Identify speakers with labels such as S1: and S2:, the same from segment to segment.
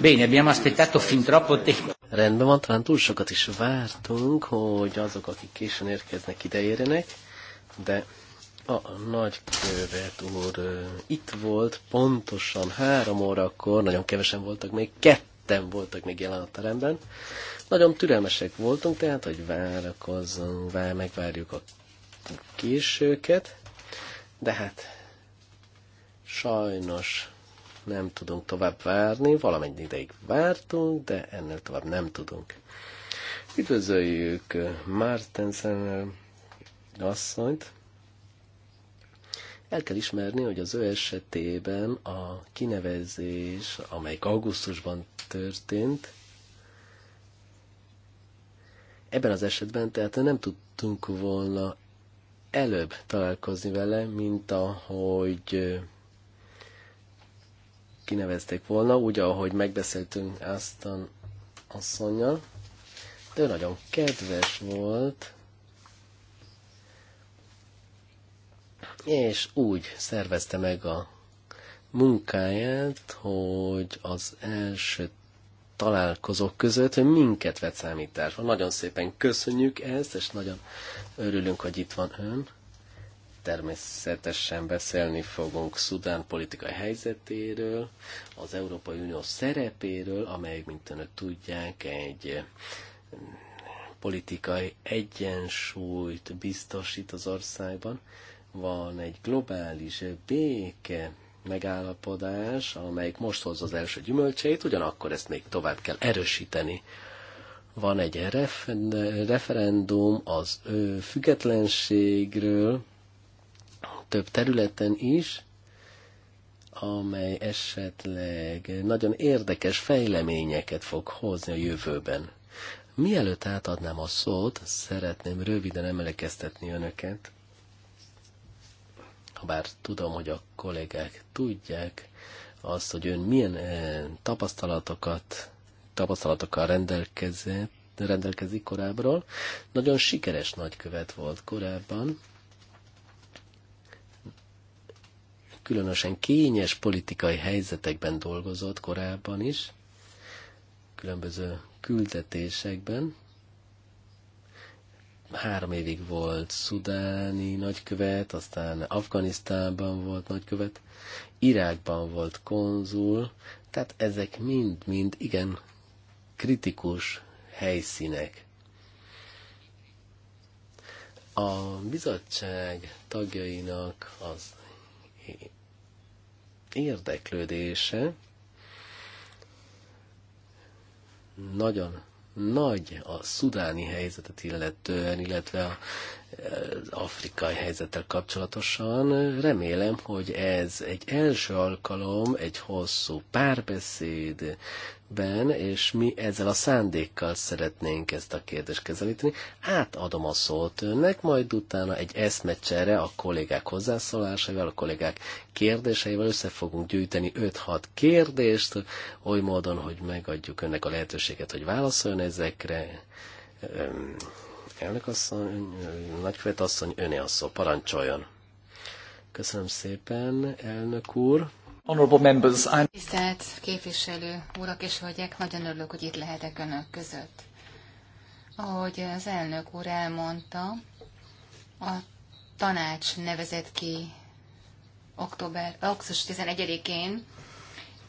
S1: Bene, abbiamo aspettato fin troppo tempo. Rendben van, talán túl sokat is vártunk, hogy azok, akik későn érkeznek, ideérjenek, de a nagykövet úr itt volt, pontosan három órakor, nagyon kevesen voltak még, ketten voltak még jelen a teremben. Nagyon türelmesek voltunk, tehát, hogy várakozzunk, vár, megvárjuk a későket, de hát sajnos nem tudunk tovább várni, valamennyi ideig vártunk, de ennél tovább nem tudunk. Üdvözöljük Martensen asszonyt. El kell ismerni, hogy az ő esetében a kinevezés, amelyik augusztusban történt, ebben az esetben tehát nem tudtunk volna előbb találkozni vele, mint ahogy kinevezték volna, úgy, ahogy megbeszéltünk Aston asszonynal, de ő nagyon kedves volt, és úgy szervezte meg a munkáját, hogy az első találkozók között, hogy minket vett számításba. Nagyon szépen köszönjük ezt, és nagyon örülünk, hogy itt van ön. Természetesen beszélni fogunk Szudán politikai helyzetéről, az Európai Unió szerepéről, amely, mint önök tudják, egy mm, politikai egyensúlyt biztosít az országban. Van egy globális béke megállapodás, amelyik most hozza az első gyümölcseit, ugyanakkor ezt még tovább kell erősíteni. Van egy referendum az ő függetlenségről, több területen is, amely esetleg nagyon érdekes fejleményeket fog hozni a jövőben. Mielőtt átadnám a szót, szeretném röviden emlékeztetni önöket, bár tudom, hogy a kollégák tudják azt, hogy ön milyen eh, tapasztalatokat, tapasztalatokkal rendelkezett, rendelkezik korábbról. Nagyon sikeres nagykövet volt korábban, különösen kényes politikai helyzetekben dolgozott korábban is, különböző küldetésekben. Három évig volt szudáni nagykövet, aztán Afganisztánban volt nagykövet, Irákban volt konzul, tehát ezek mind-mind igen kritikus helyszínek. A bizottság tagjainak az érdeklődése nagyon nagy a szudáni helyzetet illetően, illetve a az afrikai helyzettel kapcsolatosan. Remélem, hogy ez egy első alkalom, egy hosszú párbeszédben, és mi ezzel a szándékkal szeretnénk ezt a kérdést kezelíteni. Átadom a szót önnek, majd utána egy eszmecsere a kollégák hozzászólásaival, a kollégák kérdéseivel össze fogunk gyűjteni 5-6 kérdést, oly módon, hogy megadjuk önnek a lehetőséget, hogy válaszoljon ezekre elnökasszony, nagykövetasszony, öné a szó, parancsoljon. Köszönöm szépen, elnök úr. Honorable members, I'm...
S2: Tisztelt képviselő urak és hölgyek, nagyon örülök, hogy itt lehetek önök között. Ahogy az elnök úr elmondta, a tanács nevezett ki október, augusztus 11-én,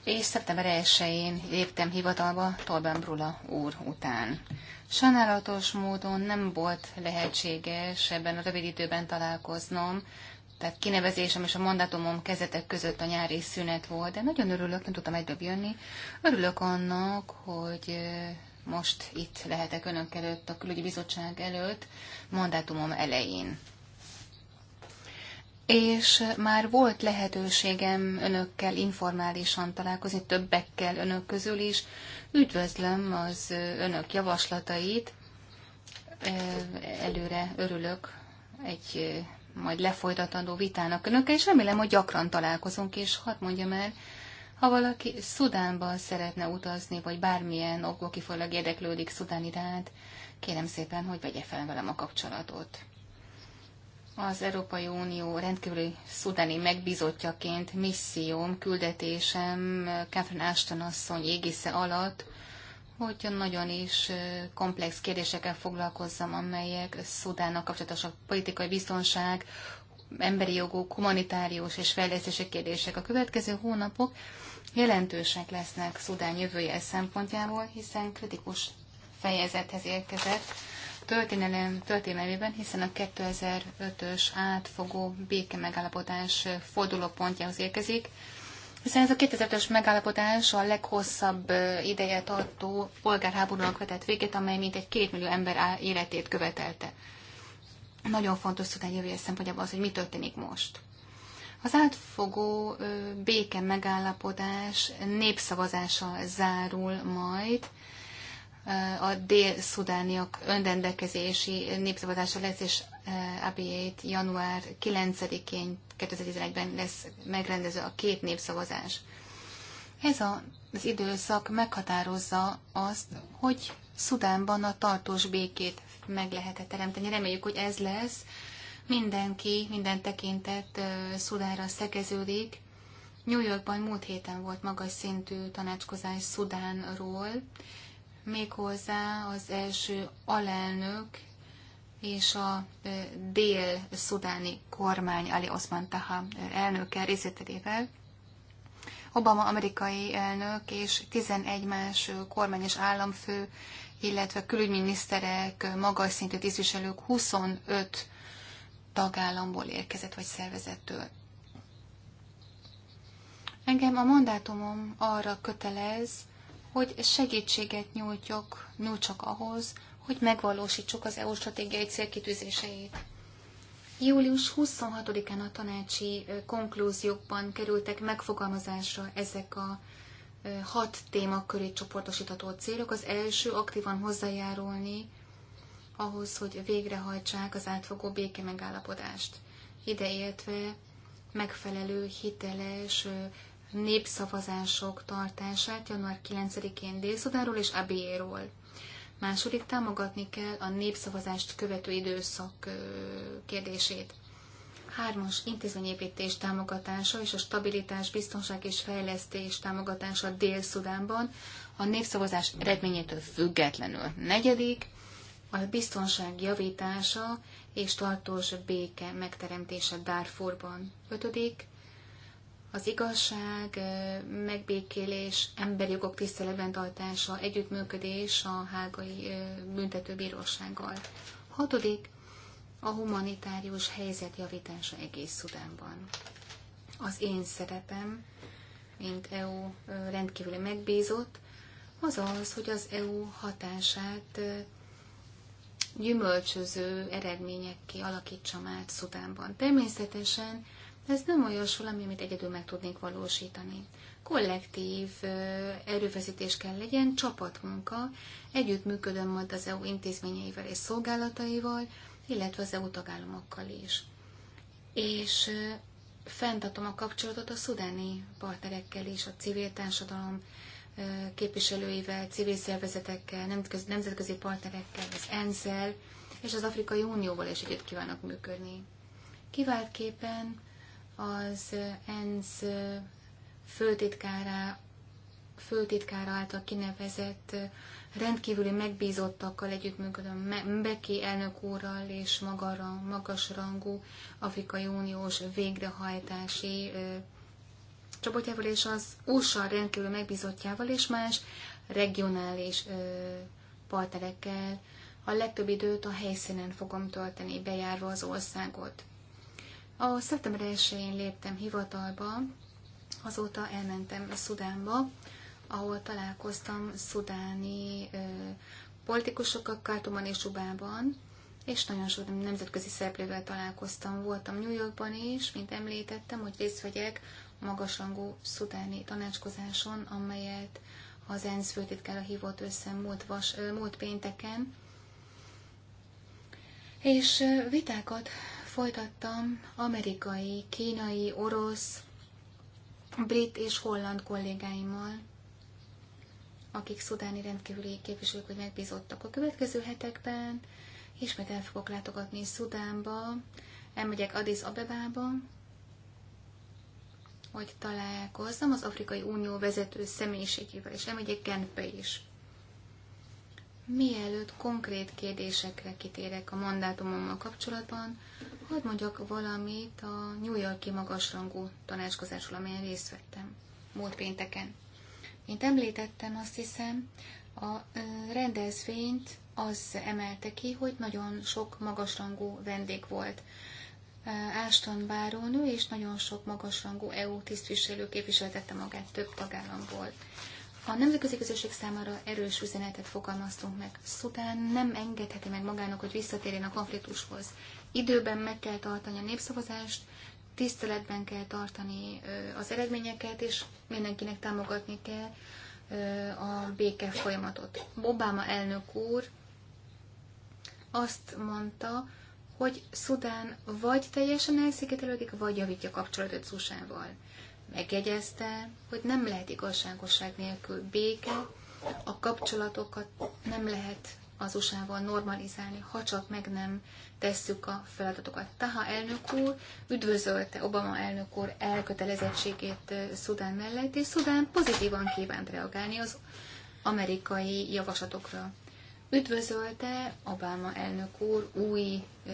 S2: és szeptember 1-én léptem hivatalba Tolben Brula úr után. Sajnálatos módon nem volt lehetséges ebben a rövid időben találkoznom, tehát kinevezésem és a mandátumom kezetek között a nyári szünet volt, de nagyon örülök, nem tudtam egyből jönni. Örülök annak, hogy most itt lehetek önök előtt, a külügyi bizottság előtt, mandátumom elején. És már volt lehetőségem önökkel informálisan találkozni, többekkel önök közül is, Üdvözlöm az önök javaslatait. Előre örülök egy majd lefolytatandó vitának önökkel, és remélem, hogy gyakran találkozunk, és hadd mondjam el, ha valaki Szudánban szeretne utazni, vagy bármilyen okból kifolyólag érdeklődik Szudán iránt, kérem szépen, hogy vegye fel velem a kapcsolatot az Európai Unió rendkívüli szudáni megbízottjaként misszióm, küldetésem Catherine Ashton asszony égisze alatt, hogy nagyon is komplex kérdésekkel foglalkozzam, amelyek Szudánnal kapcsolatosak, politikai biztonság, emberi jogok, humanitárius és fejlesztési kérdések. A következő hónapok jelentősek lesznek Szudán jövője szempontjából, hiszen kritikus fejezethez érkezett történelem történelmében, hiszen a 2005-ös átfogó béke megállapodás fordulópontjához érkezik, hiszen ez a 2005-ös megállapodás a leghosszabb ideje tartó polgárháborúnak vetett végét, amely mintegy két millió ember életét követelte. Nagyon fontos tudni jövője szempontjából az, hogy mi történik most. Az átfogó béke megállapodás népszavazása zárul majd, a dél-szudániak önrendelkezési népszavazása lesz, és e, Abiyét január 9-én 2011-ben lesz megrendező a két népszavazás. Ez a, az időszak meghatározza azt, hogy Szudánban a tartós békét meg lehet -e teremteni. Reméljük, hogy ez lesz. Mindenki, minden tekintet e, Szudára szegeződik. New Yorkban múlt héten volt magas szintű tanácskozás Szudánról, méghozzá az első alelnök és a dél-szudáni kormány Ali Osman Taha elnöke részvételével. Obama amerikai elnök és 11 más kormány és államfő, illetve külügyminiszterek, magas szintű tisztviselők 25 tagállamból érkezett vagy szervezettől. Engem a mandátumom arra kötelez, hogy segítséget nyújtjuk, nyújtsak ahhoz, hogy megvalósítsuk az EU stratégiai célkitűzéseit. Július 26-án a tanácsi konklúziókban kerültek megfogalmazásra ezek a hat témakörű csoportosítható célok. Az első aktívan hozzájárulni ahhoz, hogy végrehajtsák az átfogó béke megállapodást. Ideértve megfelelő, hiteles népszavazások tartását január 9-én Dél-Szudánról és Abéról. Második támogatni kell a népszavazást követő időszak kérdését. Hármas intézményépítés támogatása és a stabilitás, biztonság és fejlesztés támogatása Dél-Szudánban a népszavazás eredményétől függetlenül. Negyedik, a biztonság javítása és tartós béke megteremtése Darfurban. Ötödik, az igazság, megbékélés, emberi jogok tiszteletben tartása, együttműködés a hágai büntetőbírósággal. Hatodik, a humanitárius helyzet javítása egész Szudánban. Az én szerepem, mint EU rendkívüli megbízott, az az, hogy az EU hatását gyümölcsöző eredményekké alakítsam át Szudánban. Természetesen ez nem olyan valami, amit egyedül meg tudnék valósítani. Kollektív erőfeszítés kell legyen, csapatmunka, együttműködöm majd az EU intézményeivel és szolgálataival, illetve az EU tagállamokkal is. És fenntartom a kapcsolatot a szudáni partnerekkel is, a civil társadalom képviselőivel, civil szervezetekkel, nemzetközi, nemzetközi partnerekkel, az ENSZ-el és az Afrikai Unióval is együtt kívánok működni. Kiváltképpen az ENSZ főtitkára, főtitkára által kinevezett rendkívüli megbízottakkal együttműködöm, Beki elnök úrral és magara, magasrangú Afrikai Uniós végrehajtási csoportjával és az USA rendkívül megbízottjával és más regionális partnerekkel. A legtöbb időt a helyszínen fogom tölteni, bejárva az országot. A szeptember 1 léptem hivatalba, azóta elmentem Szudánba, ahol találkoztam szudáni ö, politikusokkal Kártumban és Subában, és nagyon sok nemzetközi szereplővel találkoztam. Voltam New Yorkban is, mint említettem, hogy részt vegyek magasrangú szudáni tanácskozáson, amelyet az ENSZ főtitkára hívott össze múlt, vas, múlt pénteken, és vitákat folytattam amerikai, kínai, orosz, brit és holland kollégáimmal, akik szudáni rendkívüli képviselők vagy megbízottak a következő hetekben. Ismét el fogok látogatni Szudánba, elmegyek Addis Abebába, hogy találkozzam az Afrikai Unió vezető személyiségével, és elmegyek Genfbe is. Mielőtt konkrét kérdésekre kitérek a mandátumommal kapcsolatban, hogy mondjak valamit a New Yorki magasrangú tanácskozásról, amelyen részt vettem múlt pénteken. Mint említettem, azt hiszem, a rendezvényt az emelte ki, hogy nagyon sok magasrangú vendég volt. Áston bárónő és nagyon sok magasrangú EU tisztviselő képviseltette magát több tagállamból. A nemzetközi közösség számára erős üzenetet fogalmaztunk meg. Szudán nem engedheti meg magának, hogy visszatérjen a konfliktushoz. Időben meg kell tartani a népszavazást, tiszteletben kell tartani az eredményeket, és mindenkinek támogatni kell a béke folyamatot. Obama elnök úr azt mondta, hogy Szudán vagy teljesen elszigetelődik, vagy javítja kapcsolatot Szusával. Megjegyezte, hogy nem lehet igazságosság nélkül béke, a kapcsolatokat nem lehet az USA-val normalizálni, ha csak meg nem tesszük a feladatokat. Taha elnök úr üdvözölte Obama elnök úr elkötelezettségét Szudán mellett, és Szudán pozitívan kívánt reagálni az amerikai javaslatokra. Üdvözölte Obama elnök úr új ö,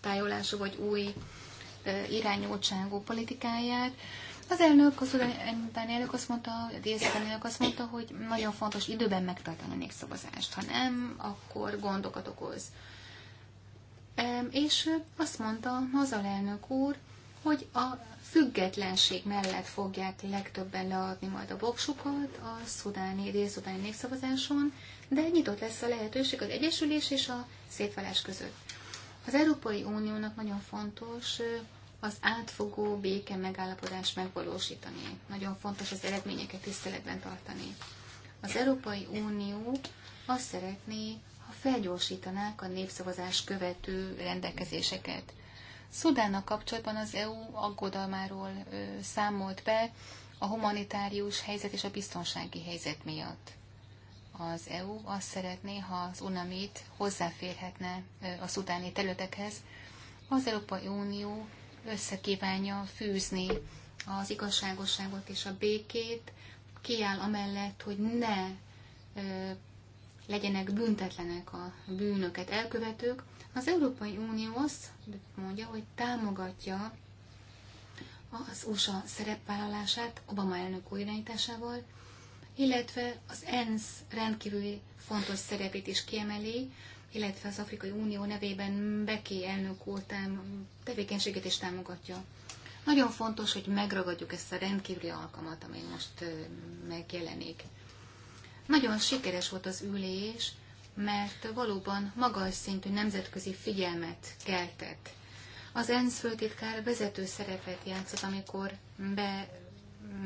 S2: betájolású vagy új irányultságú politikáját, az elnök, az utáni elnök azt mondta, a díjszakon elnök azt mondta, hogy nagyon fontos időben megtartani a népszavazást, ha nem, akkor gondokat okoz. És azt mondta az alelnök úr, hogy a függetlenség mellett fogják legtöbben leadni majd a boksukat a szudáni, dél-szudáni népszavazáson, de nyitott lesz a lehetőség az egyesülés és a szétválás között. Az Európai Uniónak nagyon fontos az átfogó béke megállapodás megvalósítani. Nagyon fontos az eredményeket tiszteletben tartani. Az Európai Unió azt szeretné, ha felgyorsítanák a népszavazás követő rendelkezéseket. Szudánnak kapcsolatban az EU aggodalmáról ö, számolt be a humanitárius helyzet és a biztonsági helyzet miatt. Az EU azt szeretné, ha az UNAMIT hozzáférhetne ö, a szudáni területekhez. Az Európai Unió összekívánja fűzni az igazságosságot és a békét, kiáll amellett, hogy ne ö, legyenek büntetlenek a bűnöket elkövetők. Az Európai Unió azt mondja, hogy támogatja az USA szerepvállalását Obama elnök új irányításával, illetve az ENSZ rendkívüli fontos szerepét is kiemeli, illetve az Afrikai Unió nevében Beki elnök úr tevékenységét is támogatja. Nagyon fontos, hogy megragadjuk ezt a rendkívüli alkalmat, amely most megjelenik. Nagyon sikeres volt az ülés, mert valóban magas szintű nemzetközi figyelmet keltett. Az ENSZ főtitkár vezető szerepet játszott, amikor be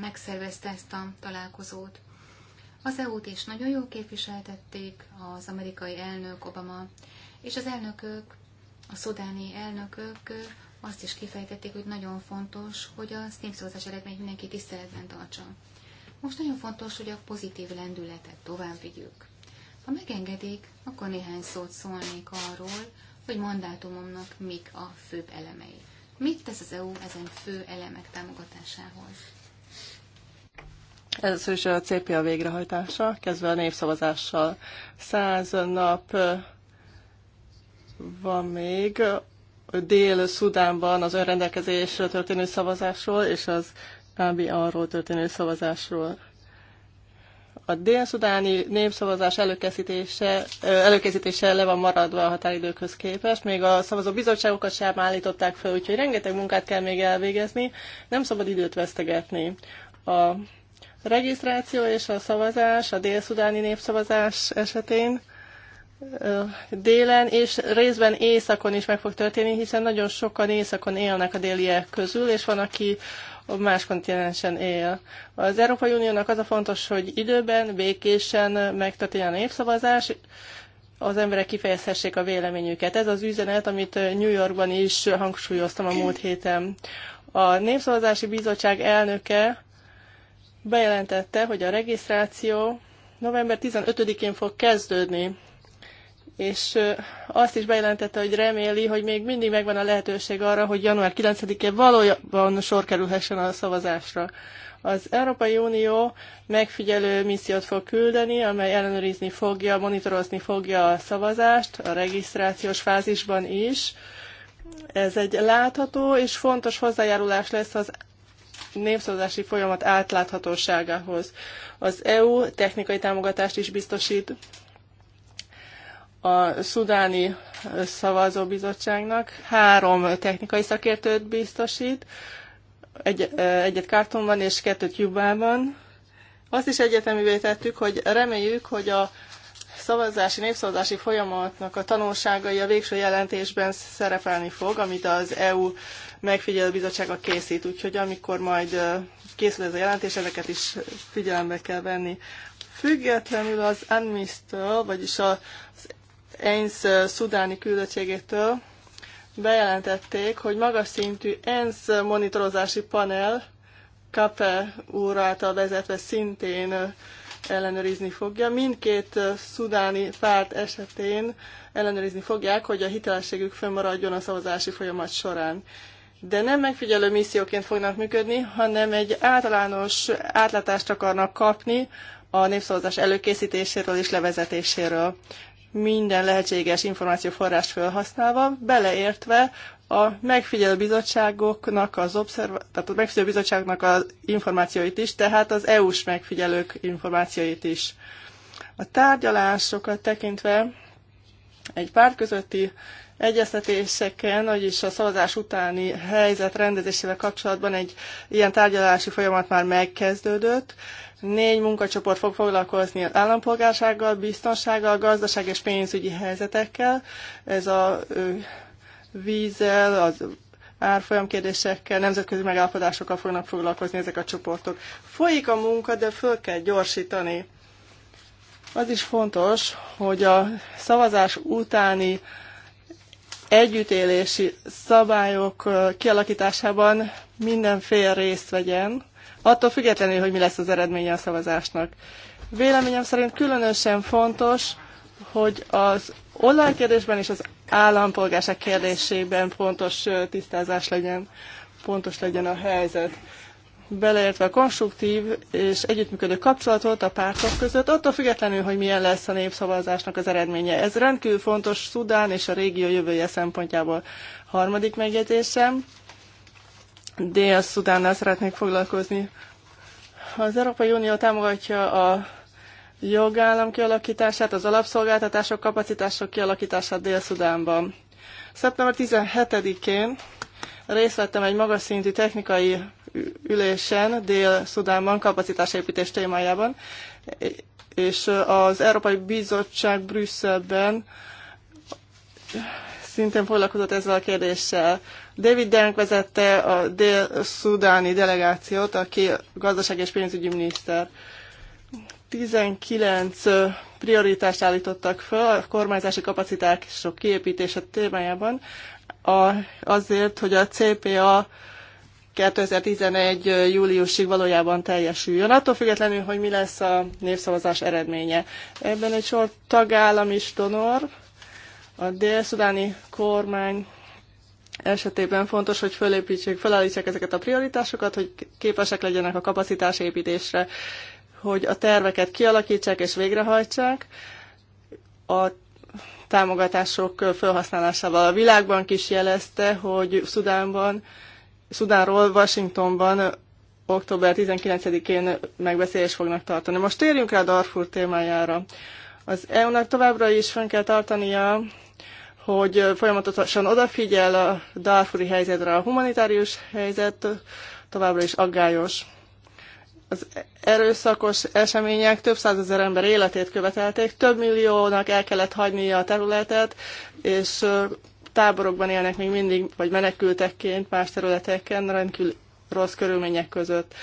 S2: megszervezte ezt a találkozót. Az EU-t is nagyon jól képviseltették az amerikai elnök Obama, és az elnökök, a szudáni elnökök azt is kifejtették, hogy nagyon fontos, hogy a népszavazás eredményt mindenki tiszteletben tartsa. Most nagyon fontos, hogy a pozitív lendületet tovább vigyük. Ha megengedik, akkor néhány szót szólnék arról, hogy mandátumomnak mik a főbb elemei. Mit tesz az EU ezen fő elemek támogatásához?
S3: Először is a CPA végrehajtása, kezdve a népszavazással. Száz nap van még Dél-Szudánban az önrendelkezésről történő szavazásról, és az ABA-ról történő szavazásról. A dél-szudáni népszavazás előkészítése, előkészítése le van maradva a határidőkhöz képest, még a szavazó bizottságokat sem állították fel, úgyhogy rengeteg munkát kell még elvégezni, nem szabad időt vesztegetni. A regisztráció és a szavazás, a dél-szudáni népszavazás esetén délen és részben északon is meg fog történni, hiszen nagyon sokan északon élnek a déliek közül, és van, aki más kontinensen él. Az Európai Uniónak az a fontos, hogy időben, békésen megtörténjen a népszavazás, az emberek kifejezhessék a véleményüket. Ez az üzenet, amit New Yorkban is hangsúlyoztam a múlt héten. A Népszavazási Bizottság elnöke bejelentette, hogy a regisztráció november 15-én fog kezdődni, és azt is bejelentette, hogy reméli, hogy még mindig megvan a lehetőség arra, hogy január 9-én valójában sor kerülhessen a szavazásra. Az Európai Unió megfigyelő missziót fog küldeni, amely ellenőrizni fogja, monitorozni fogja a szavazást a regisztrációs fázisban is. Ez egy látható és fontos hozzájárulás lesz az népszavazási folyamat átláthatóságához. Az EU technikai támogatást is biztosít a szudáni szavazóbizottságnak. Három technikai szakértőt biztosít, egy, egyet Kártonban és kettőt Jubában. Azt is egyeteművé tettük, hogy reméljük, hogy a szavazási, népszavazási folyamatnak a tanulságai a végső jelentésben szerepelni fog, amit az EU megfigyelő bizottsága készít, úgyhogy amikor majd készül ez a jelentés, ezeket is figyelembe kell venni. Függetlenül az ANMIS-től, vagyis az ENSZ szudáni küldöttségétől bejelentették, hogy magas szintű ENSZ monitorozási panel Kape úr által vezetve szintén ellenőrizni fogja. Mindkét szudáni párt esetén ellenőrizni fogják, hogy a hitelességük fönnmaradjon a szavazási folyamat során de nem megfigyelő misszióként fognak működni, hanem egy általános átlátást akarnak kapni a népszavazás előkészítéséről és levezetéséről. Minden lehetséges információforrást felhasználva, beleértve a megfigyelő bizottságoknak az observ- tehát a megfigyelő bizottságnak az információit is, tehát az EU-s megfigyelők információit is. A tárgyalásokat tekintve egy párt közötti egyeztetéseken, vagyis a szavazás utáni helyzet rendezésével kapcsolatban egy ilyen tárgyalási folyamat már megkezdődött. Négy munkacsoport fog foglalkozni az állampolgársággal, biztonsággal, gazdaság és pénzügyi helyzetekkel. Ez a vízzel, az árfolyam kérdésekkel, nemzetközi megállapodásokkal fognak foglalkozni ezek a csoportok. Folyik a munka, de föl kell gyorsítani. Az is fontos, hogy a szavazás utáni együttélési szabályok kialakításában minden fél részt vegyen, attól függetlenül, hogy mi lesz az eredménye a szavazásnak. Véleményem szerint különösen fontos, hogy az kérdésben és az állampolgárság kérdésében pontos tisztázás legyen, pontos legyen a helyzet beleértve a konstruktív és együttműködő kapcsolatot a pártok között, attól függetlenül, hogy milyen lesz a népszavazásnak az eredménye. Ez rendkívül fontos Szudán és a régió jövője szempontjából. Harmadik megjegyzésem, Dél-Szudánnal szeretnék foglalkozni. Az Európai Unió támogatja a jogállam kialakítását, az alapszolgáltatások, kapacitások kialakítását Dél-Szudánban. Szeptember 17-én részt vettem egy magas szintű technikai ülésen Dél-Szudánban kapacitásépítés témájában, és az Európai Bizottság Brüsszelben szintén foglalkozott ezzel a kérdéssel. David Denk vezette a dél-szudáni delegációt, aki gazdaság és pénzügyi miniszter. 19 prioritást állítottak föl a kormányzási kapacitások kiépítése témájában a, azért, hogy a CPA 2011. júliusig valójában teljesüljön, attól függetlenül, hogy mi lesz a népszavazás eredménye. Ebben egy sor tagállam is donor, a dél-szudáni kormány esetében fontos, hogy fölépítsék, felállítsák ezeket a prioritásokat, hogy képesek legyenek a kapacitásépítésre, hogy a terveket kialakítsák és végrehajtsák. A támogatások felhasználásával a világban is jelezte, hogy Szudánban Szudánról Washingtonban október 19-én megbeszélés fognak tartani. Most térjünk rá Darfur témájára. Az EU-nak továbbra is fönn kell tartania, hogy folyamatosan odafigyel a Darfuri helyzetre, a humanitárius helyzet továbbra is aggályos. Az erőszakos események több százezer ember életét követelték, több milliónak el kellett hagynia a területet, és táborokban élnek még mindig, vagy menekültekként más területeken rendkívül rossz körülmények között.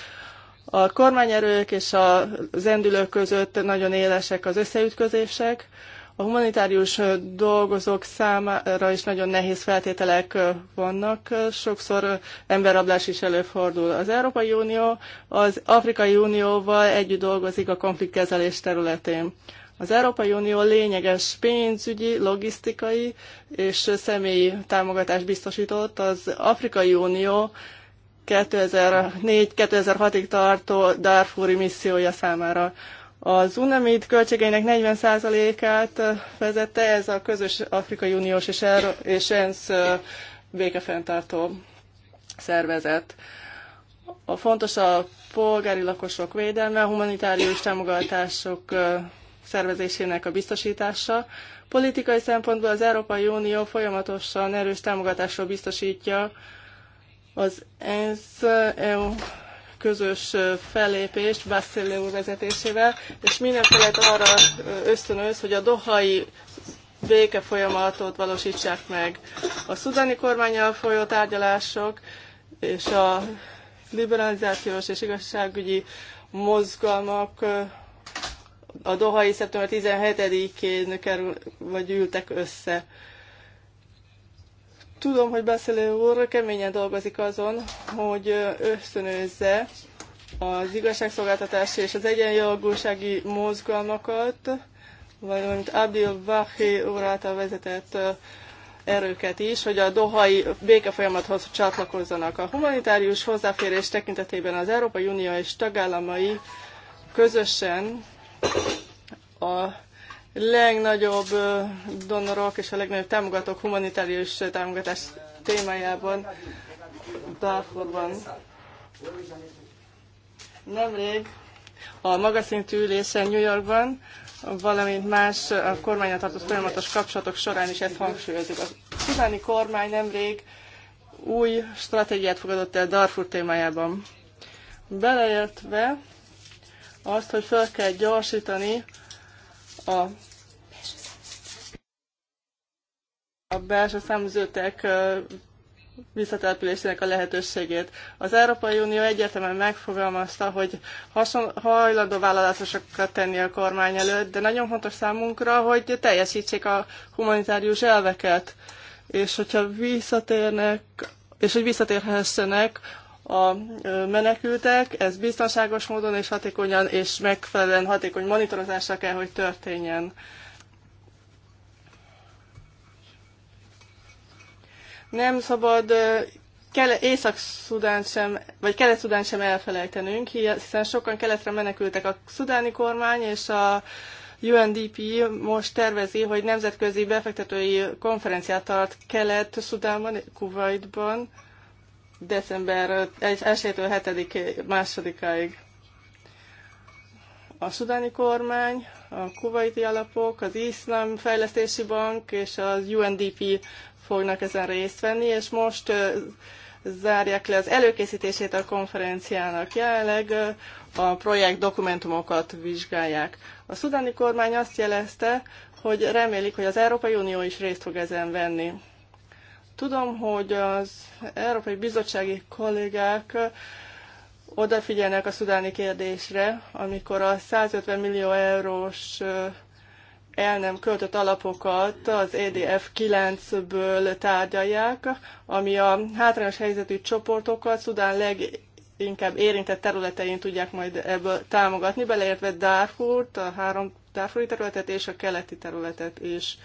S3: A kormányerők és a zendülők között nagyon élesek az összeütközések, a humanitárius dolgozók számára is nagyon nehéz feltételek vannak, sokszor emberrablás is előfordul. Az Európai Unió az Afrikai Unióval együtt dolgozik a konfliktkezelés területén. Az Európai Unió lényeges pénzügyi, logisztikai és személyi támogatást biztosított. Az Afrikai Unió 2004-2006-ig tartó Darfuri missziója számára. Az UNAMID költségeinek 40%-át vezette ez a közös Afrikai Uniós és, er- és ENSZ békefenntartó szervezet. A fontos a polgári lakosok védelme, a humanitárius támogatások szervezésének a biztosítása. Politikai szempontból az Európai Unió folyamatosan erős támogatásról biztosítja az ENSZ EU közös fellépést Basszélé úr vezetésével, és mindenféle arra ösztönöz, hogy a dohai béke folyamatot valósítsák meg. A szudáni kormányjal folyó tárgyalások és a liberalizációs és igazságügyi mozgalmak a Dohai szeptember 17-én kerül, vagy ültek össze. Tudom, hogy beszélő úr keményen dolgozik azon, hogy ösztönözze az igazságszolgáltatás és az egyenjogúsági mozgalmakat, valamint Abdil Vahé úr által vezetett erőket is, hogy a dohai békefolyamathoz csatlakozzanak. A humanitárius hozzáférés tekintetében az Európai Unió és tagállamai közösen a legnagyobb donorok és a legnagyobb támogatók humanitárius támogatás témájában Darfurban. Nemrég a magaszintű ülésen New Yorkban, valamint más a kormányra tartott folyamatos kapcsolatok során is ezt hangsúlyozik. A szudáni kormány nemrég új stratégiát fogadott el Darfur témájában. Beleértve azt, hogy fel kell gyorsítani a a belső száműzőtek visszatelepülésének a lehetőségét. Az Európai Unió egyértelműen megfogalmazta, hogy hason, hajlandó vállalásokat tenni a kormány előtt, de nagyon fontos számunkra, hogy teljesítsék a humanitárius elveket, és hogyha visszatérnek, és hogy visszatérhessenek a menekültek, ez biztonságos módon és hatékonyan és megfelelően hatékony monitorozásra kell, hogy történjen. Nem szabad Észak-Szudán sem, vagy Kelet-Szudán sem elfelejtenünk, hiszen sokan keletre menekültek a szudáni kormány, és a UNDP most tervezi, hogy nemzetközi befektetői konferenciát tart Kelet-Szudánban, Kuwaitban, december 1-től 7 másodikáig. A sudáni kormány, a kuvaiti alapok, az Iszlám Fejlesztési Bank és az UNDP fognak ezen részt venni, és most zárják le az előkészítését a konferenciának. Jelenleg a projekt dokumentumokat vizsgálják. A szudáni kormány azt jelezte, hogy remélik, hogy az Európai Unió is részt fog ezen venni. Tudom, hogy az Európai Bizottsági kollégák odafigyelnek a szudáni kérdésre, amikor a 150 millió eurós el nem költött alapokat az EDF 9-ből tárgyalják, ami a hátrányos helyzetű csoportokat Szudán leginkább érintett területein tudják majd ebből támogatni, beleértve Darfurt, a három Darfuri területet és a keleti területet is.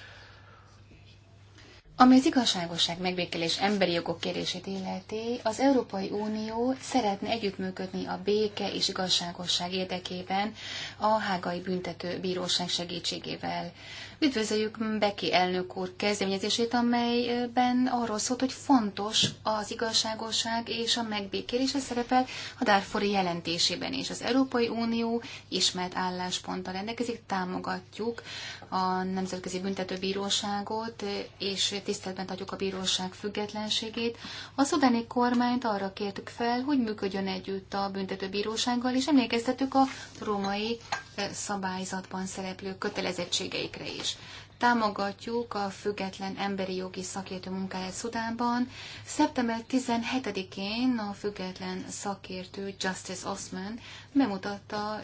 S2: Ami az igazságosság megbékélés emberi jogok kérését illeti, az Európai Unió szeretne együttműködni a béke és igazságosság érdekében a hágai büntető bíróság segítségével. Üdvözöljük Beki elnök úr kezdeményezését, amelyben arról szólt, hogy fontos az igazságosság és a megbékélés, szerepel a Darfuri jelentésében is. Az Európai Unió ismert állásponttal rendelkezik, támogatjuk a Nemzetközi Büntetőbíróságot, és tiszteletben tartjuk a bíróság függetlenségét. A szudáni kormányt arra kértük fel, hogy működjön együtt a büntetőbírósággal, és emlékeztetük a római eh, szabályzatban szereplő kötelezettségeikre is támogatjuk a független emberi jogi szakértő munkáját Szudánban. Szeptember 17-én a független szakértő Justice Osman bemutatta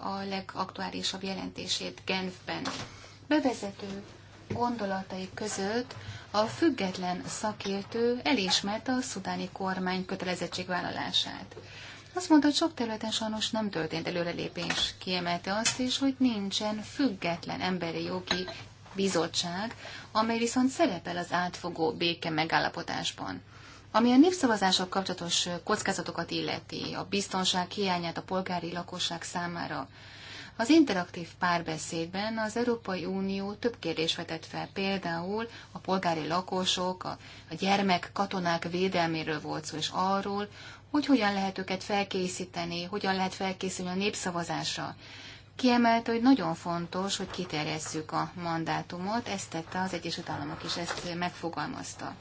S2: a legaktuálisabb jelentését Genfben. Bevezető gondolatai között a független szakértő elismerte a szudáni kormány kötelezettségvállalását. Azt mondta, hogy sok területen sajnos nem történt előrelépés. Kiemelte azt is, hogy nincsen független emberi jogi bizottság, amely viszont szerepel az átfogó béke megállapotásban. Ami a népszavazások kapcsolatos kockázatokat illeti, a biztonság hiányát a polgári lakosság számára, az interaktív párbeszédben az Európai Unió több kérdés vetett fel, például a polgári lakosok, a, a gyermek katonák védelméről volt szó, és arról, hogy hogyan lehet őket felkészíteni, hogyan lehet felkészülni a népszavazásra. Kiemelte, hogy nagyon fontos, hogy kiterjesszük a mandátumot, ezt tette az Egyesült Államok is, ezt megfogalmazta.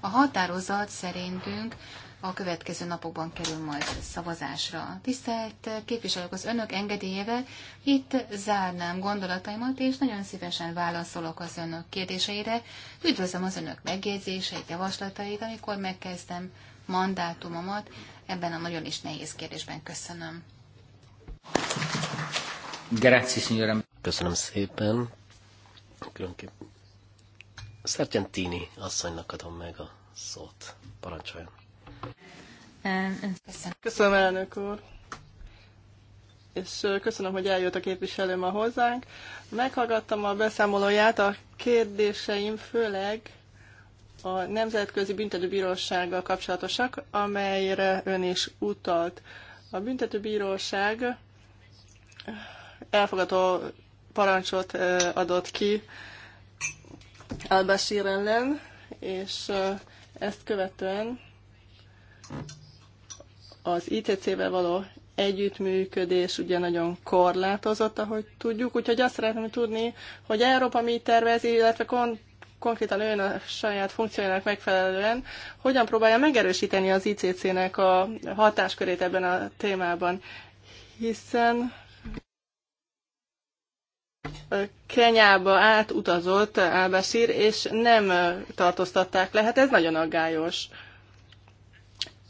S2: A határozat szerintünk a következő napokban kerül majd szavazásra. Tisztelt képviselők, az önök engedélyével itt zárnám gondolataimat, és nagyon szívesen válaszolok az önök kérdéseire. Üdvözlöm az önök megjegyzéseit, javaslatait, amikor megkezdem mandátumomat ebben a nagyon is nehéz kérdésben. Köszönöm.
S1: Grazie, signoram. Köszönöm szépen. Különképpen. tini, asszonynak adom meg a szót. Parancsoljon.
S3: Köszönöm. Köszönöm, elnök úr és köszönöm, hogy eljött a képviselő ma hozzánk. Meghallgattam a beszámolóját, a kérdéseim főleg a Nemzetközi Büntetőbírósággal kapcsolatosak, amelyre ön is utalt. A Büntetőbíróság elfogadó parancsot adott ki Al-Bashir ellen, és ezt követően az itc vel való együttműködés ugye nagyon korlátozott, ahogy tudjuk, úgyhogy azt szeretném tudni, hogy Európa mit tervezi, illetve kon- konkrétan ön a saját funkciójának megfelelően hogyan próbálja megerősíteni az ICC-nek a hatáskörét ebben a témában, hiszen Kenyába átutazott Álbasír, és nem tartóztatták le. Hát ez nagyon aggályos.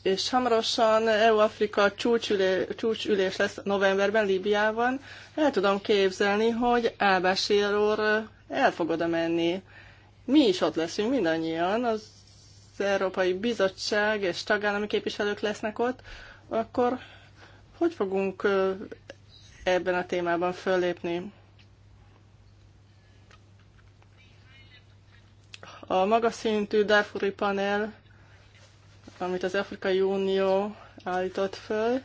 S3: És hamarosan EU-Afrika csúcsülé, csúcsülés lesz novemberben Líbiában. El tudom képzelni, hogy Álbasír úr el fogod menni. Mi is ott leszünk mindannyian, az Európai Bizottság és tagállami képviselők lesznek ott, akkor hogy fogunk ebben a témában föllépni? A magas szintű Darfuri panel, amit az Afrikai Unió állított föl,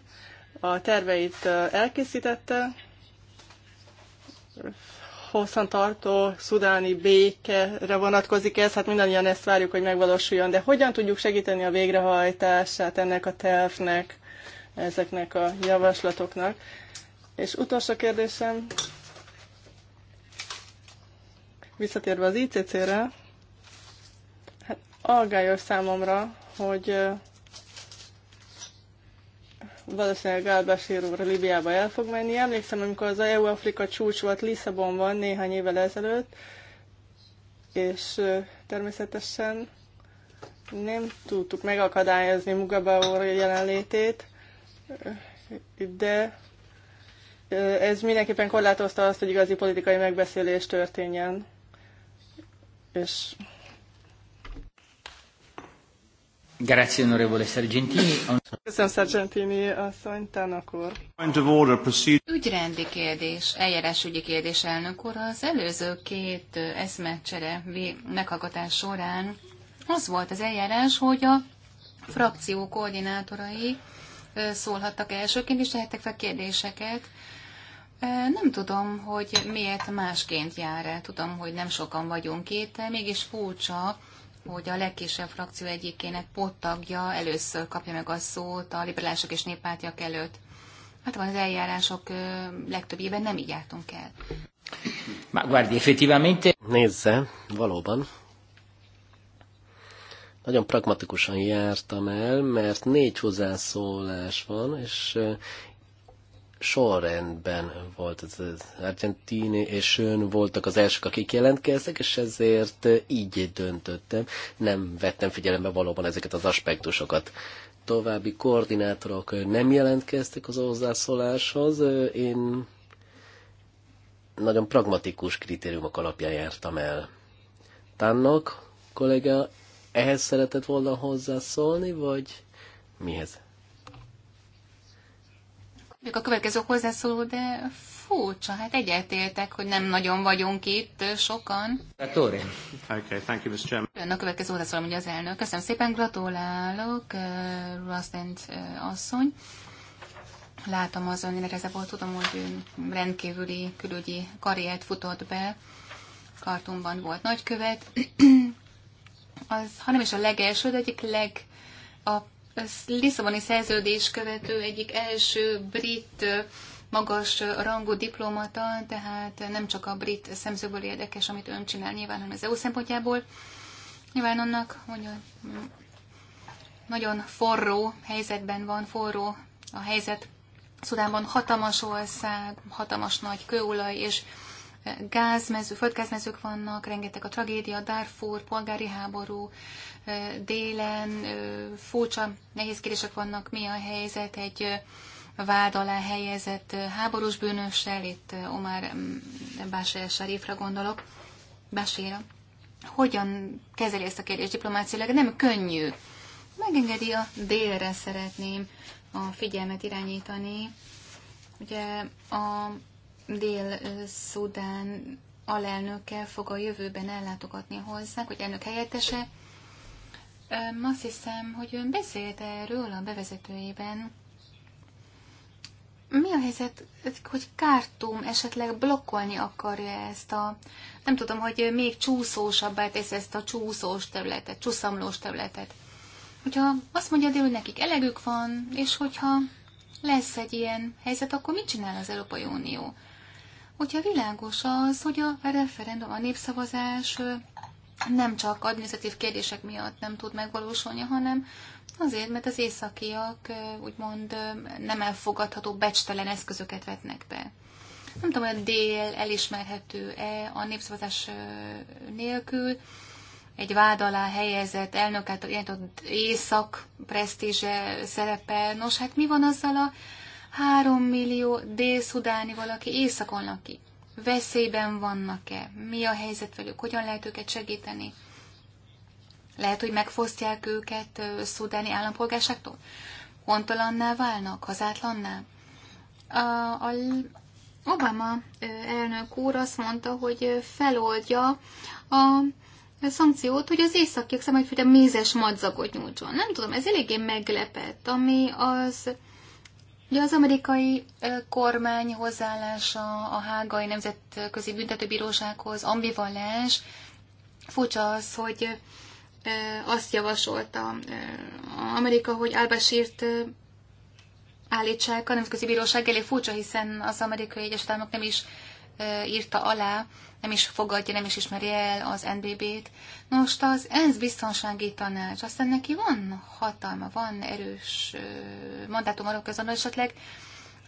S3: a terveit elkészítette, hosszantartó szudáni békere vonatkozik ez, hát mindannyian ezt várjuk, hogy megvalósuljon, de hogyan tudjuk segíteni a végrehajtását ennek a tervnek, ezeknek a javaslatoknak? És utolsó kérdésem, visszatérve az ICC-re, hát aggályos számomra, hogy valószínűleg Gálbásér úr Libiába el fog menni. Emlékszem, amikor az EU-Afrika csúcs volt Lisszabonban néhány évvel ezelőtt, és természetesen nem tudtuk megakadályozni Mugabe úr jelenlétét, de ez mindenképpen korlátozta azt, hogy igazi politikai megbeszélés történjen. És
S4: Grazie, onorevole Sargentini.
S3: Köszönöm, Sargentini asszony, tának
S2: Ügyrendi kérdés, eljárásügyi kérdés, elnök úr. Az előző két eszmecsere meghallgatás során az volt az eljárás, hogy a frakció koordinátorai szólhattak elsőként, és tehettek fel kérdéseket. Nem tudom, hogy miért másként jár e Tudom, hogy nem sokan vagyunk itt, de mégis furcsa, hogy a legkisebb frakció egyikének pottagja először kapja meg a szót a liberálisok és néppártiak előtt. Hát van az eljárások legtöbbében nem így jártunk el.
S1: Ma guardi, effettivamente... Nézze, valóban. Nagyon pragmatikusan jártam el, mert négy hozzászólás van, és sorrendben volt az argentini, és ön voltak az elsők, akik jelentkeztek, és ezért így döntöttem. Nem vettem figyelembe valóban ezeket az aspektusokat. További koordinátorok nem jelentkeztek az hozzászóláshoz. Én nagyon pragmatikus kritériumok alapján jártam el. Tannok, kollega, ehhez szeretett volna hozzászólni, vagy mihez?
S2: Ők a következő hozzászóló, de furcsa, hát egyetértek, hogy nem nagyon vagyunk itt sokan.
S1: Oké, okay, thank you, Mr. Chairman.
S2: a következő hozzászóló, ugye az elnök. Köszönöm szépen, gratulálok, uh, eh, Rostent uh, eh, asszony. Látom az ön volt, tudom, hogy ön rendkívüli külügyi karriert futott be. Kartumban volt nagykövet. az, ha nem is a legelső, de egyik leg a Lisszaboni szerződés követő egyik első brit magas rangú diplomata, tehát nem csak a brit szemszögből érdekes, amit ön csinál nyilván, hanem az EU szempontjából. Nyilván annak, hogy nagyon forró helyzetben van, forró a helyzet. Szudánban hatalmas ország, hatalmas nagy kőolaj és gázmező, földgázmezők vannak, rengeteg a tragédia, Darfur, polgári háború, délen furcsa, nehéz kérdések vannak, mi a helyzet egy vád alá helyezett háborús bűnössel, itt Omar Bashir Sarifra gondolok, Bashira. Hogyan kezeli ezt a kérdést diplomáciailag? Nem könnyű. Megengedi a délre szeretném a figyelmet irányítani. Ugye a Dél-Szudán alelnöke fog a jövőben ellátogatni hozzánk, hogy elnök helyettese, azt hiszem, hogy ön beszélt erről a bevezetőjében. Mi a helyzet, hogy Kártum esetleg blokkolni akarja ezt a, nem tudom, hogy még csúszósabbá tesz ezt a csúszós területet, csúszamlós területet. Hogyha azt mondja, hogy nekik elegük van, és hogyha lesz egy ilyen helyzet, akkor mit csinál az Európai Unió? Hogyha világos az, hogy a referendum, a népszavazás nem csak administratív kérdések miatt nem tud megvalósulni, hanem azért, mert az északiak úgymond nem elfogadható becstelen eszközöket vetnek be. Nem tudom, hogy a dél elismerhető-e a népszavazás nélkül, egy vád alá helyezett elnök által irányított észak presztízse szerepe. Nos, hát mi van azzal a három millió dél-szudáni valaki északon lakik? veszélyben vannak-e, mi a helyzet velük, hogyan lehet őket segíteni. Lehet, hogy megfosztják őket szudáni állampolgárságtól? Hontalanná válnak, hazátlanná? A, a Obama elnök úr azt mondta, hogy feloldja a szankciót, hogy az északiak számára, hogy a mézes madzagot nyújtson. Nem tudom, ez eléggé meglepett, ami az Ugye az amerikai kormány hozzáállása a Hágai Nemzetközi Büntetőbírósághoz ambivalens. Furcsa az, hogy azt javasolta Amerika, hogy Álbasírt állítsák a Nemzetközi Bíróság elé furcsa, hiszen az amerikai Egyesült Államok nem is írta alá nem is fogadja, nem is ismeri el az NBB-t. Most az ENSZ biztonsági tanács, aztán neki van hatalma, van erős mandátum arra hogy esetleg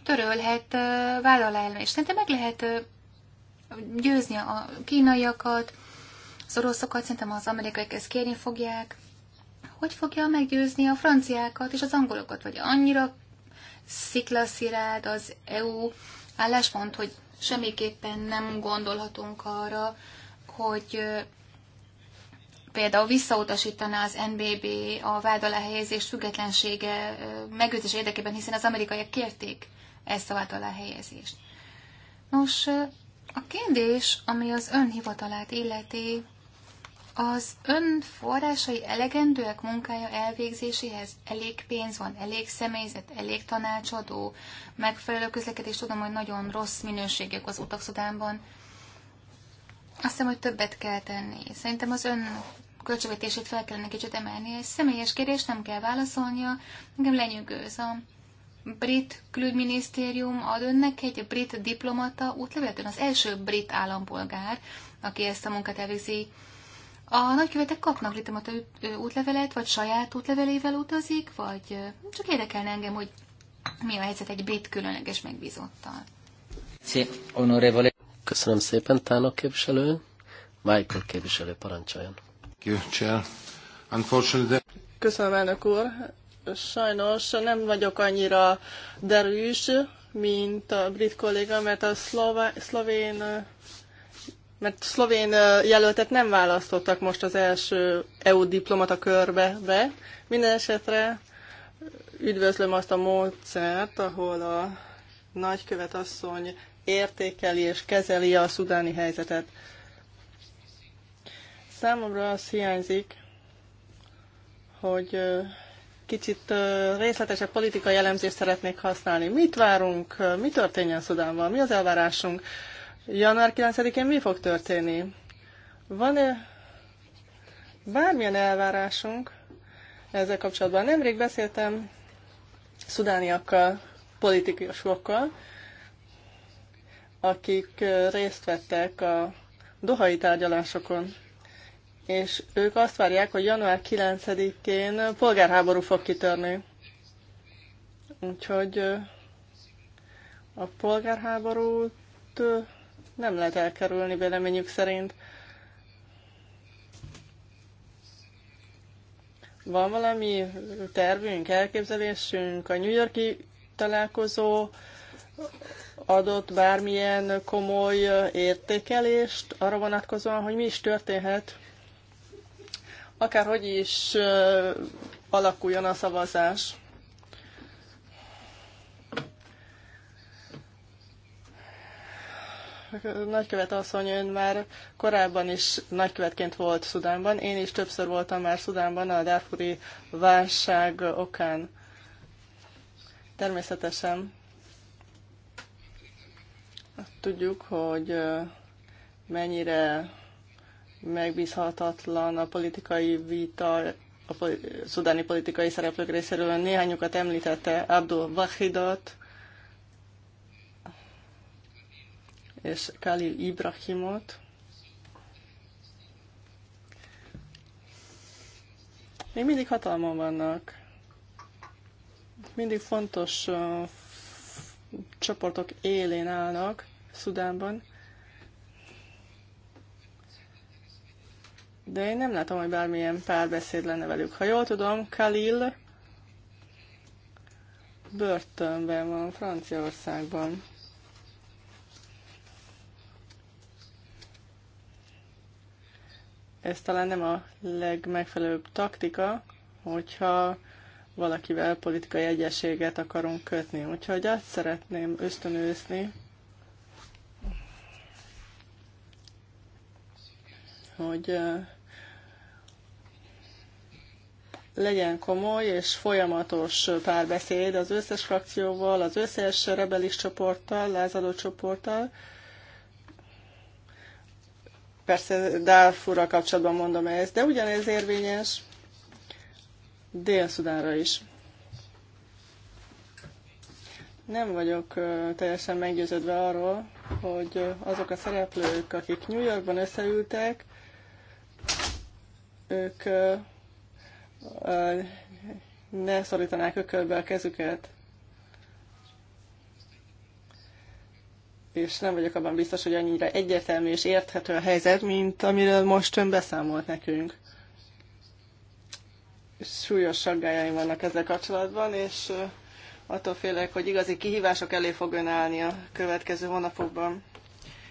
S2: törölhet vállalálma, és szerintem meg lehet győzni a kínaiakat, az oroszokat, szerintem az amerikai ezt kérni fogják. Hogy fogja meggyőzni a franciákat és az angolokat, vagy annyira sziklaszirád az EU álláspont, hogy semmiképpen nem gondolhatunk arra, hogy például visszautasítaná az NBB a vád alá helyezés függetlensége megőrzés érdekében, hiszen az amerikaiak kérték ezt a vád alá helyezést. Nos, a kérdés, ami az önhivatalát illeti, az ön forrásai elegendőek munkája elvégzéséhez? Elég pénz van, elég személyzet, elég tanácsadó, megfelelő közlekedés, tudom, hogy nagyon rossz minőségek az utak Szudánban. Azt hiszem, hogy többet kell tenni. Szerintem az ön költségvetését fel kellene kicsit emelni. Egy személyes kérdést nem kell válaszolnia, engem lenyűgöz a brit külügyminisztérium ad önnek egy brit diplomata útlevelet, ön az első brit állampolgár, aki ezt a munkát elvégzi a nagykövetek kapnak litemata útlevelet, vagy saját útlevelével utazik, vagy csak érdekelne engem, hogy mi a helyzet egy brit különleges megbízottal.
S1: Köszönöm szépen, Tánok képviselő. Michael képviselő parancsoljon.
S3: Köszönöm, elnök úr. Sajnos nem vagyok annyira derűs, mint a brit kolléga, mert a szlová- szlovén mert szlovén jelöltet nem választottak most az első EU diplomata körbe be. Minden esetre üdvözlöm azt a módszert, ahol a nagykövet asszony értékeli és kezeli a szudáni helyzetet. Számomra az hiányzik, hogy kicsit részletesebb politikai elemzést szeretnék használni. Mit várunk, mi történjen Szudánban, mi az elvárásunk, Január 9-én mi fog történni? Van-e bármilyen elvárásunk ezzel kapcsolatban? Nemrég beszéltem szudániakkal, politikusokkal, akik részt vettek a dohai tárgyalásokon. És ők azt várják, hogy január 9-én polgárháború fog kitörni. Úgyhogy a polgárháborút nem lehet elkerülni véleményük szerint. Van valami tervünk, elképzelésünk? A New Yorki találkozó adott bármilyen komoly értékelést arra vonatkozóan, hogy mi is történhet, akárhogy is alakuljon a szavazás. nagykövet asszony, ön már korábban is nagykövetként volt Szudánban. Én is többször voltam már Szudánban a Darfuri válság okán. Természetesen tudjuk, hogy mennyire megbízhatatlan a politikai vita, a szudáni politikai szereplők részéről. Néhányukat említette Abdul Wahidot, és Khalil Ibrahimot. Még mindig hatalma vannak. Mindig fontos uh, csoportok élén állnak Szudánban. De én nem látom, hogy bármilyen párbeszéd lenne velük. Ha jól tudom, Khalil börtönben van Franciaországban. Ez talán nem a legmegfelelőbb taktika, hogyha valakivel politikai egyeséget akarunk kötni. Úgyhogy azt szeretném ösztönözni, hogy legyen komoly és folyamatos párbeszéd az összes frakcióval, az összes rebelis csoporttal, lázadó csoporttal, Persze Darfurral kapcsolatban mondom ezt, de ugyanez érvényes Dél-Szudánra is. Nem vagyok teljesen meggyőződve arról, hogy azok a szereplők, akik New Yorkban összeültek, ők ne szorítanák ökölbe a kezüket. és nem vagyok abban biztos, hogy annyira egyértelmű és érthető a helyzet, mint amiről most ön beszámolt nekünk. Súlyos saggájaim vannak ezzel kapcsolatban, és attól félek, hogy igazi kihívások elé fog ön állni a következő hónapokban.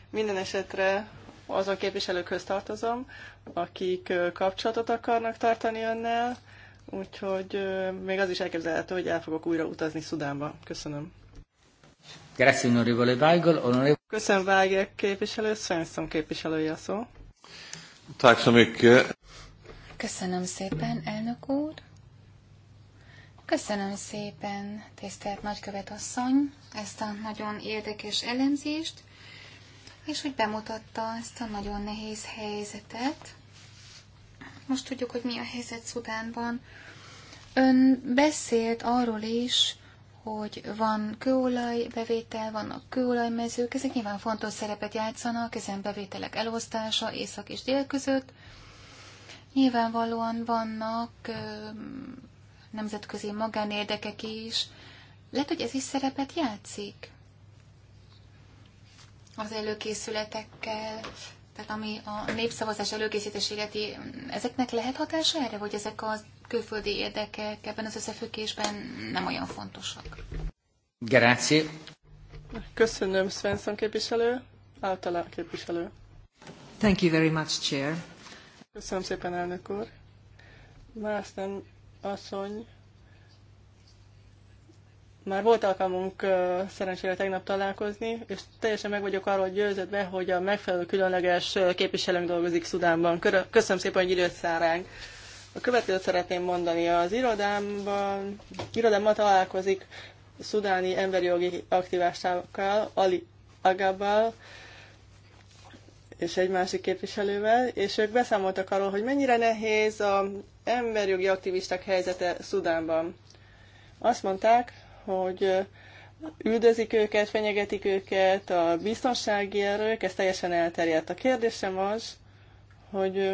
S3: Minden esetre azon képviselőkhöz tartozom, akik kapcsolatot akarnak tartani önnel, úgyhogy még az is elképzelhető, hogy el fogok újra utazni Szudánba. Köszönöm. Köszönöm, Vágek képviselő, Svensson képviselője a szó.
S4: Eh,
S2: Köszönöm szépen, elnök úr. Köszönöm szépen, tisztelt nagykövet asszony, ezt a nagyon érdekes elemzést, és hogy bemutatta ezt a nagyon nehéz helyzetet. Most tudjuk, hogy mi a helyzet Szudánban. Ön beszélt arról is, hogy van kőolaj bevétel, vannak kőolajmezők, ezek nyilván fontos szerepet játszanak, ezen bevételek elosztása észak és dél között. Nyilvánvalóan vannak ö, nemzetközi magánérdekek is. Lehet, hogy ez is szerepet játszik az előkészületekkel, tehát ami a népszavazás előkészítés illeti, ezeknek lehet hatása erre, vagy ezek az külföldi érdekek ebben az összefüggésben nem olyan fontosak.
S4: Grazie.
S2: Köszönöm, Svensson képviselő, általa képviselő.
S4: Thank you very much, Chair.
S3: Köszönöm szépen, elnök úr. Mászten asszony, már volt alkalmunk szerencsére tegnap találkozni, és teljesen meg vagyok arról győződve, hogy a megfelelő különleges képviselőnk dolgozik Szudánban. Köszönöm szépen, hogy időt száránk. A következőt szeretném mondani. Az irodámban, találkozik szudáni emberi jogi aktivistákkal, Ali Agabbal, és egy másik képviselővel, és ők beszámoltak arról, hogy mennyire nehéz az jogi aktivisták helyzete Szudánban. Azt mondták, hogy üldözik őket, fenyegetik őket, a biztonsági erők, ez teljesen elterjedt. A kérdésem az, hogy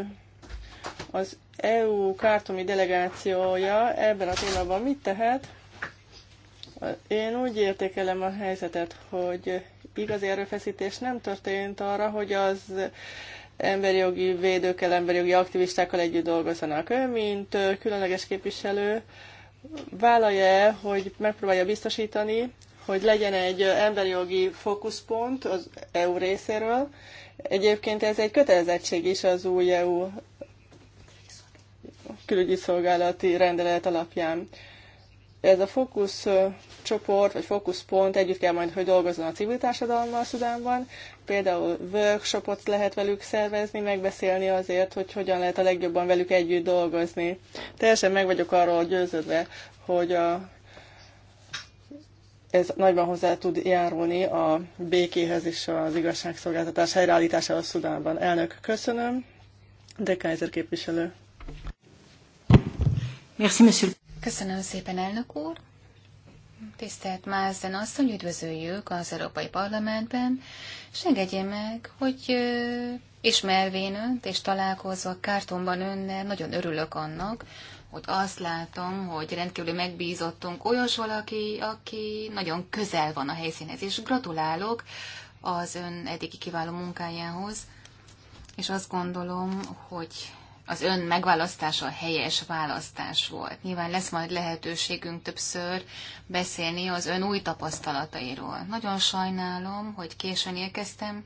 S3: az EU kártomi delegációja ebben a témában mit tehet? Én úgy értékelem a helyzetet, hogy igazi erőfeszítés nem történt arra, hogy az emberi jogi védőkkel, emberi jogi aktivistákkal együtt dolgozzanak. Ő, mint különleges képviselő, vállalja -e, hogy megpróbálja biztosítani, hogy legyen egy emberi jogi fókuszpont az EU részéről. Egyébként ez egy kötelezettség is az új EU külügyi szolgálati rendelet alapján. Ez a fókuszcsoport vagy fókuszpont együtt kell majd, hogy dolgozzon a civil társadalommal Szudánban. Például workshopot lehet velük szervezni, megbeszélni azért, hogy hogyan lehet a legjobban velük együtt dolgozni. Teljesen meg vagyok arról győződve, hogy a ez nagyban hozzá tud járulni a békéhez és az igazságszolgáltatás helyreállításához Szudánban. Elnök, köszönöm. De Kaiser képviselő.
S4: Merci, monsieur.
S2: Köszönöm szépen, elnök úr. Tisztelt Mázden asszony, üdvözöljük az Európai Parlamentben, és engedje meg, hogy ö, ismervén önt és találkozva Kártonban önnel nagyon örülök annak, hogy azt látom, hogy rendkívül megbízottunk olyas valaki, aki nagyon közel van a helyszínhez, és gratulálok az ön eddigi kiváló munkájához, és azt gondolom, hogy az ön megválasztása a helyes választás volt. Nyilván lesz majd lehetőségünk többször beszélni az ön új tapasztalatairól. Nagyon sajnálom, hogy későn érkeztem.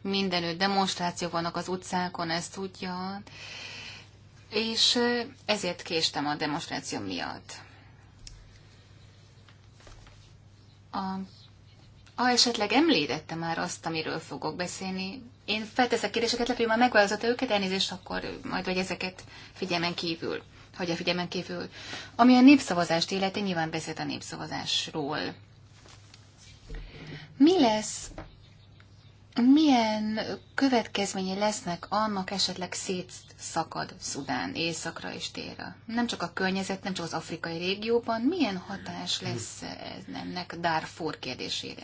S2: Mindenütt demonstrációk vannak az utcákon, ezt tudja. És ezért késtem a demonstráció miatt. A, a esetleg említette már azt, amiről fogok beszélni, én felteszek kérdéseket, lehet, hogy már megválaszolta őket, elnézést akkor majd, hogy ezeket figyelmen kívül, hogy a figyelmen kívül. Ami a népszavazást illeti, nyilván beszélt a népszavazásról. Mi lesz, milyen következményei lesznek annak esetleg szétszakad Szudán északra és téra? Nem csak a környezet, nem csak az afrikai régióban, milyen hatás hmm. lesz ennek Darfur kérdésére?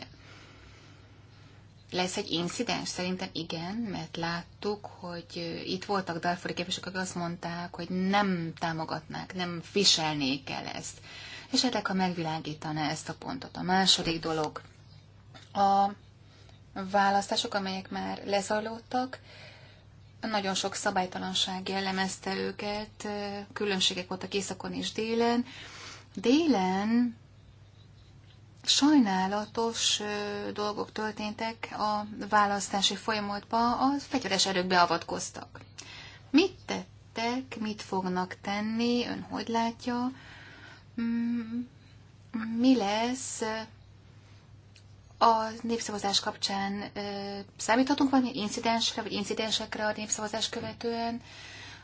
S2: lesz egy incidens? Szerintem igen, mert láttuk, hogy itt voltak darfori képviselők, akik azt mondták, hogy nem támogatnák, nem viselnék el ezt. és hát ha megvilágítaná ezt a pontot. A második dolog, a választások, amelyek már lezajlottak, nagyon sok szabálytalanság jellemezte őket, különbségek voltak északon és délen. Délen sajnálatos dolgok történtek a választási folyamatban, a fegyveres erők beavatkoztak. Mit tettek, mit fognak tenni, ön hogy látja, mm, mi lesz a népszavazás kapcsán? Számíthatunk valami incidensre, vagy incidensekre a népszavazás követően?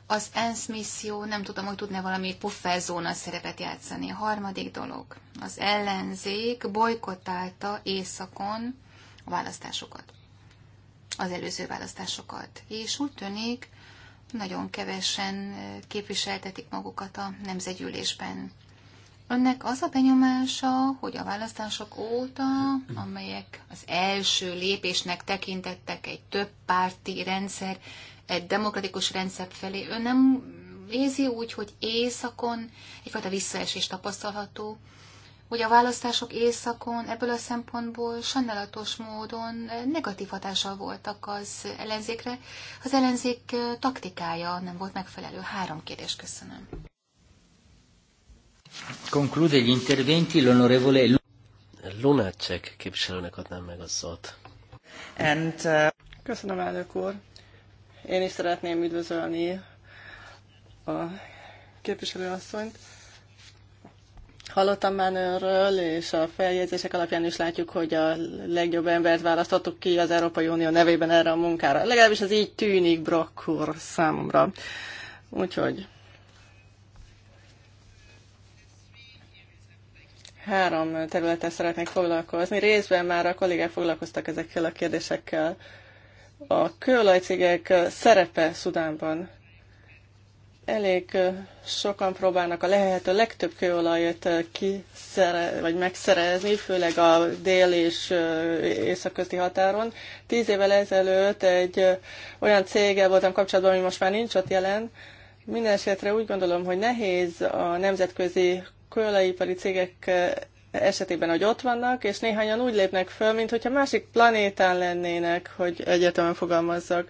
S2: Az ENSZ misszió, nem tudom, hogy tudna valami pufferzóna szerepet játszani. A harmadik dolog, az ellenzék bolykottálta északon a választásokat. Az előző választásokat. És úgy tűnik, nagyon kevesen eh, képviseltetik magukat a nemzetgyűlésben. Önnek az a benyomása, hogy a választások óta, amelyek az első lépésnek tekintettek egy több párti rendszer egy demokratikus rendszer felé. Ön nem érzi úgy, hogy éjszakon egyfajta visszaesés tapasztalható, hogy a választások éjszakon ebből a szempontból sajnálatos módon negatív hatással voltak az ellenzékre. Az ellenzék taktikája nem volt megfelelő. Három kérdés köszönöm.
S1: Conclude gli interventi l'onorevole Lunacek képviselőnek adnám meg a szót. And, uh...
S3: Köszönöm, elnök úr. Én is szeretném üdvözölni a képviselőasszonyt. Hallottam már önről, és a feljegyzések alapján is látjuk, hogy a legjobb embert választottuk ki az Európai Unió nevében erre a munkára. Legalábbis ez így tűnik Brock úr számomra. Úgyhogy három területen szeretnék foglalkozni. Részben már a kollégák foglalkoztak ezekkel a kérdésekkel a kőolajcégek szerepe Szudánban. Elég sokan próbálnak a lehető legtöbb kőolajat kiszere, vagy megszerezni, főleg a dél és északközi határon. Tíz évvel ezelőtt egy olyan cége voltam kapcsolatban, ami most már nincs ott jelen. Mindenesetre úgy gondolom, hogy nehéz a nemzetközi kőolajipari cégek esetében, hogy ott vannak, és néhányan úgy lépnek föl, mint hogyha másik planétán lennének, hogy egyetemen fogalmazzak,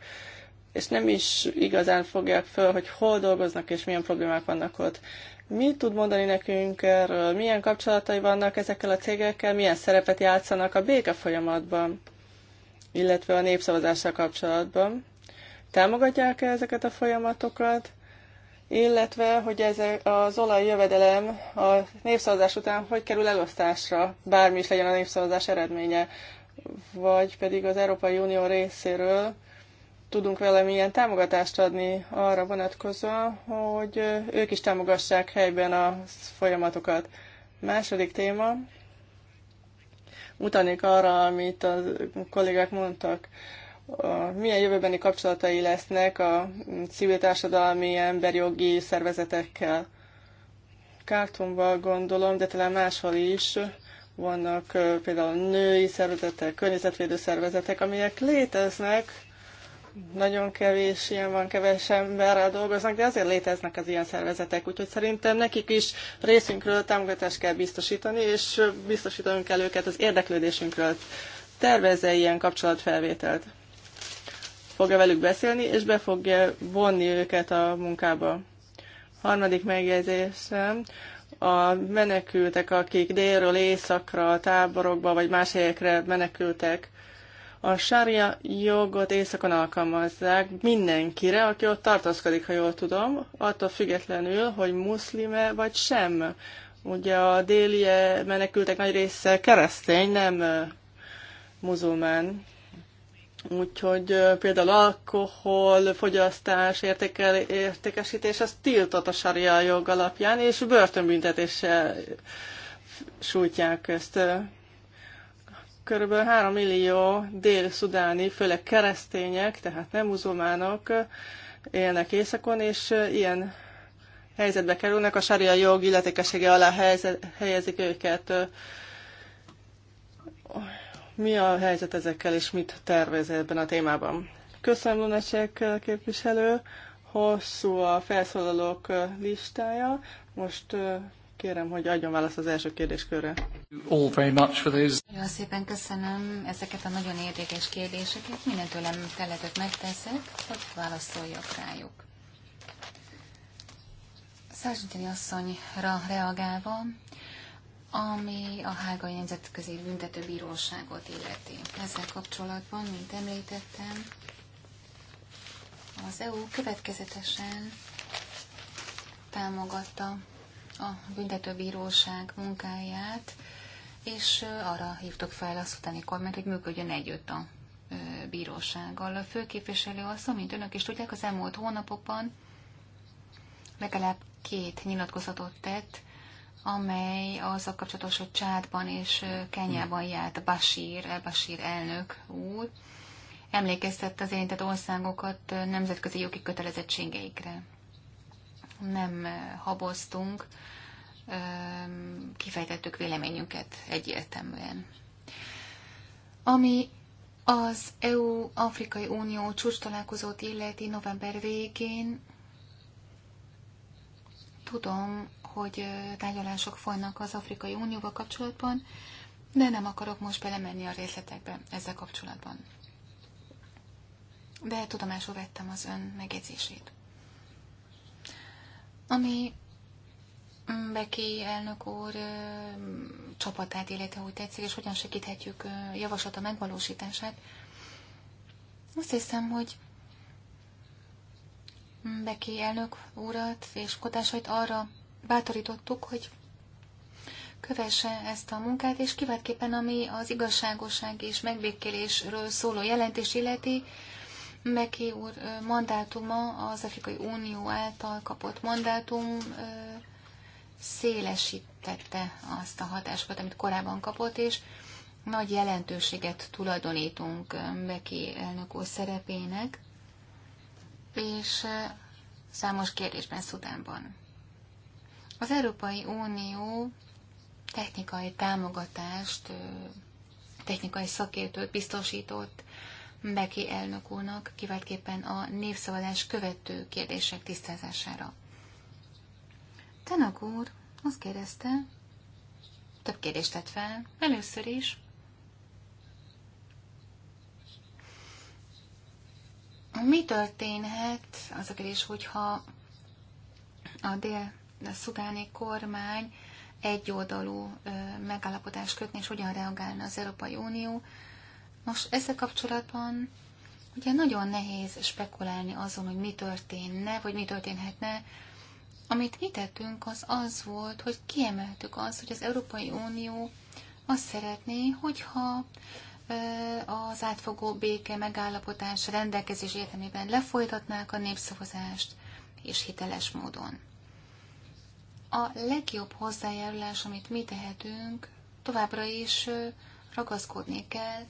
S3: és nem is igazán fogják föl, hogy hol dolgoznak és milyen problémák vannak ott. Mi tud mondani nekünk erről? Milyen kapcsolatai vannak ezekkel a cégekkel? Milyen szerepet játszanak a béke folyamatban, illetve a népszavazással kapcsolatban? Támogatják -e ezeket a folyamatokat? illetve hogy ez az olajjövedelem a népszavazás után hogy kerül elosztásra, bármi is legyen a népszavazás eredménye, vagy pedig az Európai Unió részéről tudunk vele milyen támogatást adni arra vonatkozóan, hogy ők is támogassák helyben a folyamatokat. Második téma, Utanék arra, amit a kollégák mondtak a, milyen jövőbeni kapcsolatai lesznek a civil társadalmi emberi jogi szervezetekkel. Kártumban gondolom, de talán máshol is vannak például női szervezetek, környezetvédő szervezetek, amelyek léteznek, nagyon kevés ilyen van, kevés emberrel dolgoznak, de azért léteznek az ilyen szervezetek, úgyhogy szerintem nekik is részünkről támogatást kell biztosítani, és biztosítanunk kell őket az érdeklődésünkről. Tervezze ilyen kapcsolatfelvételt? fogja velük beszélni, és be fogja vonni őket a munkába. Harmadik megjegyzésem, a menekültek, akik délről északra, táborokba vagy más helyekre menekültek, a sária jogot éjszakon alkalmazzák mindenkire, aki ott tartózkodik, ha jól tudom, attól függetlenül, hogy muszlime vagy sem. Ugye a déli menekültek nagy része keresztény, nem eh, muzulmán. Úgyhogy például alkohol, fogyasztás, értékel, értékesítés, az tiltott a saria jog alapján, és börtönbüntetéssel sújtják ezt. Körülbelül 3 millió dél-szudáni, főleg keresztények, tehát nem muzulmánok élnek északon, és ilyen helyzetbe kerülnek, a saria jog illetékesége alá helyezik őket mi a helyzet ezekkel, és mit tervez ebben a témában? Köszönöm, Lunacek képviselő. Hosszú a felszólalók listája. Most kérem, hogy adjon választ az első kérdéskörre.
S2: All very much for this. Nagyon szépen köszönöm ezeket a nagyon érdekes kérdéseket. Minden tőlem teletet megteszek, hogy válaszoljak rájuk. Szársdini asszonyra reagálva, ami a Hágai Nemzetközi Büntetőbíróságot illeti. Ezzel kapcsolatban, mint említettem, az EU következetesen támogatta a büntetőbíróság munkáját, és arra hívtuk fel az utáni kormányt, hogy működjön együtt a bírósággal. A főképviselő asszony, mint önök is tudják, az elmúlt hónapokban legalább két nyilatkozatot tett amely az a kapcsolatos, hogy Csádban és Kenyában járt Basír, el eh, Bashir elnök úr, emlékeztette az érintett országokat nemzetközi jogi kötelezettségeikre. Nem haboztunk, kifejtettük véleményünket egyértelműen. Ami az EU-Afrikai Unió csúcs találkozót illeti november végén, tudom, hogy tárgyalások folynak az Afrikai Unióval kapcsolatban, de nem akarok most belemenni a részletekbe ezzel kapcsolatban. De tudomásul vettem az ön megjegyzését. Ami Beki elnök úr csapatát élete, hogy tetszik, és hogyan segíthetjük javaslata megvalósítását, azt hiszem, hogy Beki elnök úrat és kotásait arra bátorítottuk, hogy kövesse ezt a munkát, és kiváltképpen ami az igazságosság és megbékélésről szóló jelentés illeti, Meki úr mandátuma, az Afrikai Unió által kapott mandátum szélesítette azt a hatásokat, amit korábban kapott, és nagy jelentőséget tulajdonítunk meki elnök úr szerepének, és számos kérdésben Szudánban. Az Európai Unió technikai támogatást, technikai szakértőt biztosított Beki elnök úrnak, kiváltképpen a népszavazás követő kérdések tisztázására. Tanak úr azt kérdezte, több kérdést tett fel, először is, mi történhet az a kérdés, hogyha a dél a szudáni kormány egyoldalú megállapodást kötni, és hogyan reagálna az Európai Unió. Most ezzel kapcsolatban ugye nagyon nehéz spekulálni azon, hogy mi történne, vagy mi történhetne. Amit mi tettünk, az az volt, hogy kiemeltük azt, hogy az Európai Unió azt szeretné, hogyha az átfogó béke megállapotás rendelkezés értelmében lefolytatnák a népszavazást, és hiteles módon a legjobb hozzájárulás, amit mi tehetünk, továbbra is ragaszkodni kell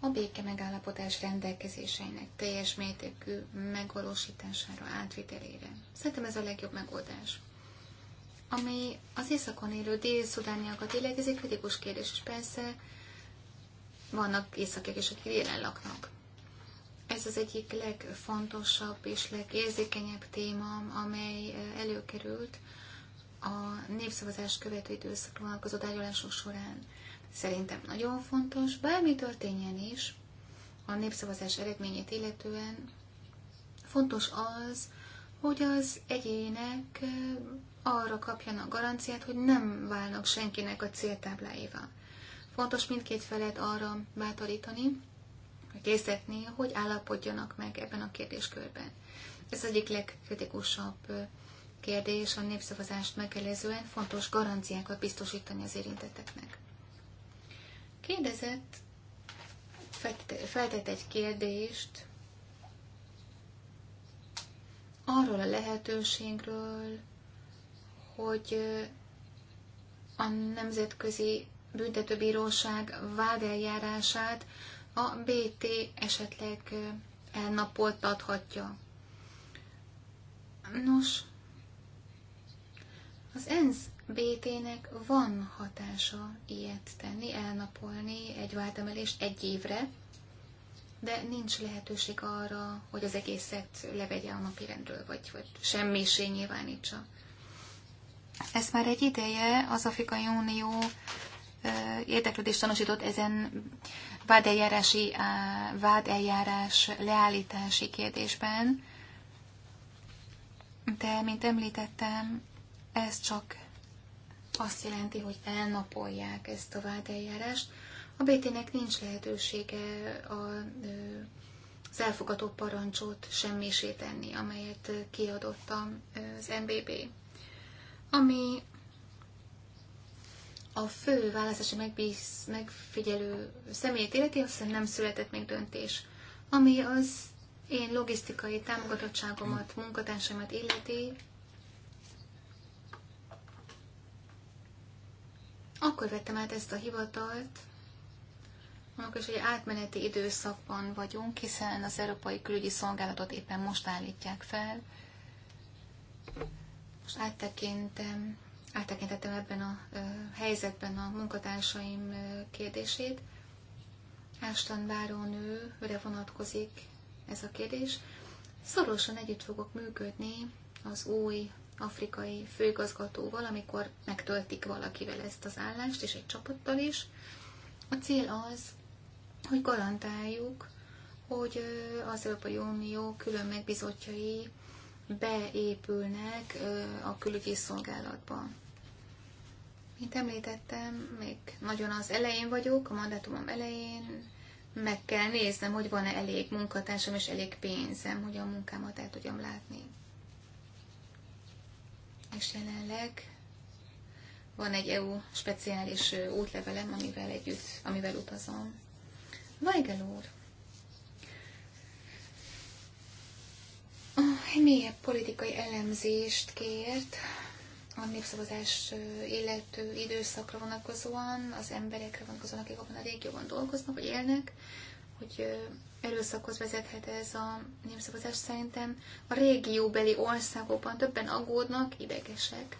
S2: a béke megállapodás rendelkezéseinek teljes mértékű megvalósítására, átvitelére. Szerintem ez a legjobb megoldás. Ami az északon élő dél-szudániakat illeti, ez egy kritikus kérdés, és persze vannak északiak is, akik jelen laknak. Ez az egyik legfontosabb és legérzékenyebb téma, amely előkerült a népszavazás követő időszakra vonatkozó tárgyalások során. Szerintem nagyon fontos, bármi történjen is, a népszavazás eredményét illetően fontos az, hogy az egyének arra kapjanak garanciát, hogy nem válnak senkinek a céltábláival. Fontos mindkét felet arra bátorítani, hogy hogy állapodjanak meg ebben a kérdéskörben. Ez egyik legkritikusabb kérdés a népszavazást megelőzően fontos garanciákat biztosítani az érintetteknek. Kérdezett, feltett egy kérdést arról a lehetőségről, hogy a Nemzetközi Büntetőbíróság vádeljárását a BT esetleg elnapoltathatja. Nos, az ENSZ BT-nek van hatása ilyet tenni, elnapolni egy váltemelést egy évre, de nincs lehetőség arra, hogy az egészet levegye a napirendről, vagy, vagy semmisé nyilvánítsa. Ez már egy ideje az Afrikai Unió érdeklődést tanúsított ezen vádeljárási, vádeljárás leállítási kérdésben, de, mint említettem, ez csak azt jelenti, hogy elnapolják ezt a vádeljárást. A BT-nek nincs lehetősége a, az elfogadó parancsot semmisíteni, tenni, amelyet kiadott az MBB. Ami a fő választási megbíz, megfigyelő személyét illeti, azt hiszem nem született még döntés. Ami az én logisztikai támogatottságomat, munkatársaimat illeti, Akkor vettem át ezt a hivatalt, akkor is egy átmeneti időszakban vagyunk, hiszen az Európai Külügyi Szolgálatot éppen most állítják fel. Most áttekintem, áttekintettem ebben a ö, helyzetben a munkatársaim ö, kérdését. Ástan Bárónőre vonatkozik ez a kérdés. Szorosan együtt fogok működni az új afrikai főigazgatóval, amikor megtöltik valakivel ezt az állást, és egy csapattal is. A cél az, hogy garantáljuk, hogy az Európai Unió külön megbizotjai beépülnek a külügyi szolgálatba. Mint említettem, még nagyon az elején vagyok, a mandátumom elején, meg kell néznem, hogy van-e elég munkatársam és elég pénzem, hogy a munkámat el tudjam látni és jelenleg van egy EU speciális útlevelem, amivel együtt, amivel utazom. Vajgel úr, ah, egy mélyebb politikai elemzést kért a népszavazás illető időszakra vonatkozóan, az emberekre vonatkozóan, akik abban a régióban dolgoznak, vagy élnek, hogy erőszakhoz vezethet ez a népszavazás. Szerintem a régióbeli országokban többen aggódnak, idegesek,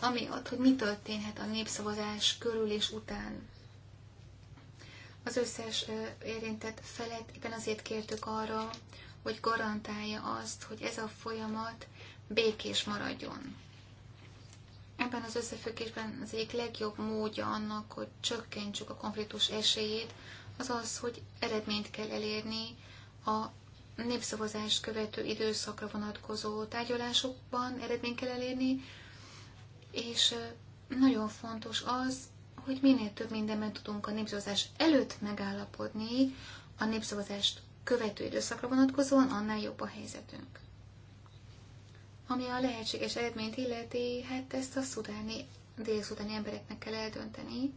S2: amiatt, hogy mi történhet a népszavazás körül és után. Az összes érintett felett éppen azért kértük arra, hogy garantálja azt, hogy ez a folyamat békés maradjon. Ebben az összefüggésben az egyik legjobb módja annak, hogy csökkentsük a konfliktus esélyét, az az, hogy eredményt kell elérni a népszavazás követő időszakra vonatkozó tárgyalásokban, eredményt kell elérni, és nagyon fontos az, hogy minél több mindenben tudunk a népszavazás előtt megállapodni, a népszavazást követő időszakra vonatkozóan, annál jobb a helyzetünk. Ami a lehetséges eredményt illeti, hát ezt a szudáni, dél-szudáni embereknek kell eldönteni,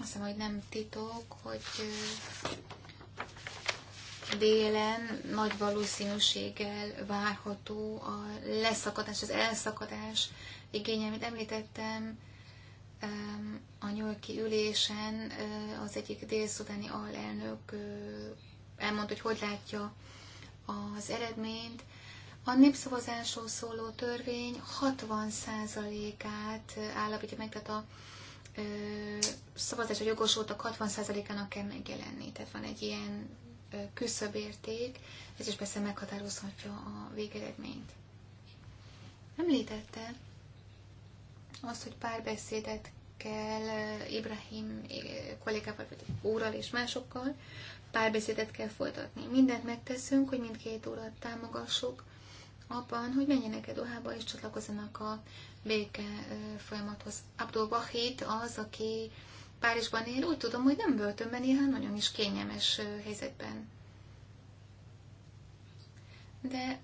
S2: Azt hiszem, hogy nem titok, hogy délen nagy valószínűséggel várható a leszakadás, az elszakadás igénye, amit említettem a nyolki ülésen az egyik délszudáni alelnök elmondta, hogy hogy látja az eredményt. A népszavazásról szóló törvény 60%-át állapítja meg, tehát a szavazásra jogosultak 60%-ának kell megjelenni. Tehát van egy ilyen küszöbérték, ez is persze meghatározhatja a végeredményt. Említette azt, hogy párbeszédet kell Ibrahim kollégával, vagy úrral és másokkal, párbeszédet kell folytatni. Mindent megteszünk, hogy mindkét órát támogassuk abban, hogy menjenek el Dohába és csatlakozzanak a béke folyamathoz. Abdul Wahid, az, aki Párizsban él, úgy tudom, hogy nem börtönben él, hanem nagyon is kényelmes helyzetben. De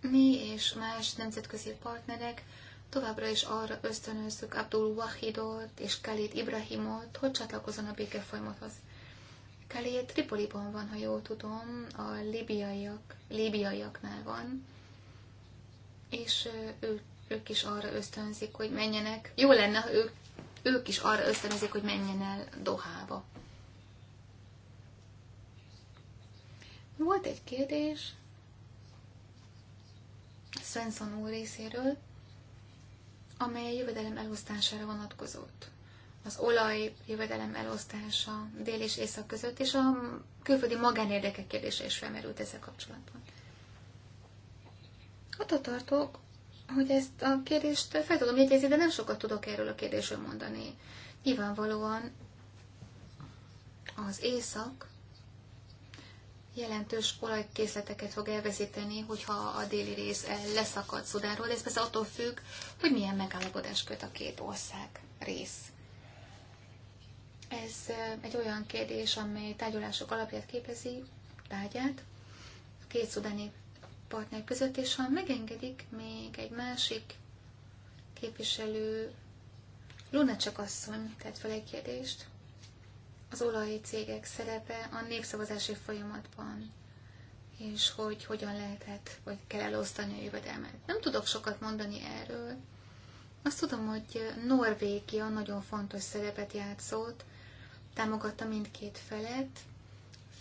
S2: mi és más nemzetközi partnerek továbbra is arra ösztönözzük Abdul Wahidot és Khalid Ibrahimot, hogy csatlakozzon a béke folyamathoz. Khalid Tripoliban van, ha jól tudom, a libiaiak, libiaiaknál van, és ő, ők is arra ösztönzik, hogy menjenek. Jó lenne, ha ők, ők is arra ösztönzik, hogy menjen el Dohába. Volt egy kérdés Svensson úr részéről, amely a jövedelem elosztására vonatkozott. Az olaj jövedelem elosztása dél és észak között, és a külföldi magánérdekek kérdése is felmerült ezzel kapcsolatban. Attól tartok, hogy ezt a kérdést fel tudom jegyezni, de nem sokat tudok erről a kérdésről mondani. Nyilvánvalóan az észak jelentős olajkészleteket fog elveszíteni, hogyha a déli rész leszakad Szudánról, de ez persze attól függ, hogy milyen megállapodás köt a két ország rész. Ez egy olyan kérdés, amely tárgyalások alapját képezi, tárgyát. A két szudáni partner között, és ha megengedik, még egy másik képviselő, csak asszony tett fel egy kérdést. Az olajcégek szerepe a népszavazási folyamatban, és hogy hogyan lehetett, vagy kell elosztani a jövedelmet. Nem tudok sokat mondani erről. Azt tudom, hogy Norvégia nagyon fontos szerepet játszott, támogatta mindkét felet,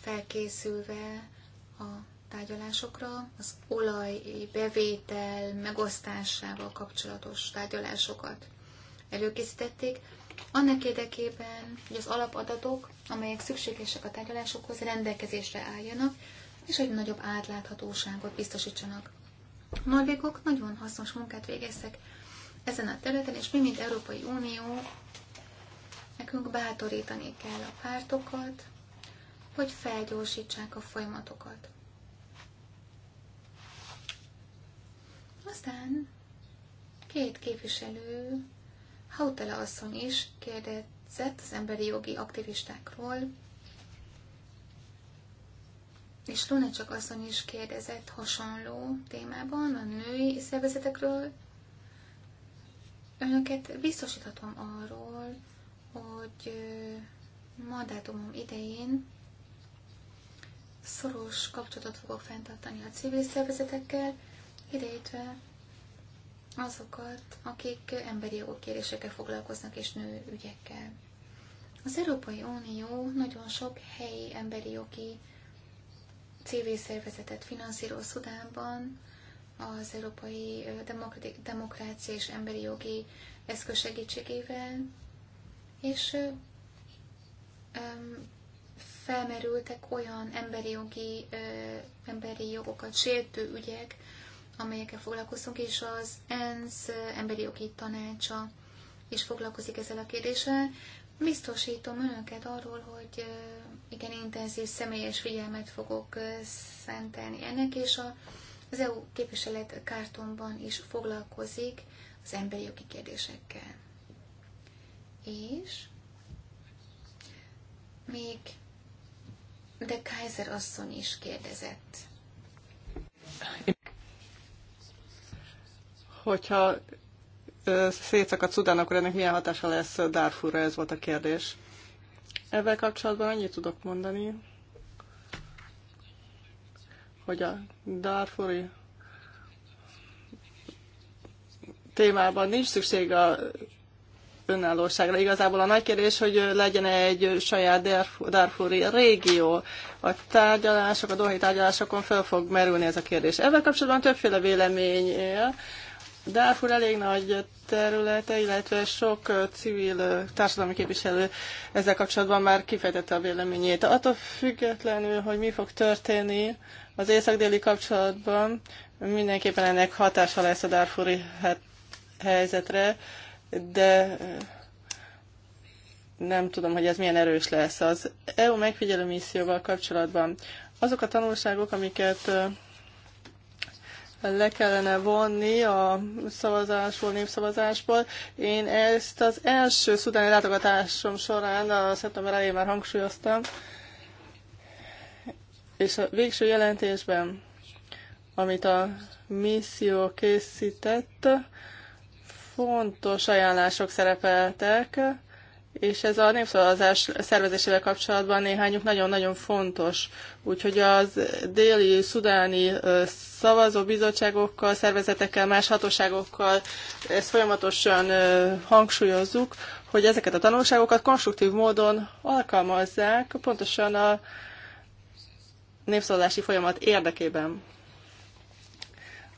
S2: felkészülve a tárgyalásokra, az olaj bevétel megosztásával kapcsolatos tárgyalásokat előkészítették, annak érdekében, hogy az alapadatok, amelyek szükségesek a tárgyalásokhoz, rendelkezésre álljanak, és hogy nagyobb átláthatóságot biztosítsanak. A norvégok nagyon hasznos munkát végeztek ezen a területen, és mi, mint Európai Unió, nekünk bátorítani kell a pártokat, hogy felgyorsítsák a folyamatokat. Aztán két képviselő, Hautala asszony is kérdezett az emberi jogi aktivistákról, és Luna csak asszony is kérdezett hasonló témában, a női szervezetekről. Önöket biztosíthatom arról, hogy mandátumom idején szoros kapcsolatot fogok fenntartani a civil szervezetekkel, ideértve azokat, akik emberi jogkérésekkel foglalkoznak és nő ügyekkel. Az Európai Unió nagyon sok helyi emberi jogi civil szervezetet finanszíroz Szudánban, az Európai Demokrácia és Emberi Jogi Eszköz segítségével, és felmerültek olyan emberi jogi, emberi jogokat sértő ügyek, amelyekkel foglalkozunk, és az ENSZ emberi jogi tanácsa is foglalkozik ezzel a kérdéssel. Biztosítom önöket arról, hogy igen intenzív személyes figyelmet fogok szentelni ennek, és az EU képviselet kártonban is foglalkozik az emberi jogi kérdésekkel. És még de Kaiser asszony is kérdezett
S3: hogyha szétszakad Szudán, akkor ennek milyen hatása lesz Darfurra? Ez volt a kérdés. Ezzel kapcsolatban annyit tudok mondani, hogy a Darfuri témában nincs szükség a önállóságra. Igazából a nagy kérdés, hogy legyen -e egy saját Darfuri régió. A tárgyalások, a dohai tárgyalásokon föl fog merülni ez a kérdés. Ezzel kapcsolatban többféle vélemény él Darfur elég nagy területe, illetve sok civil társadalmi képviselő ezzel kapcsolatban már kifejtette a véleményét. Attól függetlenül, hogy mi fog történni az észak-déli kapcsolatban, mindenképpen ennek hatása lesz a Darfuri helyzetre, de nem tudom, hogy ez milyen erős lesz. Az EU megfigyelő misszióval kapcsolatban azok a tanulságok, amiket le kellene vonni a szavazásból, népszavazásból. Én ezt az első szudáni látogatásom során, a szeptember elején már hangsúlyoztam, és a végső jelentésben, amit a misszió készített, fontos ajánlások szerepeltek, és ez a népszavazás szervezésével kapcsolatban néhányuk nagyon-nagyon fontos. Úgyhogy az déli szudáni szavazóbizottságokkal, szervezetekkel, más hatóságokkal ezt folyamatosan hangsúlyozzuk, hogy ezeket a tanulságokat konstruktív módon alkalmazzák pontosan a népszavazási folyamat érdekében.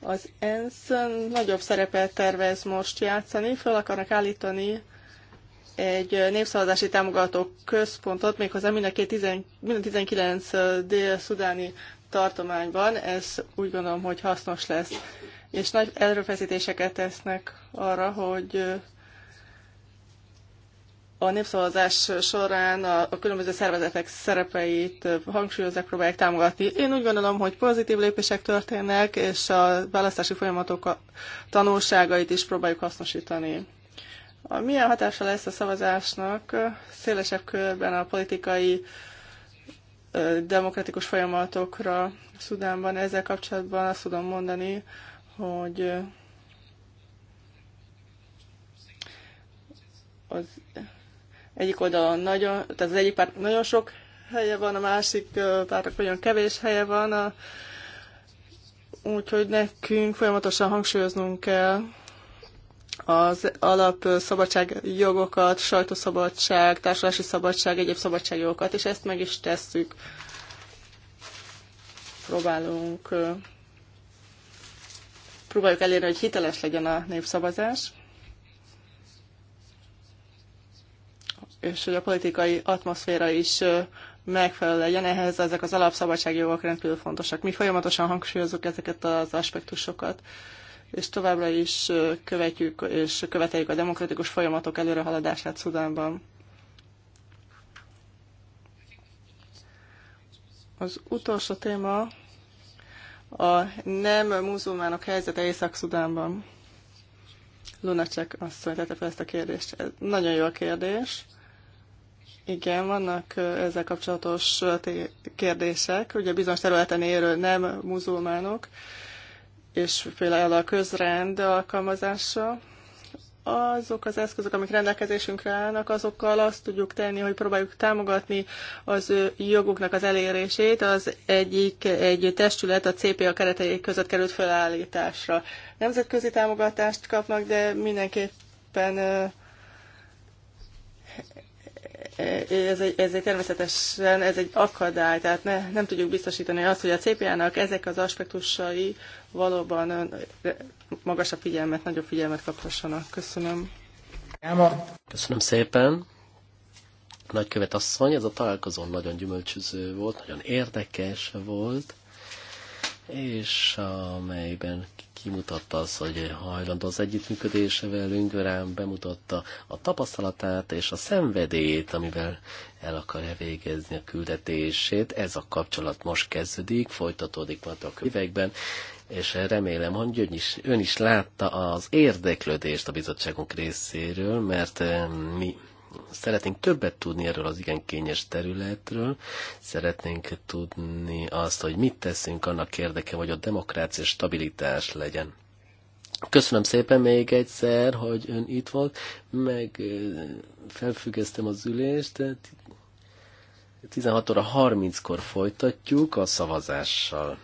S3: Az ENSZ nagyobb szerepet tervez most játszani, föl akarnak állítani egy népszavazási támogató központot, méghozzá mind a, két, tizen, mind a 19 dél-szudáni tartományban, ez úgy gondolom, hogy hasznos lesz. És nagy erőfeszítéseket tesznek arra, hogy a népszavazás során a, a különböző szervezetek szerepeit hangsúlyozzák, próbálják támogatni. Én úgy gondolom, hogy pozitív lépések történnek, és a választási folyamatok a tanulságait is próbáljuk hasznosítani. A milyen hatása lesz a szavazásnak szélesebb körben a politikai demokratikus folyamatokra Szudánban? Ezzel kapcsolatban azt tudom mondani, hogy az egyik oldalon nagyon, tehát az egyik párt nagyon sok helye van, a másik pártnak nagyon kevés helye van, a, úgyhogy nekünk folyamatosan hangsúlyoznunk kell, az alap szabadságjogokat, sajtószabadság, társulási szabadság, egyéb szabadságjogokat, és ezt meg is tesszük. Próbálunk próbáljuk elérni, hogy hiteles legyen a népszavazás, és hogy a politikai atmoszféra is megfelelő legyen ehhez, ezek az alapszabadságjogok rendkívül fontosak. Mi folyamatosan hangsúlyozunk ezeket az aspektusokat és továbbra is követjük és követeljük a demokratikus folyamatok előrehaladását Szudánban. Az utolsó téma a nem muzulmánok helyzete Észak-Szudánban. Lunacek asszony tette fel ezt a kérdést. Ez nagyon jó a kérdés. Igen, vannak ezzel kapcsolatos kérdések. Ugye bizonyos területen érő nem muzulmánok és például a közrend alkalmazása, azok az eszközök, amik rendelkezésünkre állnak, azokkal azt tudjuk tenni, hogy próbáljuk támogatni az ő joguknak az elérését. Az egyik, egy testület a CPA keretei között került felállításra. Nemzetközi támogatást kapnak, de mindenképpen ez egy, ez egy természetesen ez egy akadály, tehát ne, nem tudjuk biztosítani azt, hogy a CPA-nak ezek az aspektusai valóban magasabb figyelmet, nagyobb figyelmet kaphassanak. Köszönöm.
S1: Köszönöm szépen. Nagykövet asszony, ez a találkozón nagyon gyümölcsöző volt, nagyon érdekes volt, és amelyben kimutatta az, hogy hajlandó az együttműködése velünk, rám bemutatta a tapasztalatát és a szenvedélyét, amivel el akarja végezni a küldetését. Ez a kapcsolat most kezdődik, folytatódik majd a években, és remélem, hogy ön is, ön is látta az érdeklődést a bizottságunk részéről, mert eh, mi szeretnénk többet tudni erről az igen kényes területről, szeretnénk tudni azt, hogy mit teszünk annak érdeke, hogy a demokrácia stabilitás legyen. Köszönöm szépen még egyszer, hogy ön itt volt, meg felfüggesztem az ülést, 16 óra 30-kor folytatjuk a szavazással.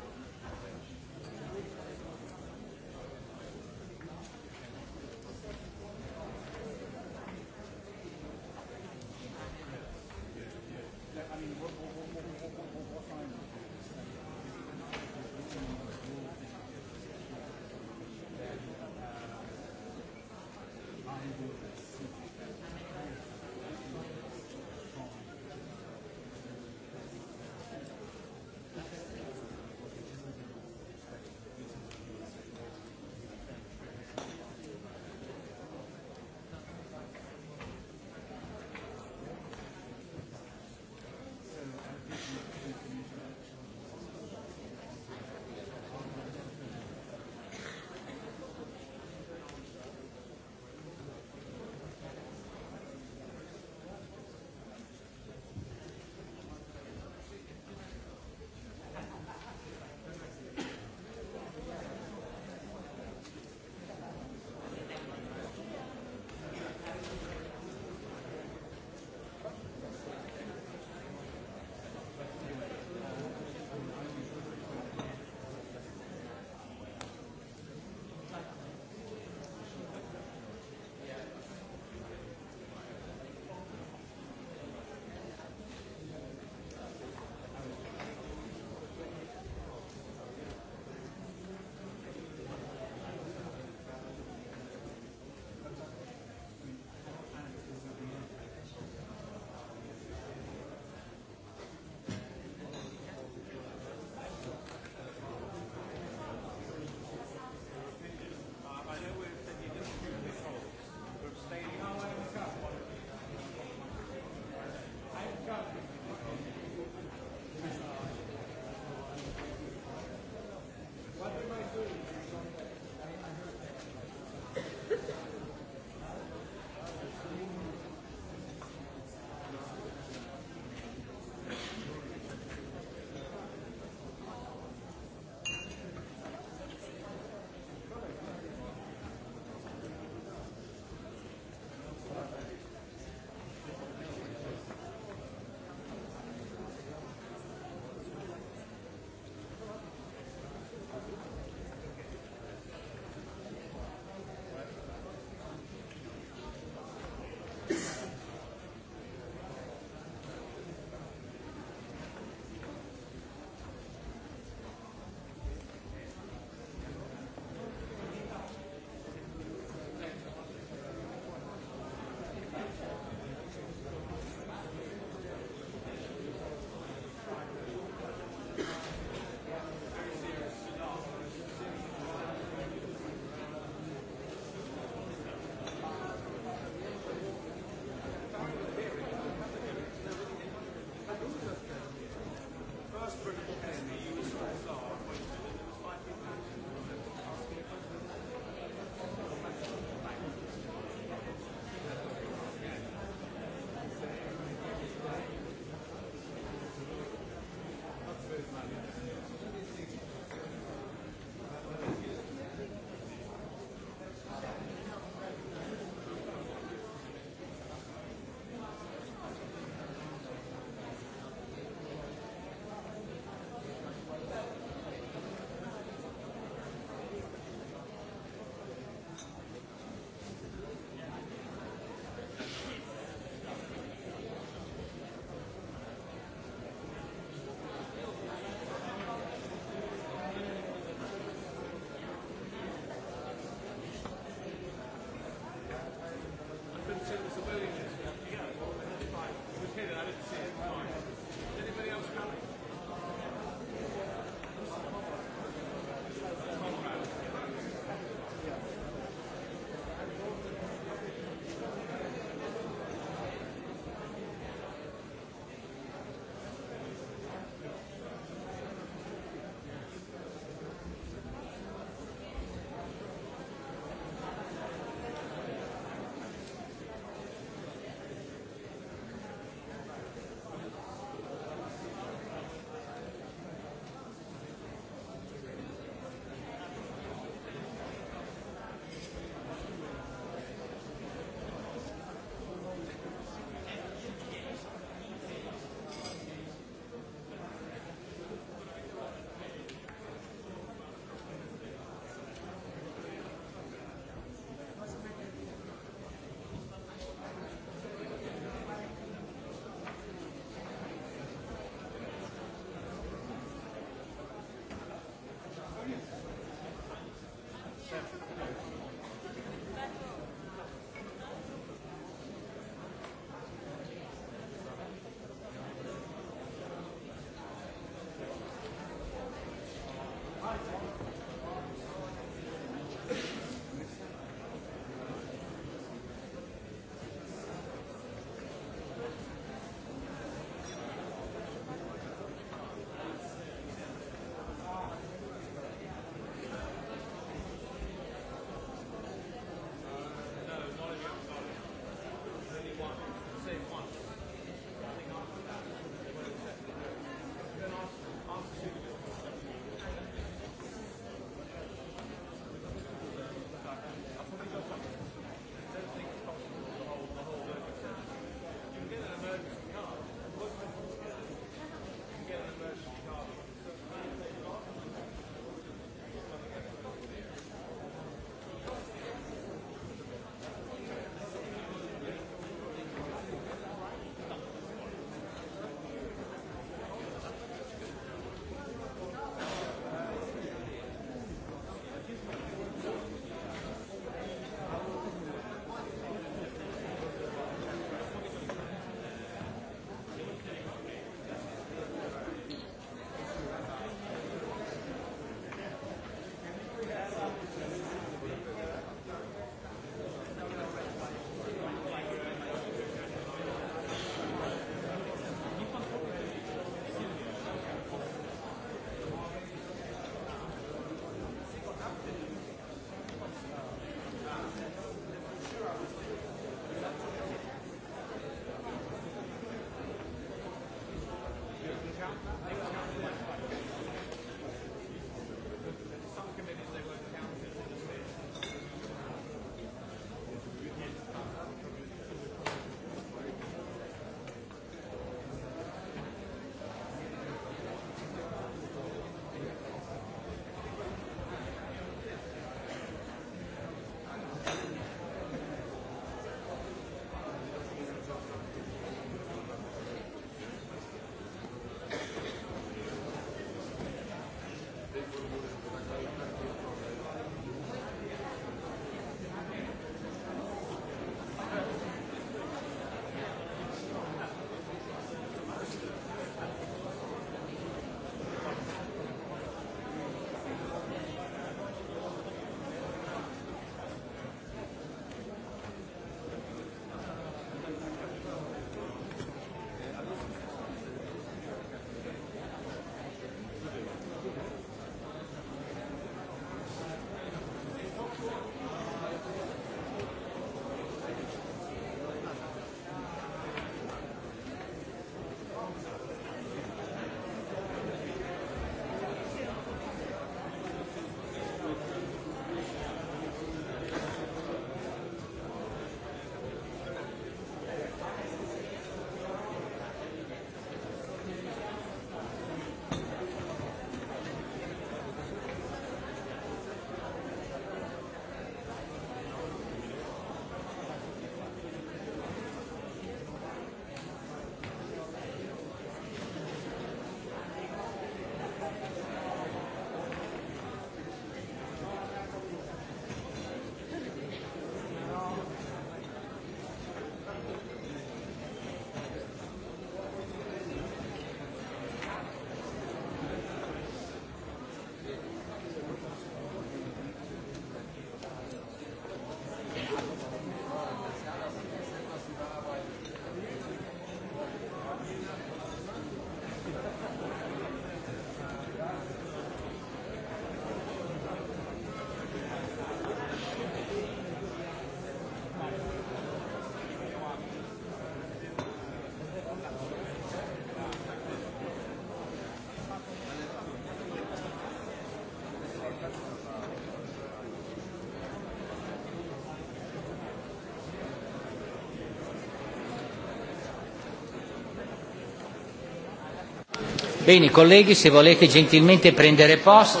S1: Bene, colleghi, se volete gentilmente prendere posto.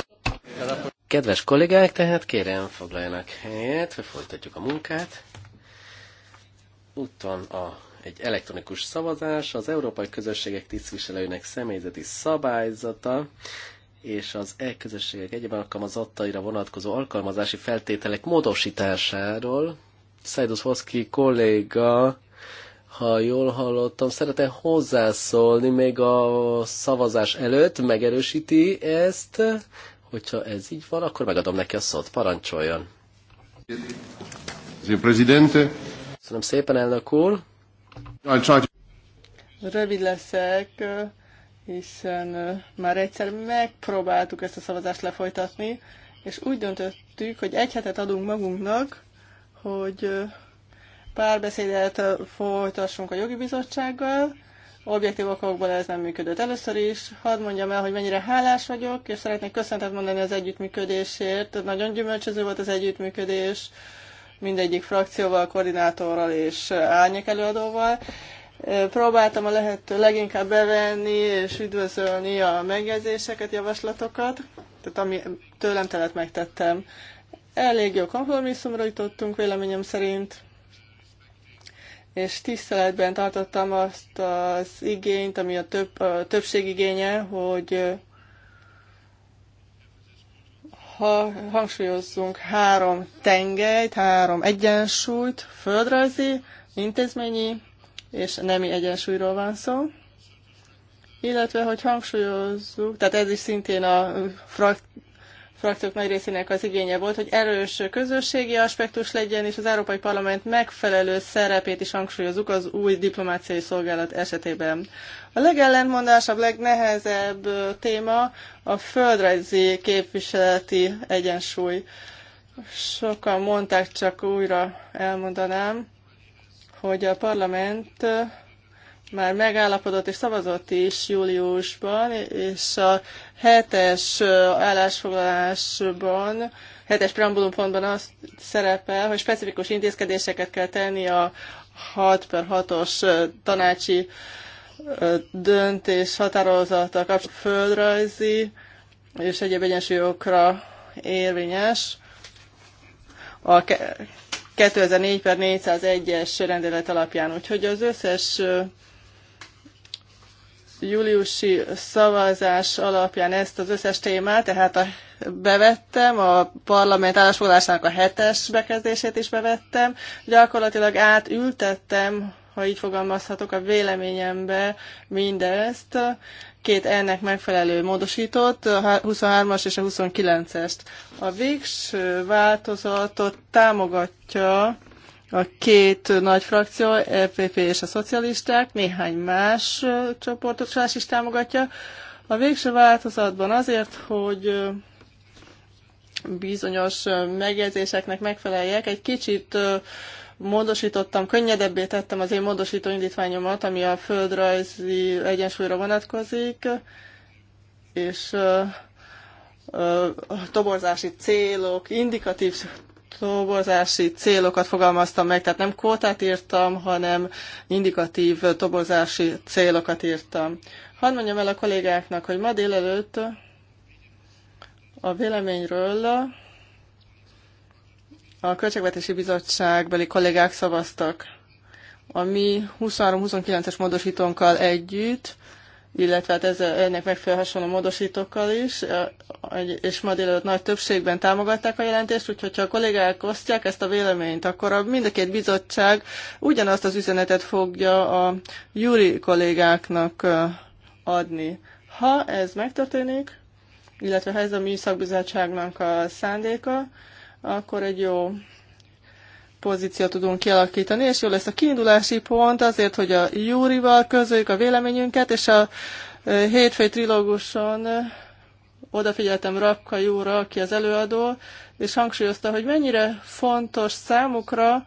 S1: Kedves kollégák, tehát kérem foglaljanak helyet, hogy folytatjuk a munkát. Ott van a, egy elektronikus szavazás, az Európai Közösségek tisztviselőinek személyzeti szabályzata és az e-közösségek egyeben alkalmazottaira vonatkozó alkalmazási feltételek módosításáról. Szajdusz Hoszki kolléga ha jól hallottam, szeretne hozzászólni még a szavazás előtt, megerősíti ezt, hogyha ez így van, akkor megadom neki a szót, parancsoljon. Presidente. Köszönöm szépen, elnök úr.
S3: Rövid leszek, hiszen már egyszer megpróbáltuk ezt a szavazást lefolytatni, és úgy döntöttük, hogy egy hetet adunk magunknak, hogy párbeszédet folytassunk a jogi bizottsággal. Objektív okokból ez nem működött először is. Hadd mondjam el, hogy mennyire hálás vagyok, és szeretnék köszöntet mondani az együttműködésért. Nagyon gyümölcsöző volt az együttműködés mindegyik frakcióval, koordinátorral és árnyék előadóval. Próbáltam a lehető leginkább bevenni és üdvözölni a megjegyzéseket, javaslatokat, tehát ami tőlem telet megtettem. Elég jó kompromisszumra jutottunk véleményem szerint és tiszteletben tartottam azt az igényt, ami a, több, a többség igénye, hogy ha hangsúlyozzunk három tengelyt, három egyensúlyt, földrajzi, intézményi és nemi egyensúlyról van szó. Illetve, hogy hangsúlyozzuk, tehát ez is szintén a frak, frakciók nagy részének az igénye volt, hogy erős közösségi aspektus legyen, és az Európai Parlament megfelelő szerepét is hangsúlyozzuk az új diplomáciai szolgálat esetében. A legellentmondásabb, legnehezebb téma a földrajzi képviseleti egyensúly. Sokan mondták, csak újra elmondanám, hogy a parlament már megállapodott és szavazott is júliusban, és a hetes állásfoglalásban, hetes preambulum az szerepel, hogy specifikus intézkedéseket kell tenni a 6 per 6-os tanácsi döntés határozata kapcsolatban földrajzi és egyéb egyensúlyokra érvényes. A 2004 per 401-es rendelet alapján. Úgyhogy az összes júliusi szavazás alapján ezt az összes témát, tehát a, bevettem, a parlament állásfoglalásának a hetes bekezdését is bevettem, gyakorlatilag átültettem, ha így fogalmazhatok, a véleményembe mindezt, két ennek megfelelő módosított, a 23-as és a 29-est. A végső változatot támogatja a két nagy frakció, FPP e és a szocialisták, néhány más csoportosulás is támogatja. A végső változatban azért, hogy bizonyos megjegyzéseknek megfeleljek, egy kicsit módosítottam, könnyedebbé tettem az én módosító indítványomat, ami a földrajzi egyensúlyra vonatkozik, és a toborzási célok, indikatív tobozási célokat fogalmaztam meg, tehát nem kvótát írtam, hanem indikatív tobozási célokat írtam. Hadd mondjam el a kollégáknak, hogy ma délelőtt a véleményről a Költségvetési Bizottságbeli kollégák szavaztak. A mi 23-29-es módosítónkkal együtt illetve hát ez, ennek megfelelő hasonló módosítókkal is, és ma délelőtt nagy többségben támogatták a jelentést, úgyhogy ha a kollégák osztják ezt a véleményt, akkor a mind a két bizottság ugyanazt az üzenetet fogja a júri kollégáknak adni. Ha ez megtörténik, illetve ha ez a mi szakbizottságnak a szándéka, akkor egy jó pozíciót tudunk kialakítani, és jó lesz a kiindulási pont azért, hogy a Júrival közöljük a véleményünket, és a eh, hétfői trilóguson eh, odafigyeltem Rapka Júra, aki az előadó, és hangsúlyozta, hogy mennyire fontos számukra,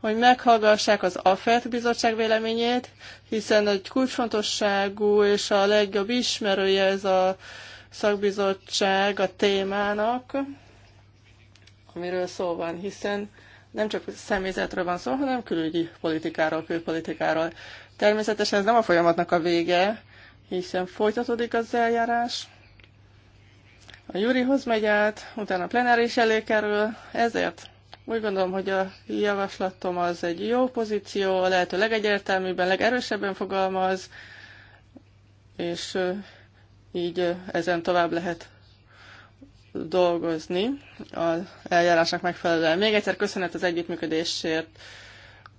S3: hogy meghallgassák az AFET bizottság véleményét, hiszen egy kulcsfontosságú és a legjobb ismerője ez a szakbizottság a témának, amiről szó van, hiszen nem csak személyzetről van szó, hanem külügyi politikáról, külpolitikáról. Természetesen ez nem a folyamatnak a vége, hiszen folytatódik az eljárás. A Júrihoz megy át, utána a plenáris elé kerül, ezért úgy gondolom, hogy a javaslatom az egy jó pozíció, a lehető legegyértelműbben, legerősebben fogalmaz, és így ezen tovább lehet dolgozni az eljárásnak megfelelően. Még egyszer köszönet az együttműködésért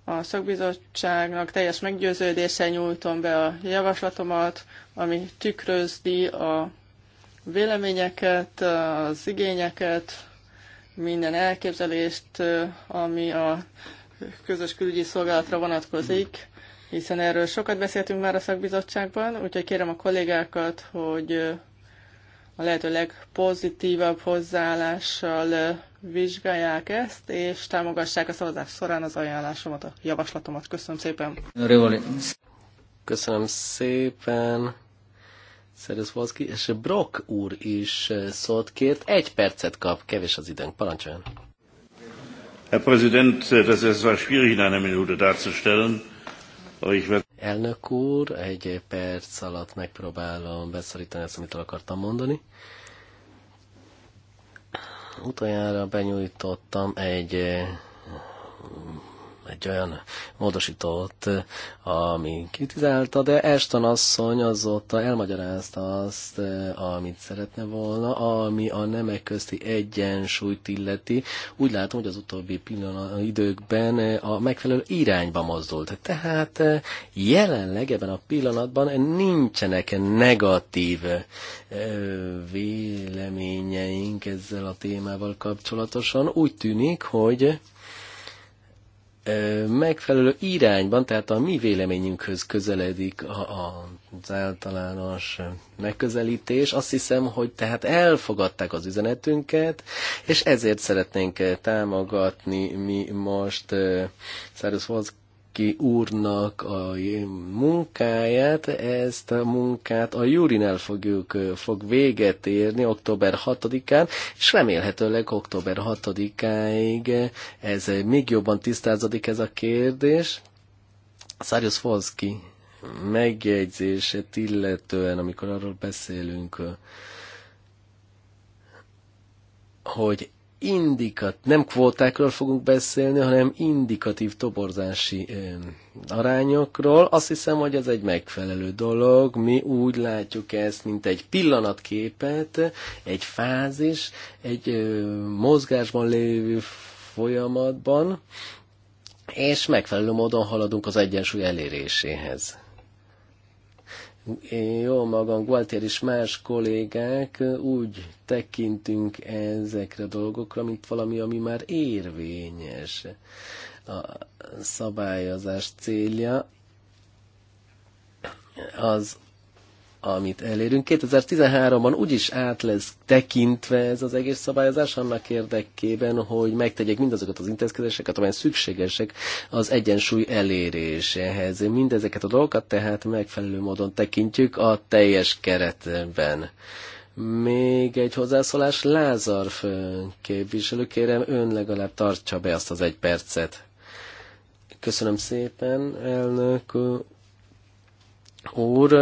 S3: a szakbizottságnak teljes meggyőződéssel nyújtom be a javaslatomat, ami tükrözdi a véleményeket, az igényeket, minden elképzelést, ami a közös külügyi szolgálatra vonatkozik, hiszen erről sokat beszéltünk már a szakbizottságban, úgyhogy kérem a kollégákat, hogy a lehető legpozitívabb hozzáállással vizsgálják ezt, és támogassák a szavazás során az ajánlásomat, a javaslatomat. Köszönöm szépen.
S1: Köszönöm szépen. Szerezvaszki, és Brock úr is szót kért. Egy percet kap, kevés az időnk. Parancsoljon.
S4: Herr Präsident, das ist zwar schwierig in einer Minute darzustellen, aber ich werde
S1: Elnök úr, egy perc alatt megpróbálom beszorítani ezt, amit el akartam mondani. Utoljára benyújtottam egy egy olyan módosítót, eh, ami kritizálta, de Eston asszony azóta elmagyarázta azt, eh, amit szeretne volna, ami a nemek közti egyensúlyt illeti. Úgy látom, hogy az utóbbi pillanat, időkben eh, a megfelelő irányba mozdult. Tehát jelenleg ebben a pillanatban nincsenek negatív véleményeink ezzel a témával kapcsolatosan. Úgy tűnik, hogy megfelelő irányban, tehát a mi véleményünkhöz közeledik az általános megközelítés. Azt hiszem, hogy tehát elfogadták az üzenetünket, és ezért szeretnénk támogatni mi most Szárusz Paki úrnak a munkáját, ezt a munkát a Jurinál fogjuk, fog véget érni október 6-án, és remélhetőleg október 6-áig ez még jobban tisztázódik ez a kérdés. Szárjusz Foszki megjegyzését illetően, amikor arról beszélünk, hogy indikat, nem kvótákról fogunk beszélni, hanem indikatív toborzási arányokról. Azt hiszem, hogy ez egy megfelelő dolog. Mi úgy látjuk ezt, mint egy pillanatképet, egy fázis, egy mozgásban lévő folyamatban, és megfelelő módon haladunk az egyensúly eléréséhez jó magam, Gualtier és más kollégák úgy tekintünk ezekre a dolgokra, mint valami, ami már érvényes. A szabályozás célja az amit elérünk. 2013-ban úgyis át lesz tekintve ez az egész szabályozás annak érdekében, hogy megtegyék mindazokat az intézkedéseket, amelyek szükségesek az egyensúly eléréséhez. Mindezeket a dolgokat tehát megfelelő módon tekintjük a teljes keretben. Még egy hozzászólás, Lázar képviselő, kérem, ön legalább tartsa be azt az egy percet. Köszönöm szépen, elnök úr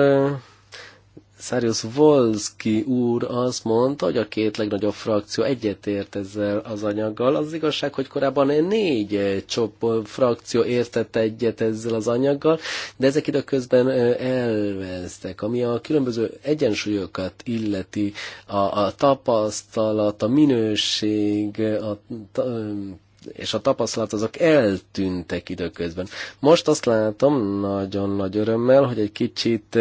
S1: Szárius Volski úr azt mondta, hogy a két legnagyobb frakció egyetért ezzel az anyaggal. Az igazság, hogy korábban négy eh, csop eh, frakció értette egyet ezzel az anyaggal, de ezek időközben eh, elveztek. Ami a különböző egyensúlyokat illeti, a, a tapasztalat, a minőség, a, a és a tapasztalat azok eltűntek időközben. Most azt látom nagyon nagy örömmel, hogy egy kicsit,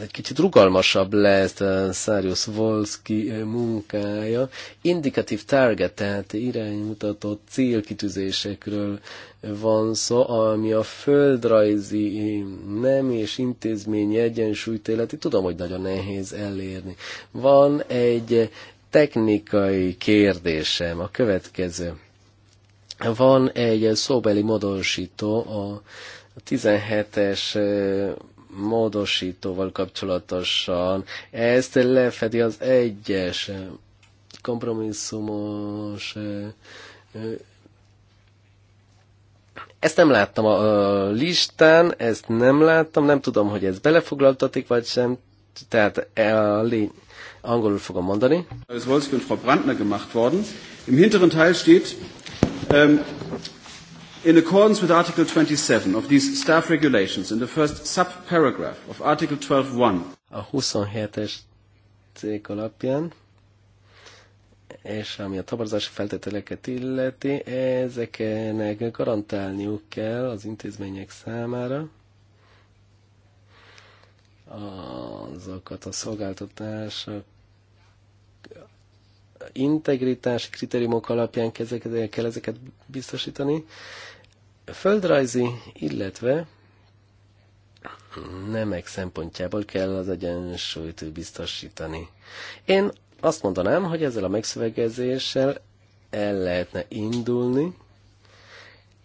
S1: egy kicsit rugalmasabb lesz Szárius Volski munkája. Indikatív target, tehát iránymutató célkitűzésekről van szó, ami a földrajzi nem és intézményi egyensúlyt életi, tudom, hogy nagyon nehéz elérni. Van egy technikai kérdésem a következő. Van egy szóbeli módosító a 17-es módosítóval kapcsolatosan. Ezt lefedi az egyes kompromisszumos ezt nem láttam a listán, ezt nem láttam, nem tudom, hogy ez belefoglaltatik, vagy sem. Tehát e, a lény, Angolul fogom mondani. Ez Wolski und Frau Brandner gemacht worden. Im hinteren Teil steht, um, in accordance with Article 27 of these staff regulations, in the first subparagraph of Article 12.1. A 27-es cikk alapján és ami a tavarzási feltételeket illeti, ezeknek garantálniuk kell az intézmények számára azokat a szolgáltatások, integritási kritériumok alapján ezeket, kell ezeket biztosítani. Földrajzi, illetve nemek szempontjából kell az egyensúlyt biztosítani. Én azt mondanám, hogy ezzel a megszövegezéssel el lehetne indulni,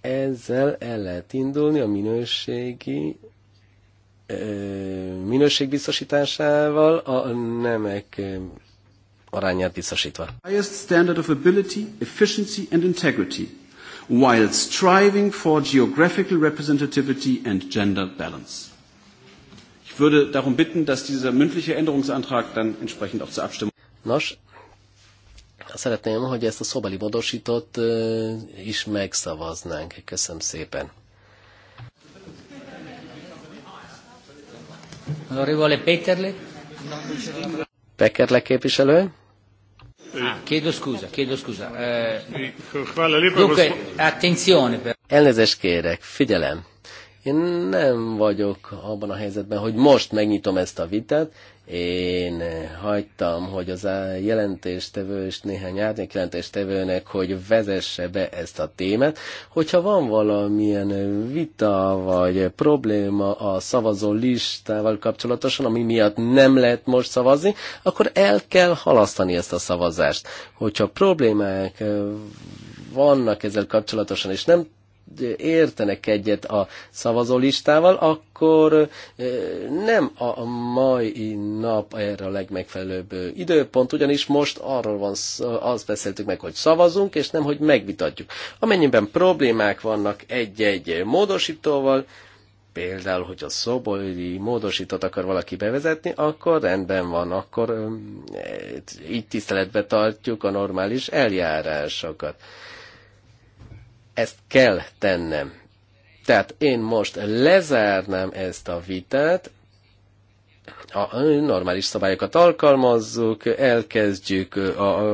S1: ezzel el lehet indulni a minőségi minőségbiztosításával a nemek arányát biztosítva. Highest standard of ability, efficiency and integrity, while striving for geographical representativity and gender balance. Ich würde darum bitten, dass dieser mündliche Änderungsantrag dann entsprechend auch zur Abstimmung. Nos, szeretném, hogy ezt a szobali módosítót is megszavaznánk. Köszönöm szépen.
S4: Honorable Peterle.
S1: Pekerle képviselő.
S4: Ah, chiedo scusa, chiedo scusa. Eh,
S1: Dunque, attenzione. Per... Elnézést kérek, figyelem. Én nem vagyok abban a helyzetben, hogy most megnyitom ezt a vitát. Én hagytam, hogy az a jelentéstevő és néhány árnyék jelentéstevőnek, hogy vezesse be ezt a témát. Hogyha van valamilyen vita vagy probléma a szavazó listával kapcsolatosan, ami miatt nem lehet most szavazni, akkor el kell halasztani ezt a szavazást. Hogyha problémák vannak ezzel kapcsolatosan, és nem értenek egyet a szavazólistával, akkor nem a mai nap erre a legmegfelelőbb időpont, ugyanis most arról van, azt beszéltük meg, hogy szavazunk, és nem, hogy megvitatjuk. Amennyiben problémák vannak egy-egy módosítóval, például, hogy a szobori módosítót akar valaki bevezetni, akkor rendben van, akkor így tiszteletbe tartjuk a normális eljárásokat. Ezt kell tennem. Tehát én most lezárnám ezt a vitát, a normális szabályokat alkalmazzuk, elkezdjük a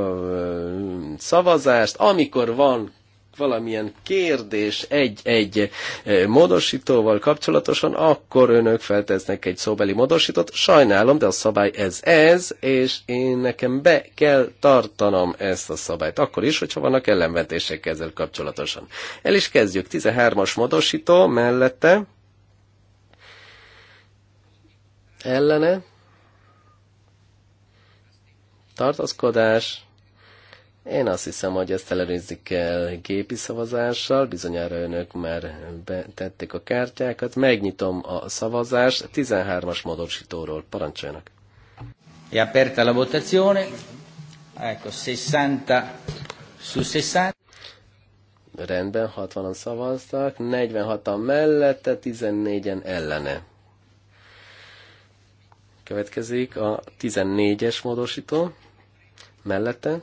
S1: szavazást, amikor van valamilyen kérdés egy-egy e, módosítóval kapcsolatosan, akkor önök feltesznek egy szóbeli módosítót. Sajnálom, de a szabály ez ez, és én nekem be kell tartanom ezt a szabályt. Akkor is, hogyha vannak ellenvetések ezzel kapcsolatosan. El is kezdjük. 13-as módosító mellette. Ellene. Tartaszkodás. Én azt hiszem, hogy ezt ellenőrizzük el gépi szavazással, bizonyára önök már betették a kártyákat. Megnyitom a szavazást 13-as módosítóról. Parancsoljanak! E aperta la votazione. Ecco, 60 su 60. Rendben, 60-an szavaztak, 46-an mellette, 14-en ellene. Következik a 14-es módosító mellette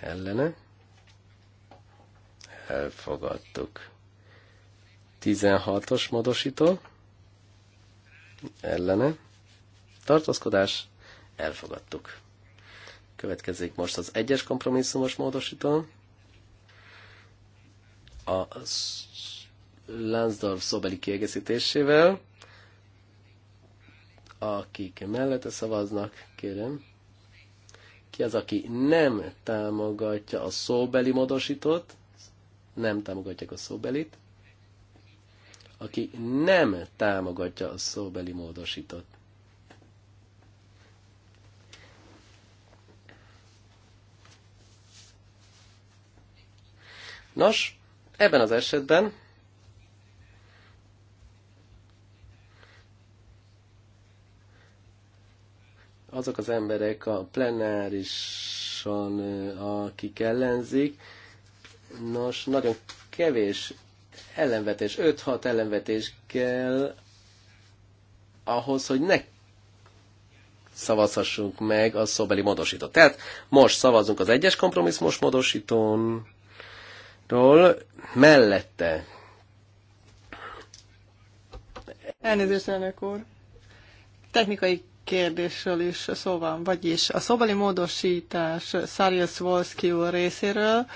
S1: ellene. Elfogadtuk. 16-os modosító ellene. Tartózkodás elfogadtuk. Következik most az egyes kompromisszumos módosító. A Lansdorf szobeli kiegészítésével. Akik mellette szavaznak, kérem, ki az, aki nem támogatja a szóbeli módosítót, nem támogatják a szóbelit, aki nem támogatja a szóbeli módosítót. Nos, ebben az esetben azok az emberek a plenárisan akik ellenzik, nos, nagyon kevés ellenvetés, 5-6 ellenvetés kell ahhoz, hogy ne szavazhassunk meg a szóbeli módosítót. Tehát most szavazunk az egyes kompromisszumos módosítónról, mellette.
S3: Elnézést, elnök úr. Technikai kérdésről is szó van, vagyis a szóbeli módosítás Szarius Wolski úr részéről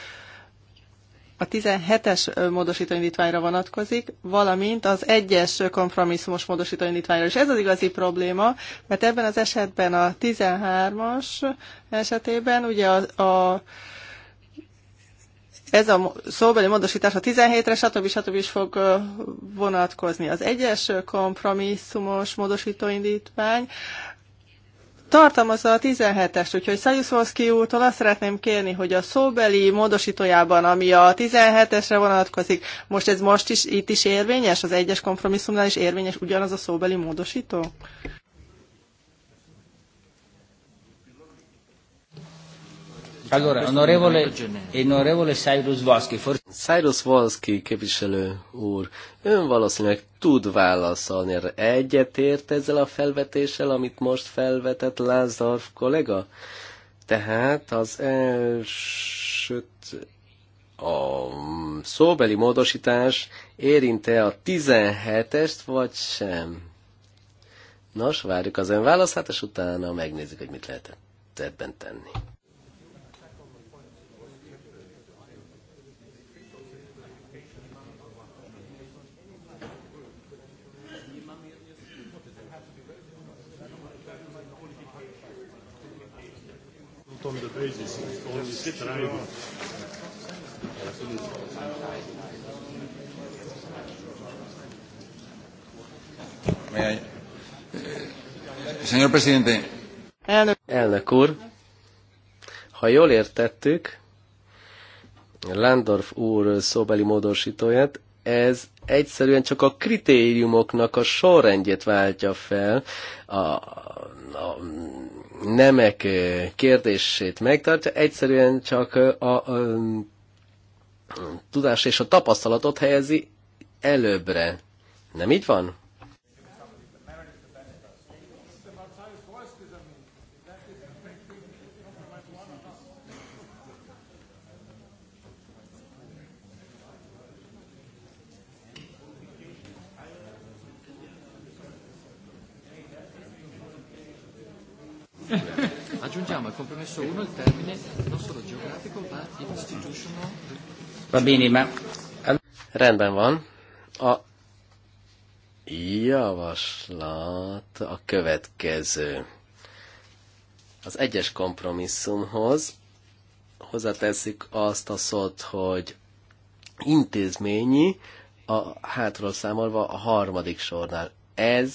S3: a 17-es módosítóindítványra vonatkozik, valamint az egyes kompromisszumos módosítóindítványra. És ez az igazi probléma, mert ebben az esetben a 13-as esetében ugye a, a ez a szóbeli módosítás a 17-re, stb. stb. is fog vonatkozni. Az egyes kompromisszumos módosítóindítvány tartalmazza a 17-est, úgyhogy Szajuszolszki úrtól azt szeretném kérni, hogy a szóbeli módosítójában, ami a 17-esre vonatkozik, most ez most is itt is érvényes, az egyes kompromisszumnál is érvényes ugyanaz a szóbeli módosító?
S1: Allora, onorevole, onorevole Cyrus Voski, for... Cyrus Volsky képviselő úr, ön valószínűleg tud válaszolni erre. Egyetért ezzel a felvetéssel, amit most felvetett Lázár kollega? Tehát az első a szóbeli módosítás érinte a 17-est, vagy sem? Nos, várjuk az ön válaszát, és utána megnézzük, hogy mit lehetett ebben tenni.
S4: not on the basis of only striving.
S1: Señor Presidente. Elnök, Elnök úr, ha jól értettük, Landorf úr szóbeli módosítóját, ez egyszerűen csak a kritériumoknak a sorrendjét váltja fel, a, a nemek eh, kérdését megtartja, egyszerűen csak eh, a, a, a mm, tudás és a tapasztalatot helyezi előbbre. Nem így van?
S4: Aggiungiamo al compromesso 1 il termine non
S1: solo geografico ma institutional. Va bene, ma... Rendben van. A javaslat a következő. Az egyes kompromisszumhoz hozzáteszik azt a szót, hogy intézményi, a hátról számolva a harmadik sornál. Ez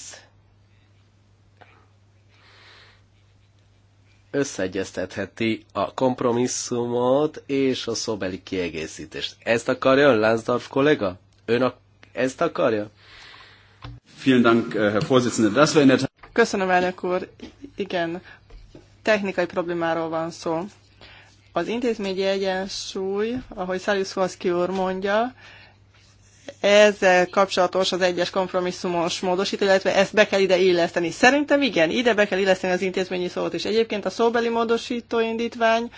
S1: összeegyeztetheti a kompromisszumot és a szóbeli kiegészítést. Ezt akarja ön, Lánzdorf kollega? Ön a, ezt akarja? Vielen Dank, äh, Herr Vorsitzender.
S3: Köszönöm, elnök úr. Igen, technikai problémáról van szó. Az intézményi egyensúly, ahogy Szárius úr mondja, ezzel kapcsolatos az egyes kompromisszumos módosító, illetve ezt be kell ide illeszteni. Szerintem igen, ide be kell illeszteni az intézményi szót is. Egyébként a szóbeli módosító indítvány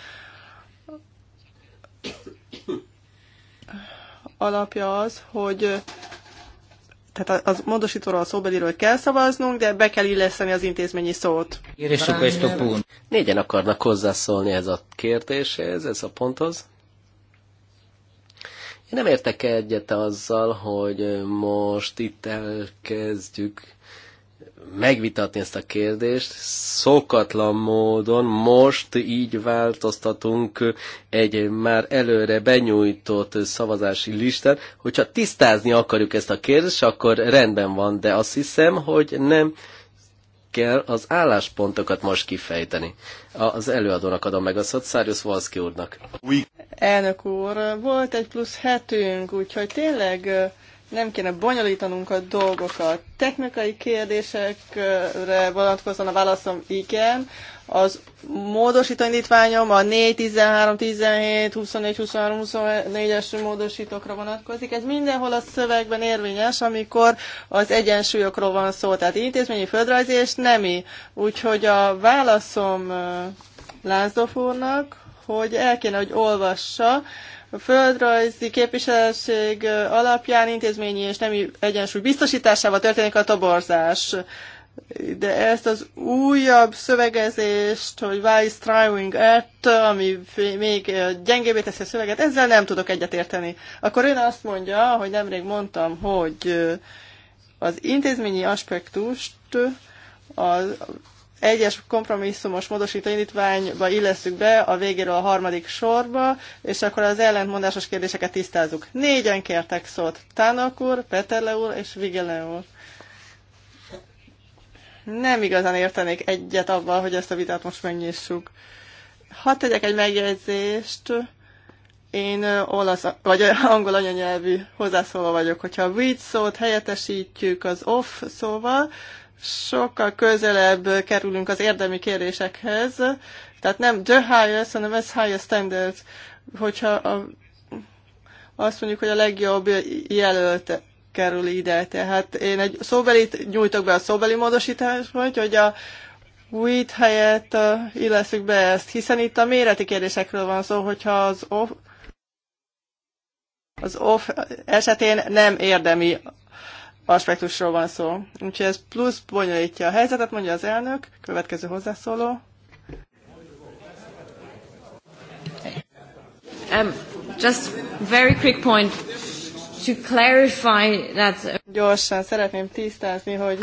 S3: alapja az, hogy tehát az módosítóról, a szóbeliről kell szavaznunk, de be kell illeszteni
S1: az intézményi szót. Négyen akarnak hozzászólni ez a kérdéshez, ez a ponthoz. Én nem értek egyet azzal, hogy most itt elkezdjük megvitatni ezt a kérdést. Szokatlan módon most így változtatunk egy már előre benyújtott szavazási listán. Hogyha tisztázni akarjuk ezt a kérdést, akkor rendben van, de azt hiszem, hogy nem kell az álláspontokat most kifejteni. Az előadónak adom meg a szót, Szárius Valszki úrnak.
S3: Elnök úr, volt egy plusz hetünk, úgyhogy tényleg nem kéne bonyolítanunk a dolgokat. Technikai kérdésekre vonatkozóan a válaszom igen, az módosító indítványom a 4, 13, 17, 24, 23, 24-es módosítókra vonatkozik. Ez mindenhol a szövegben érvényes, amikor az egyensúlyokról van szó, tehát intézményi földrajzi és nemi. Úgyhogy a válaszom Lázdorf hogy el kéne, hogy olvassa, a földrajzi képviselőség alapján intézményi és nemi egyensúly biztosításával történik a toborzás de ezt az újabb szövegezést, hogy why trying at, ami még gyengébbé teszi a szöveget, ezzel nem tudok egyetérteni. Akkor én azt mondja, hogy nemrég mondtam, hogy az intézményi aspektust az egyes kompromisszumos módosító indítványba illeszük be a végéről a harmadik sorba, és akkor az ellentmondásos kérdéseket tisztázunk. Négyen kértek szót. Tának úr, Peterle úr és Vigele úr nem igazán értenék egyet abban, hogy ezt a vitát most megnyissuk. Hadd tegyek egy megjegyzést. Én olasz, vagy angol anyanyelvű hozzászóló vagyok. Hogyha a with szót helyettesítjük az off szóval, sokkal közelebb kerülünk az érdemi kérésekhez. Tehát nem the highest, hanem as highest standards. Hogyha a, azt mondjuk, hogy a legjobb jelölt kerül ide. Tehát én egy szóbelit nyújtok be a szóbeli módosításba, hogy a with helyett illeszük be ezt, hiszen itt a méreti kérdésekről van szó, hogyha az off, az off esetén nem érdemi aspektusról van szó. Úgyhogy ez plusz bonyolítja a helyzetet, mondja az elnök. Következő hozzászóló. Um, just very quick point to clarify that... Uh, Gyorsan szeretném tisztázni, hogy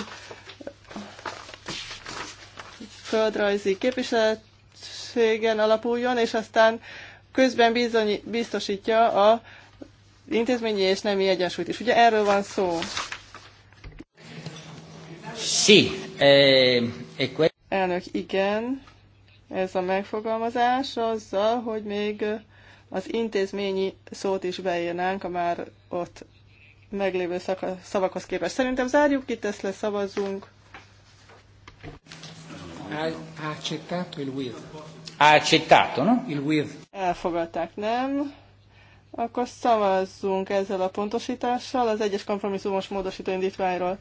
S3: földrajzi képviseletségen alapuljon, és aztán közben bizony, biztosítja a intézményi és nemi egyensúlyt is. Ugye erről van szó?
S4: Sí. Eh, e
S3: Elnök, igen. Ez a megfogalmazás azzal, hogy még az intézményi szót is beírnánk a már ott meglévő szaka, szavakhoz képest. Szerintem zárjuk, itt ezt leszavazzunk.
S4: szavazzunk.
S1: accettato il with.
S3: no? Elfogadták, nem? Akkor szavazzunk ezzel a pontosítással az egyes kompromisszumos módosító indítványról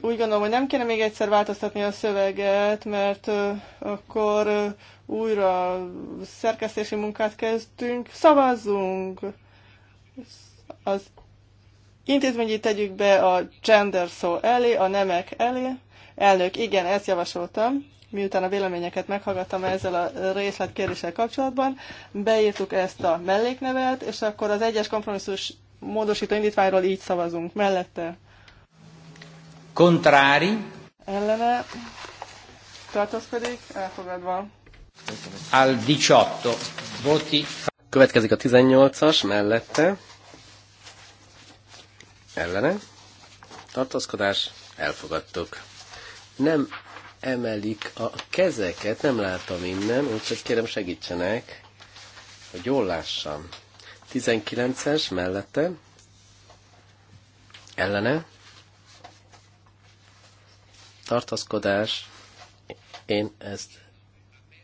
S3: úgy gondolom, hogy nem kéne még egyszer változtatni a szöveget, mert akkor újra szerkesztési munkát kezdtünk. Szavazzunk! Az intézményi tegyük be a gender szó elé, a nemek elé. Elnök, igen, ezt javasoltam. Miután a véleményeket meghallgattam ezzel a részletkérdéssel kapcsolatban, beírtuk ezt a melléknevet, és akkor az egyes kompromisszus módosító indítványról így szavazunk mellette
S4: Contrari.
S3: Ellene. Tartózkodik. Elfogadva.
S1: Al 18. Voti. Következik a 18-as mellette. Ellene. Tartózkodás. Elfogadtuk. Nem emelik a kezeket, nem látom innen, úgyhogy kérem segítsenek, hogy jól lássam. 19-es mellette, ellene, tartózkodás, én ezt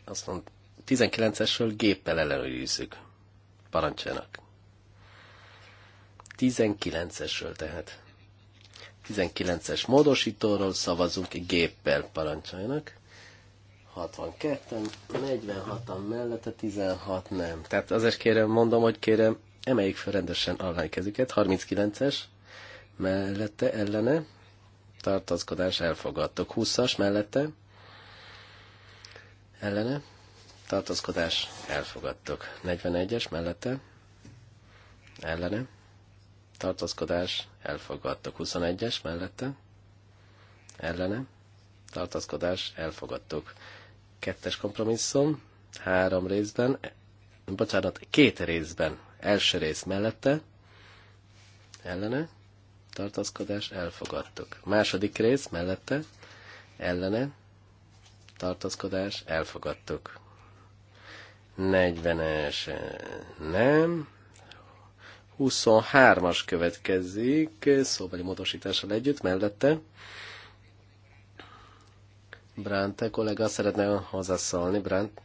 S1: azt mondom, 19-esről géppel ellenőrizzük. parancsának. 19-esről tehát. 19-es módosítóról szavazunk géppel parancsoljanak. 62-en, 46-an mellette, 16 nem. Tehát azért kérem, mondom, hogy kérem, emeljük fel rendesen alá kezüket. 39-es mellette, ellene, tartózkodás elfogadtok. 20-as mellette ellene tartózkodás elfogadtok. 41-es mellette ellene tartózkodás elfogadtok. 21-es mellette ellene tartózkodás elfogadtok. Kettes kompromisszum három részben, bocsánat, két részben. Első rész mellette ellene tartózkodás, elfogadtuk. Második rész mellette, ellene, tartózkodás, elfogadtuk. 40-es eh, nem. 23-as következik, szóbeli módosítással együtt, mellette. Brante kollega szeretne hozzászólni, Brante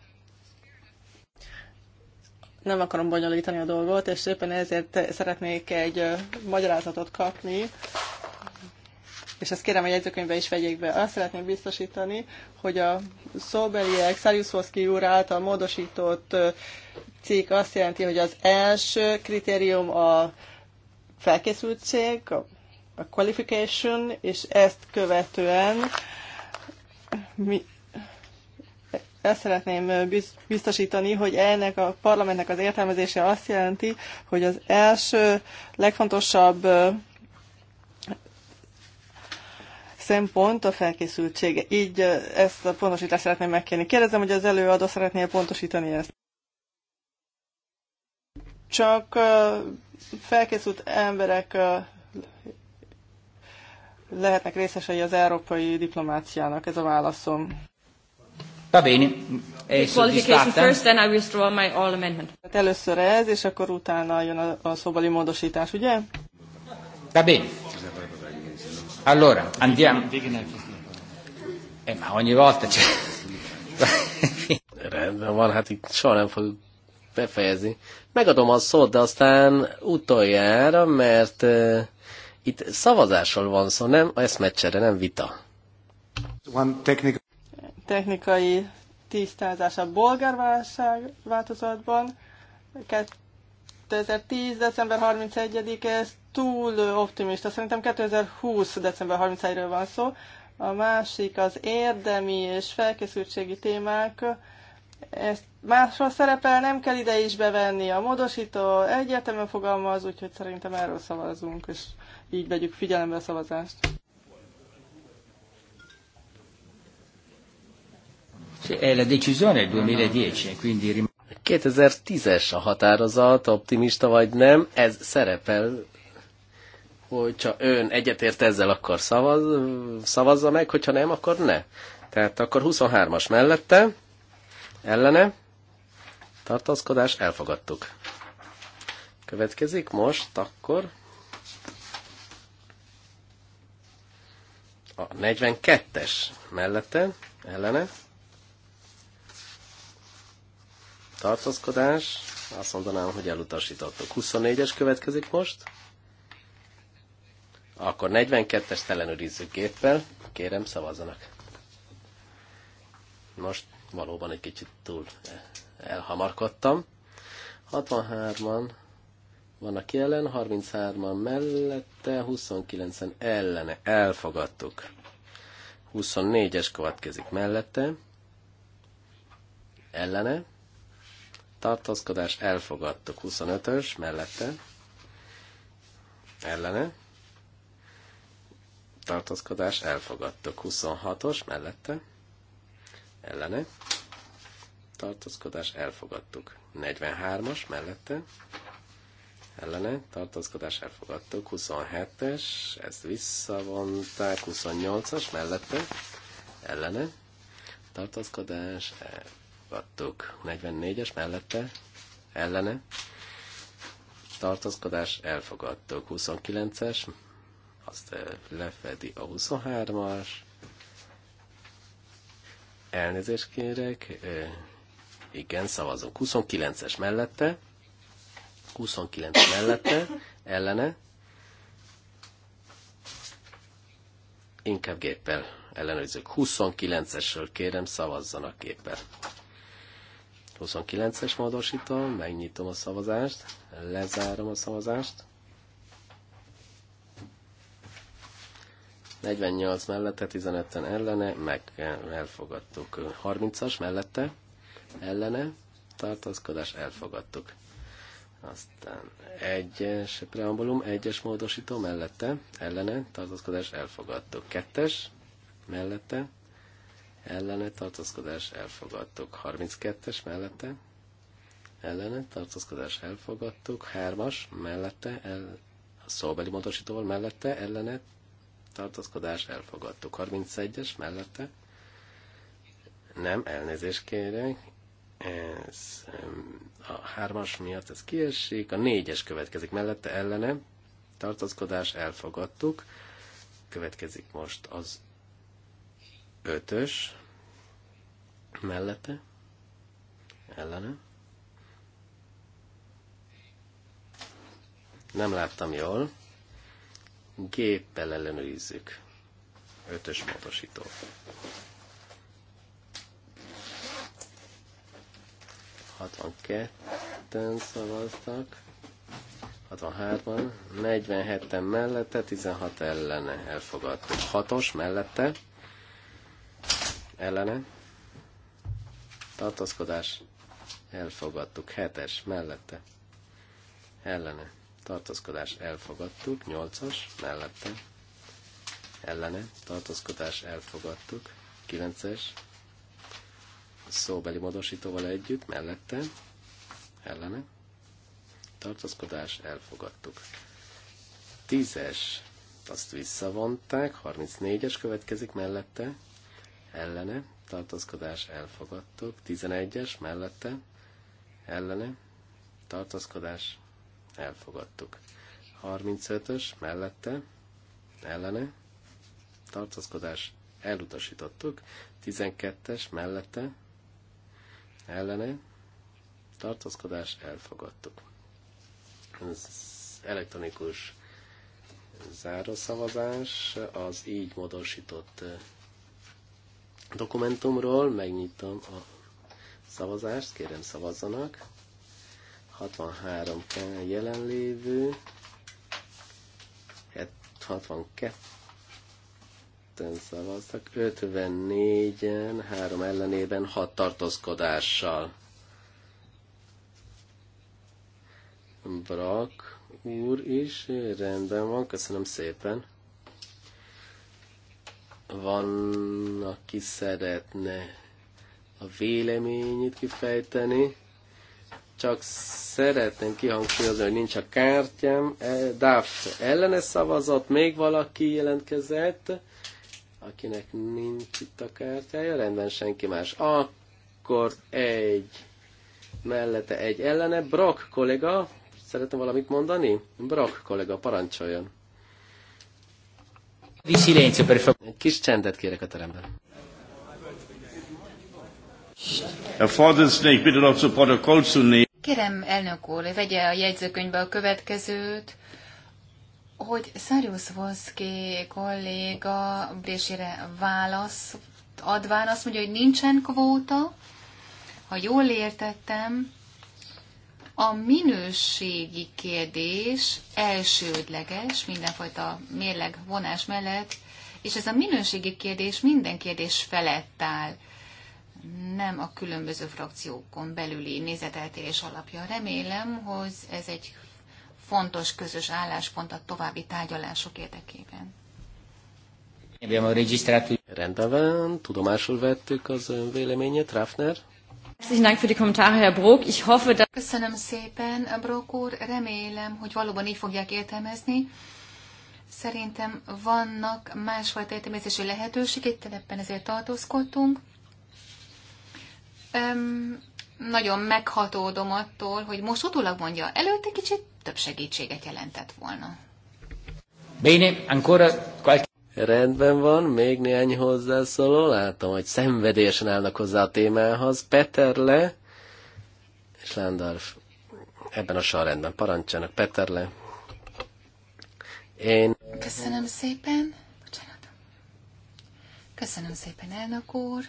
S3: nem akarom bonyolítani a dolgot, és éppen ezért szeretnék egy magyarázatot kapni, és ezt kérem hogy jegyzőkönyvbe is vegyék be. Azt szeretném biztosítani, hogy a szóbeliek Szariuszfoszki úr által módosított cikk azt jelenti, hogy az első kritérium a felkészültség, a qualification, és ezt követően mi, ezt szeretném biztosítani, hogy ennek a parlamentnek az értelmezése azt jelenti, hogy az első, legfontosabb szempont a felkészültsége. Így ezt a pontosítást szeretném megkérni. Kérdezem, hogy az előadó szeretné pontosítani ezt. Csak felkészült emberek lehetnek részesei az európai diplomáciának, ez a válaszom. Va bene, Először ez, és akkor utána jön a, a szobali módosítás, ugye?
S1: Va bene.
S4: Allora, andiamo.
S1: Eh, ma ogni volta c'è... Rendben van, hát itt soha nem fog befejezni. Megadom a szót, de aztán utoljára, mert uh, itt szavazásról van szó, nem? a eszmecsere, nem vita. One
S3: technikai tisztázás a bolgárválság változatban. 2010. december 31 -e, ez túl optimista. Szerintem 2020. december 31-ről van szó. A másik az érdemi és felkészültségi témák. Ezt máshol szerepel, nem kell ide is bevenni. A módosító egyértelműen fogalmaz, úgyhogy szerintem erről szavazunk, és így vegyük figyelembe a szavazást.
S1: È la decisione 2010, quindi... 2010-es a határozat, optimista vagy nem, ez szerepel, hogyha ön egyetért ezzel, akkor szavaz, szavazza meg, hogyha nem, akkor ne. Tehát akkor 23-as mellette, ellene, tartózkodás, elfogadtuk. Következik most akkor a 42-es mellette, ellene, tartózkodás, azt mondanám, hogy elutasítottuk. 24-es következik most. Akkor 42 es ellenőrizzük géppel. Kérem, szavazzanak. Most valóban egy kicsit túl elhamarkodtam. 63-an van, vannak jelen, 33-an mellette, 29-en ellene. Elfogadtuk. 24-es következik mellette. Ellene tartózkodás elfogadtuk. 25-ös mellette ellene tartózkodás elfogadtuk. 26-os mellette ellene tartózkodás elfogadtuk. 43-as mellette ellene tartózkodás elfogadtuk. 27-es, ezt visszavonták. 28-as mellette ellene tartózkodás elfogadtuk. 44-es mellette, ellene, tartózkodás, elfogadtuk. 29-es, azt eh, lefedi a 23-as. Elnézést kérek, eh, igen, szavazunk. 29-es mellette, 29 mellette, ellene, inkább géppel ellenőrizzük. 29-esről kérem, szavazzanak géppel. 29-es módosító, megnyitom a szavazást, lezárom a szavazást. 48 mellette, 15-en ellene, meg elfogadtuk. 30-as mellette, ellene, tartózkodás, elfogadtuk. Aztán egyes preambulum, egyes módosító mellette, ellene, tartózkodás, elfogadtuk. Kettes, mellette, ellene tartózkodás elfogadtuk. 32-es mellette ellene tartózkodás elfogadtuk. 3-as mellette el, a szóbeli módosítóval mellette ellene tartózkodás elfogadtuk. 31-es mellette nem, elnézést kérek, ez a hármas miatt ez kiesik, a négyes következik mellette ellene, tartózkodás elfogadtuk, következik most az Ötös. Mellette. Ellene. Nem láttam jól. Géppel ellenőrizzük. Ötös módosító. ketten szavaztak. 63-an, 47-en mellette, 16 ellene elfogadtuk. 6-os mellette, ellene, tartózkodás, elfogadtuk, Hetes mellette, ellene, tartózkodás, elfogadtuk, nyolcas mellette, ellene, tartózkodás, elfogadtuk, kilences szóbeli módosítóval együtt, mellette, ellene, tartózkodás, elfogadtuk. tízes azt visszavonták, 34-es következik mellette, ellene, tartózkodás elfogadtok, 11-es mellette, ellene, tartózkodás elfogadtuk. 35-ös mellette, ellene, tartózkodás elutasítottuk, 12-es mellette, ellene, tartózkodás elfogadtuk. Ez elektronikus zárószavazás az így módosított dokumentumról, megnyitom a szavazást, kérem szavazzanak. 63 jelenlévő, 62 szavaztak, 54-en, 3 ellenében, 6 tartózkodással. Brak úr is, rendben van, köszönöm szépen. Van, aki szeretne a véleményét kifejteni. Csak szeretném kihangsúlyozni, hogy nincs a kártyám. E, DAF ellene szavazott, még valaki jelentkezett, akinek nincs itt a kártyája, rendben senki más. Akkor egy mellette egy ellene. Brock kollega, szeretne valamit mondani? Brock kollega, parancsoljon. Silenzio, per favore. Kis csendet kérek a teremben.
S2: Kérem, elnök úr, vegye a jegyzőkönyvbe a következőt, hogy Szarius Voszki kolléga Brésire választ adván azt mondja, hogy nincsen kvóta. Ha jól értettem, a minőségi kérdés elsődleges mindenfajta mérleg vonás mellett, és ez a minőségi kérdés minden kérdés felett áll, nem a különböző frakciókon belüli nézeteltérés alapja. Remélem, hogy ez egy fontos közös álláspont a további tárgyalások érdekében.
S1: Rendben van, tudomásul vettük az ön véleményét, Rafner.
S2: Köszönöm szépen, Brok úr. Remélem, hogy valóban így fogják értelmezni. Szerintem vannak másfajta értelmezési lehetőségek, ebben ezért tartózkodtunk. Öm, nagyon meghatódom attól, hogy most utólag mondja, előtte kicsit több segítséget jelentett volna.
S1: Bene, ancora qualche... Rendben van, még néhány hozzászóló. Látom, hogy szenvedésen állnak hozzá a témához. Peter Le és Landorf. Ebben a sorrendben parancsának Peter Le. Én... Köszönöm
S2: szépen. Bocsánat. Köszönöm szépen, elnök úr.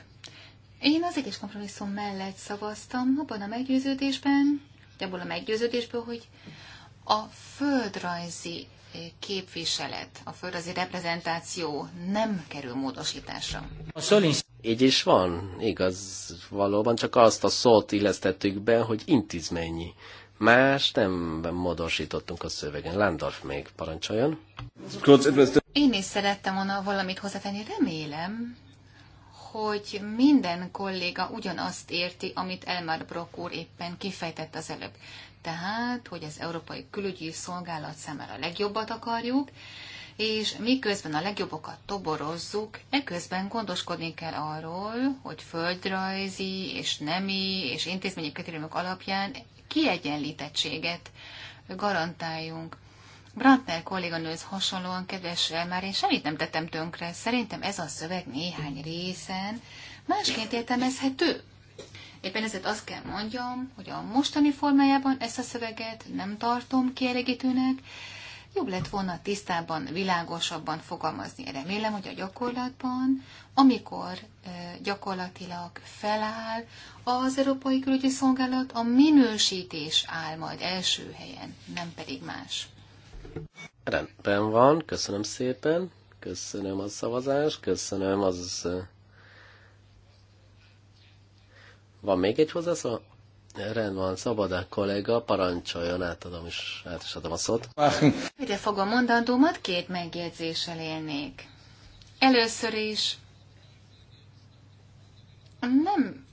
S2: Én az egyes kompromisszum mellett szavaztam, abban a meggyőződésben, abból a meggyőződésből, hogy a földrajzi képviselet, a földrajzi reprezentáció nem kerül módosításra.
S1: Így is van, igaz, valóban csak azt a szót illesztettük be, hogy intézményi. Más nem módosítottunk a szövegen. Landorf még parancsoljon. Én
S2: is szerettem volna valamit hozzátenni. Remélem, hogy minden kolléga ugyanazt érti, amit Elmar Brock úr éppen kifejtett az előbb tehát, hogy az Európai Külügyi Szolgálat szemmel a legjobbat akarjuk, és miközben a legjobbakat toborozzuk, eközben gondoskodni kell arról, hogy földrajzi és nemi és intézményi kritériumok alapján kiegyenlítettséget garantáljunk. Brantner kolléganőz hasonlóan kedves már én semmit nem tettem tönkre, szerintem ez a szöveg néhány részen másként értelmezhető. Éppen ezért azt kell mondjam, hogy a mostani formájában ezt a szöveget nem tartom kielégítőnek, jobb lett volna tisztában, világosabban fogalmazni. Remélem, hogy a gyakorlatban, amikor gyakorlatilag feláll az Európai Külügyi Szolgálat, a minősítés áll majd első helyen, nem pedig más.
S1: Rendben van, köszönöm szépen, köszönöm a szavazást, köszönöm az van még egy hozzászó? Rend van, szabad kollega, parancsoljon, átadom is, át is adom a szót.
S2: Ide fogom mondandómat, két megjegyzéssel élnék. Először is nem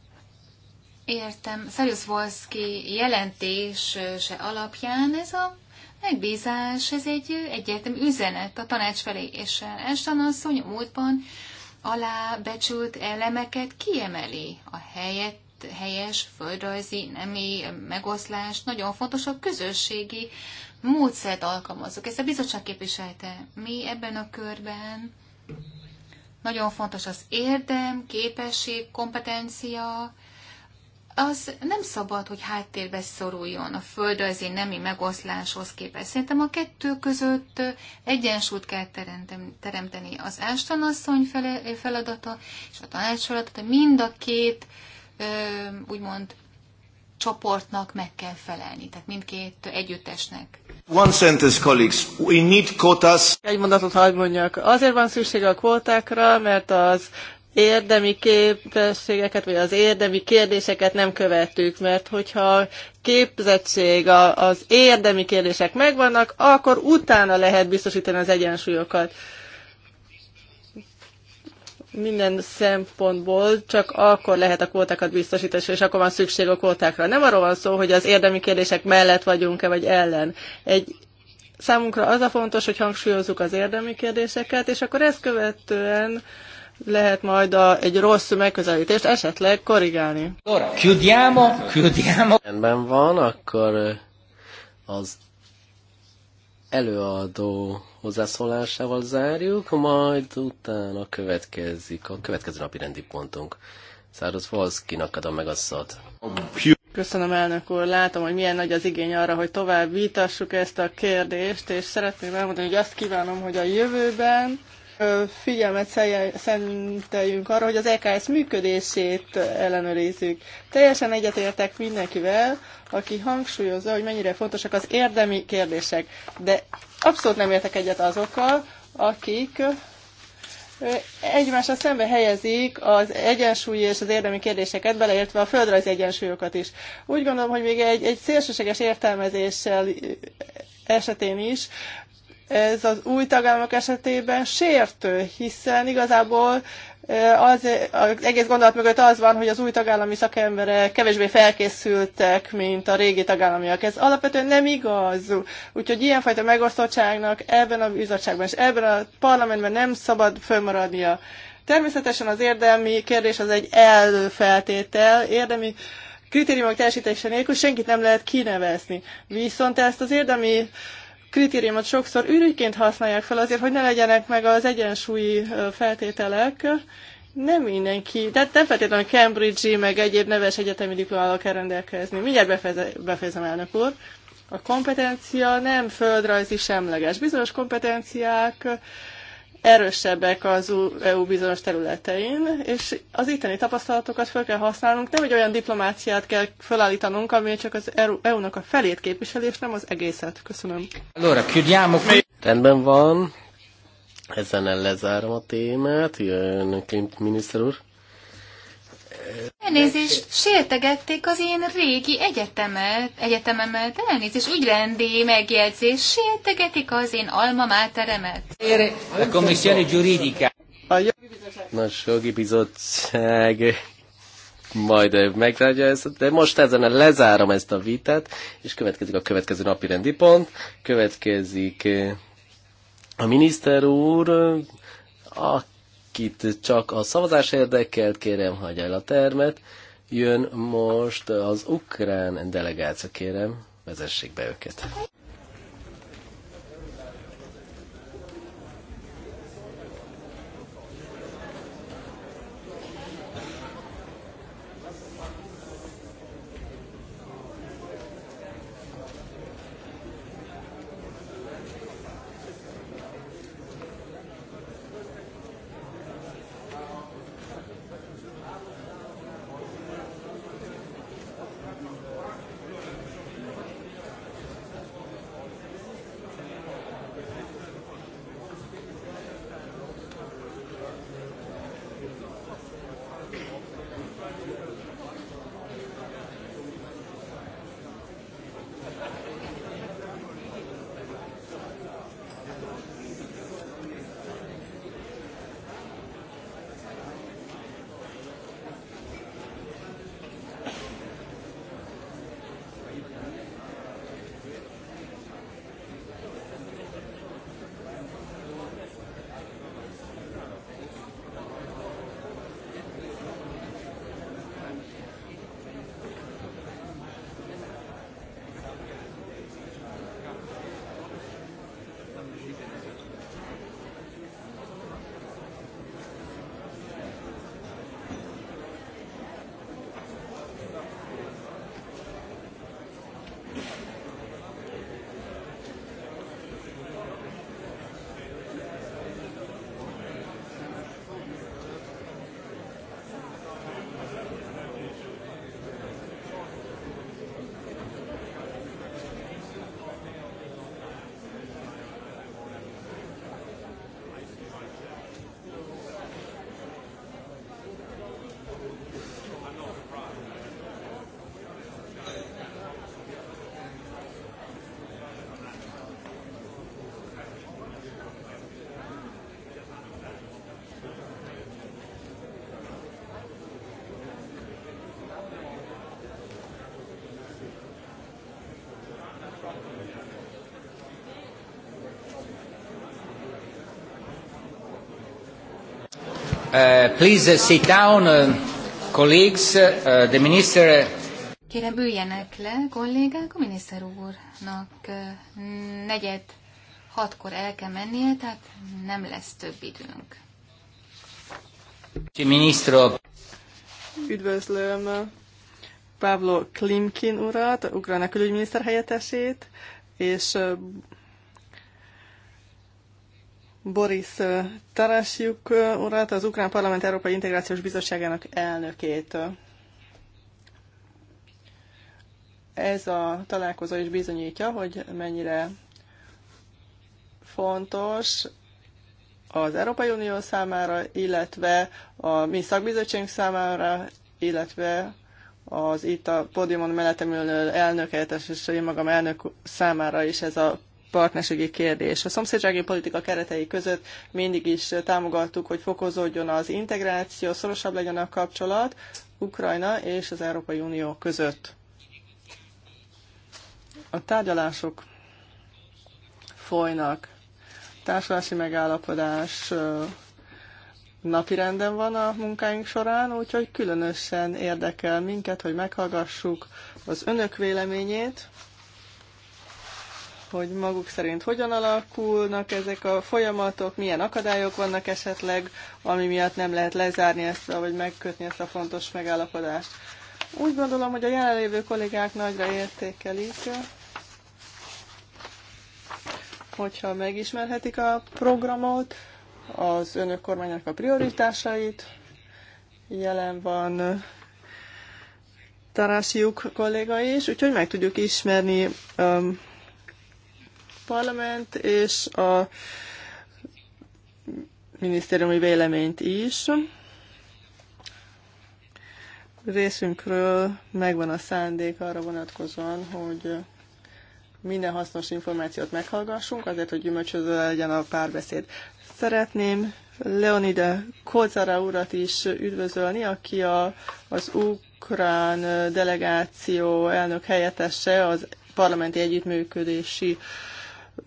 S2: értem, Volszki jelentés se alapján ez a megbízás, ez egy egyértelmű üzenet a tanács felé, és Eston asszony múltban alábecsült elemeket kiemeli a helyet helyes, földrajzi, nemi megoszlás, nagyon fontos a közösségi módszert alkalmazzuk. Ezt a bizottság képviselte. Mi ebben a körben nagyon fontos az érdem, képesség, kompetencia, az nem szabad, hogy háttérbe szoruljon a földrajzi nemi megoszláshoz képest. Szerintem a kettő között egyensúlyt kell teremteni. Az ástanasszony feladata és a tanácsolat mind a két úgymond csoportnak meg kell felelni, tehát mindkét együttesnek.
S1: One sentence, colleagues. We need quotas.
S3: Egy mondatot hadd mondjak. Azért van szükség a kvótákra, mert az érdemi képességeket, vagy az érdemi kérdéseket nem követtük, mert hogyha képzettség, az érdemi kérdések megvannak, akkor utána lehet biztosítani az egyensúlyokat minden szempontból csak akkor lehet a kvótákat biztosítani, és akkor van szükség a kvótákra. Nem arról van szó, hogy az érdemi kérdések mellett vagyunk-e, vagy ellen. Egy Számunkra az a fontos, hogy hangsúlyozzuk az érdemi kérdéseket, és akkor ezt követően lehet majd a, egy rossz megközelítést esetleg korrigálni. Ora,
S1: chiudiamo, chiudiamo. Rendben van, akkor az előadó hozzászólásával zárjuk, majd utána következik a következő napi rendi pontunk. Száros Volszkinak adom meg a szót.
S3: Köszönöm, elnök úr. Látom, hogy milyen nagy az igény arra, hogy tovább vitassuk ezt a kérdést, és szeretném elmondani, hogy azt kívánom, hogy a jövőben Figyelmet szenteljünk arra, hogy az EKS működését ellenőrizzük. Teljesen egyetértek mindenkivel, aki hangsúlyozza, hogy mennyire fontosak az érdemi kérdések. De abszolút nem értek egyet azokkal, akik egymásra szembe helyezik az egyensúlyi és az érdemi kérdéseket, beleértve a földrajzi egyensúlyokat is. Úgy gondolom, hogy még egy, egy szélsőséges értelmezéssel esetén is ez az új tagállamok esetében sértő, hiszen igazából az, az egész gondolat mögött az van, hogy az új tagállami szakemberek kevésbé felkészültek, mint a régi tagállamiak. Ez alapvetően nem igaz. Úgyhogy ilyenfajta megosztottságnak ebben a bizottságban és ebben a parlamentben nem szabad fölmaradnia. Természetesen az érdemi kérdés az egy előfeltétel, érdemi kritériumok teljesítése nélkül senkit nem lehet kinevezni. Viszont ezt az érdemi kritériumot sokszor ürügyként használják fel azért, hogy ne legyenek meg az egyensúlyi feltételek. Nem mindenki, tehát nem feltétlenül Cambridge-i, meg egyéb neves egyetemi diplomával kell rendelkezni. Mindjárt befejezem, befejezem elnök úr. A kompetencia nem földrajzi semleges. Bizonyos kompetenciák erősebbek az EU bizonyos területein, és az itteni tapasztalatokat fel kell használnunk, nem egy olyan diplomáciát kell felállítanunk, ami csak az EU-nak a felét képviseli, és nem az egészet. Köszönöm.
S1: Allora, küldjámok! Rendben van. Ezen lezárom a témát. Jön Klimt miniszter úr.
S2: Elnézést, sértegették az én régi egyetemet, egyetememet, elnézést, rendi megjegyzés, sértegetik az én alma máteremet.
S4: A komissioni
S1: giuridica. A jogi bizottság. Nos, majd meglátja ezt, de most ezen lezárom ezt a vitát, és következik a következő napi rendi pont, következik eh, a miniszter úr, eh, a akit csak a szavazás érdekelt, kérem hagyja el a termet. Jön most az ukrán delegáció, kérem, vezessék be őket.
S4: Uh, please sit down, uh, colleagues, uh, the minister.
S2: Kérem, üljenek le, kollégák, a miniszter úrnak negyed hatkor el kell mennie, tehát nem lesz több időnk.
S1: Ministro.
S3: Üdvözlöm Pavlo Klimkin urat, ukrán külügyminiszter helyettesét, és Boris Tarasjuk urat, az Ukrán Parlament Európai Integrációs Bizottságának elnökét. Ez a találkozó is bizonyítja, hogy mennyire fontos az Európai Unió számára, illetve a mi szakbizottságunk számára, illetve az itt a podiumon mellettem ülő elnöket, és én magam elnök számára is ez a partnerségi kérdés. A szomszédsági politika keretei között mindig is támogattuk, hogy fokozódjon az integráció, szorosabb legyen a kapcsolat Ukrajna és az Európai Unió között. A tárgyalások folynak. Társadalási megállapodás napirenden van a munkáink során, úgyhogy különösen érdekel minket, hogy meghallgassuk az önök véleményét, hogy maguk szerint hogyan alakulnak ezek a folyamatok, milyen akadályok vannak esetleg, ami miatt nem lehet lezárni ezt, vagy megkötni ezt a fontos megállapodást. Úgy gondolom, hogy a jelenlévő kollégák nagyra értékelik, hogyha megismerhetik a programot, az önök kormánynak a prioritásait. Jelen van Tarásiuk kolléga is, úgyhogy meg tudjuk ismerni um, parlament és a minisztériumi véleményt is. Részünkről megvan a szándék arra vonatkozóan, hogy minden hasznos információt meghallgassunk, azért, hogy gyümölcsöző legyen a párbeszéd. Szeretném Leonide Kozara urat is üdvözölni, aki a, az ukrán delegáció elnök helyettese az parlamenti együttműködési uh,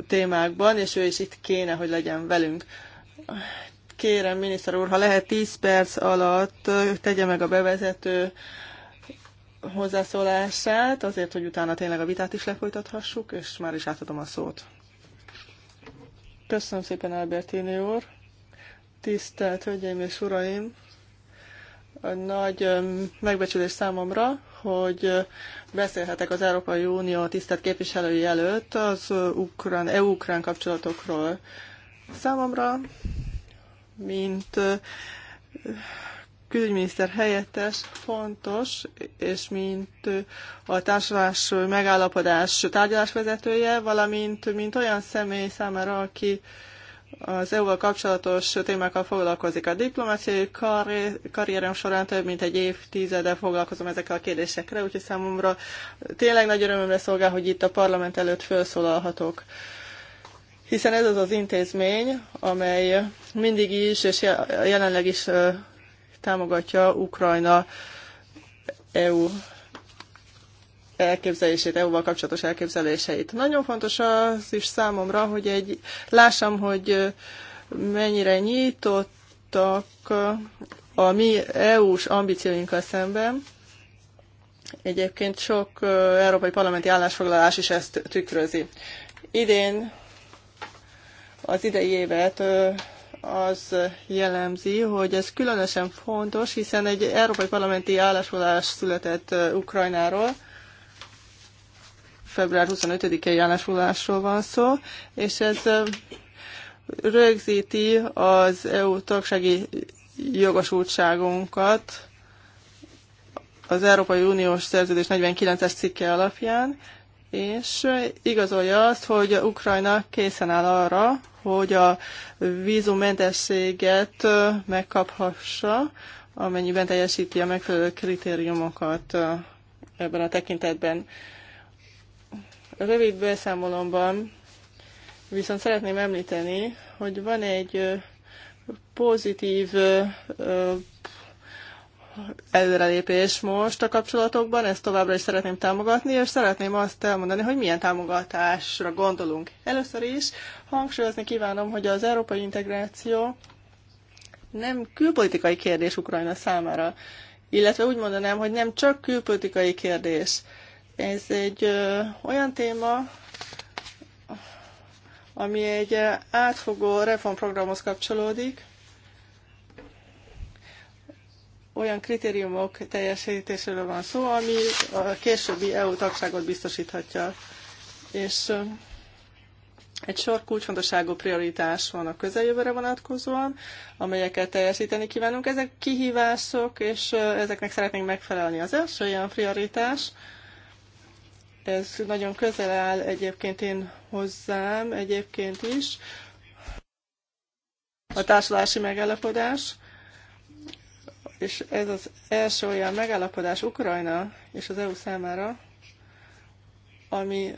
S3: témákban, és ő is itt kéne, hogy legyen velünk. Kérem, miniszter úr, ha lehet 10 perc alatt tegye meg a bevezető hozzászólását, azért, hogy utána tényleg a vitát is lefolytathassuk, és már is átadom a szót. Köszönöm szépen, Albertini úr! Tisztelt Hölgyeim és Uraim! A nagy megbecsülés számomra, hogy beszélhetek az Európai Unió tisztelt képviselői előtt az ukrán, EU-ukrán kapcsolatokról. Számomra, mint külügyminiszter helyettes fontos, és mint a társulás megállapodás tárgyalásvezetője, valamint mint olyan személy számára, aki az EU-val kapcsolatos témákkal foglalkozik a diplomáciai karri- karrierem során több mint egy évtizede foglalkozom ezekkel a kérdésekre, úgyhogy számomra tényleg nagy örömömre szolgál, hogy itt a parlament előtt felszólalhatok. Hiszen ez az az intézmény, amely mindig is és jelenleg is támogatja Ukrajna EU elképzelését, EU-val kapcsolatos elképzeléseit. Nagyon fontos az is számomra, hogy egy, lássam, hogy mennyire nyitottak a mi EU-s ambícióinkkal szemben. Egyébként sok európai parlamenti állásfoglalás is ezt tükrözi. Idén az idei évet az jellemzi, hogy ez különösen fontos, hiszen egy európai parlamenti állásfoglalás született Ukrajnáról, február 25-i állásfoglalásról van szó, és ez rögzíti az EU tagsági jogosultságunkat az Európai Uniós Szerződés 49-es cikke alapján, és igazolja azt, hogy Ukrajna készen áll arra, hogy a vízummentességet megkaphassa, amennyiben teljesíti a megfelelő kritériumokat ebben a tekintetben rövid beszámolomban viszont szeretném említeni, hogy van egy pozitív előrelépés most a kapcsolatokban, ezt továbbra is szeretném támogatni, és szeretném azt elmondani, hogy milyen támogatásra gondolunk. Először is hangsúlyozni kívánom, hogy az európai integráció nem külpolitikai kérdés Ukrajna számára, illetve úgy mondanám, hogy nem csak külpolitikai kérdés. Ez egy ö, olyan téma, ami egy átfogó reformprogramhoz kapcsolódik, olyan kritériumok teljesítéséről van szó, ami a későbbi EU tagságot biztosíthatja. És egy sor kulcsfontosságú prioritás van a közeljövőre vonatkozóan, amelyeket teljesíteni kívánunk. Ezek kihívások, és ezeknek szeretnénk megfelelni. Az első ilyen prioritás, ez nagyon közel áll egyébként én hozzám, egyébként is. A társulási megállapodás, és ez az első olyan megállapodás Ukrajna és az EU számára, ami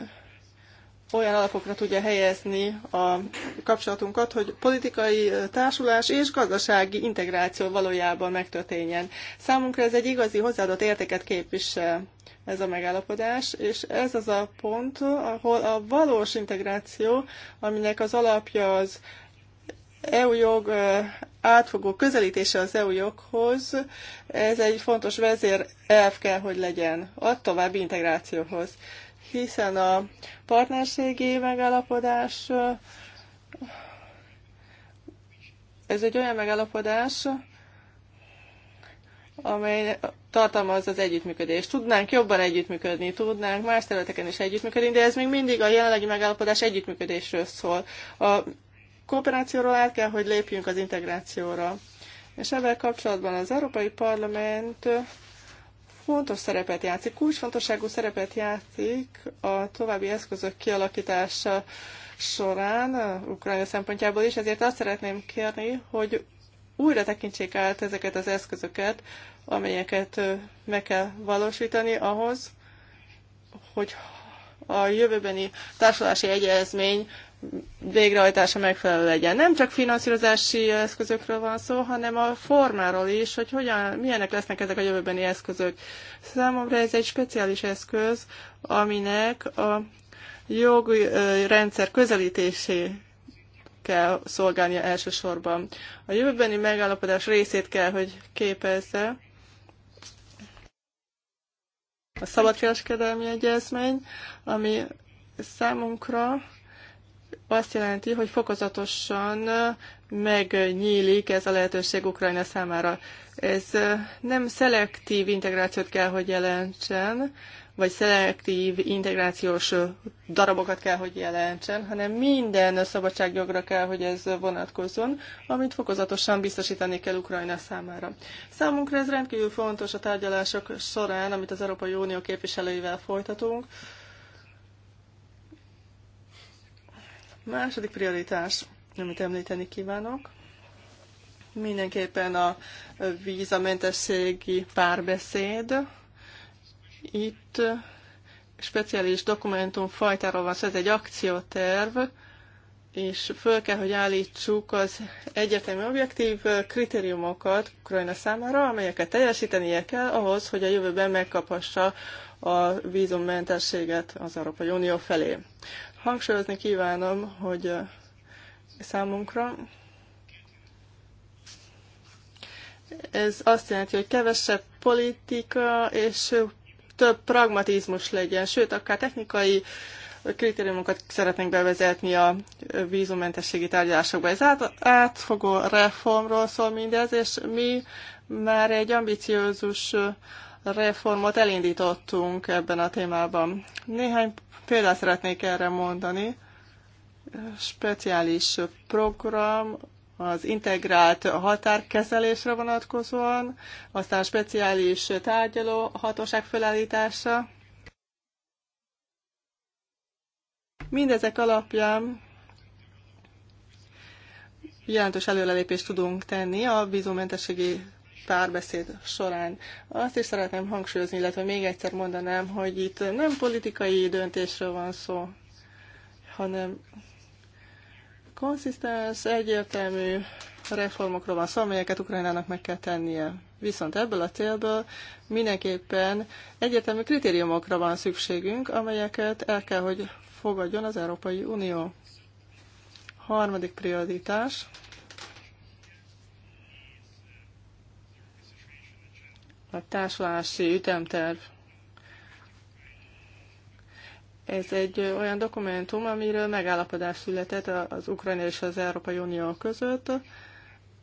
S3: olyan alapokra tudja helyezni a kapcsolatunkat, hogy politikai társulás és gazdasági integráció valójában megtörténjen. Számunkra ez egy igazi hozzáadott értéket képvisel ez a megállapodás, és ez az a pont, ahol a valós integráció, aminek az alapja az EU jog átfogó közelítése az EU joghoz, ez egy fontos vezér elv kell, hogy legyen a további integrációhoz hiszen a partnerségi megállapodás ez egy olyan megállapodás, amely tartalmaz az együttműködést. Tudnánk jobban együttműködni, tudnánk más területeken is együttműködni, de ez még mindig a jelenlegi megállapodás együttműködésről szól. A kooperációról át kell, hogy lépjünk az integrációra. És ebben kapcsolatban az Európai Parlament fontos szerepet játszik, kulcsfontosságú szerepet játszik a további eszközök kialakítása során, eh, Ukrajna szempontjából is, ezért azt szeretném kérni, hogy újra tekintsék át ezeket az eszközöket, amelyeket eh, meg kell valósítani ahhoz, hogy a jövőbeni társulási egyezmény végrehajtása megfelelő legyen. Nem csak finanszírozási eszközökről van szó, hanem a formáról is, hogy hogyan, milyenek lesznek ezek a jövőbeni eszközök. Számomra ez egy speciális eszköz, aminek a jogrendszer közelítésé kell szolgálnia elsősorban. A jövőbeni megállapodás részét kell, hogy képezze a szabadkereskedelmi egyezmény, ami számunkra azt jelenti, hogy fokozatosan megnyílik ez a lehetőség Ukrajna számára. Ez nem szelektív integrációt kell, hogy jelentsen, vagy szelektív integrációs darabokat kell, hogy jelentsen, hanem minden szabadságjogra kell, hogy ez vonatkozzon, amit fokozatosan biztosítani kell Ukrajna számára. Számunkra ez rendkívül fontos a tárgyalások során, amit az Európai Unió képviselőivel folytatunk, Második prioritás, amit említeni kívánok, mindenképpen a vízamentességi párbeszéd. Itt speciális dokumentum fajtáról van ez egy akcióterv, és föl kell, hogy állítsuk az egyetemi objektív kritériumokat Ukrajna számára, amelyeket teljesítenie kell ahhoz, hogy a jövőben megkaphassa a vízummentességet az Európai Unió felé. Hangsúlyozni kívánom, hogy eh, számunkra ez azt jelenti, hogy kevesebb politika és több pragmatizmus legyen, sőt, akár technikai kritériumokat szeretnénk bevezetni a vízumentességi tárgyalásokba. Ez át, átfogó reformról szól mindez, és mi már egy ambiciózus eh, reformot elindítottunk ebben a témában. Néhány példát szeretnék erre mondani. Speciális program az integrált határkezelésre vonatkozóan, aztán speciális tárgyaló hatóság felállítása. Mindezek alapján jelentős előrelépést tudunk tenni a vízumentességi párbeszéd során. Azt is szeretném hangsúlyozni, illetve még egyszer mondanám, hogy itt nem politikai döntésről van szó, hanem konszisztens, egyértelmű reformokról van szó, amelyeket Ukrajnának meg kell tennie. Viszont ebből a célból mindenképpen egyértelmű kritériumokra van szükségünk, amelyeket el kell, hogy fogadjon az Európai Unió. Harmadik prioritás – a társulási ütemterv. Ez egy olyan dokumentum, amiről megállapodás született az Ukrajna és az Európai Unió között.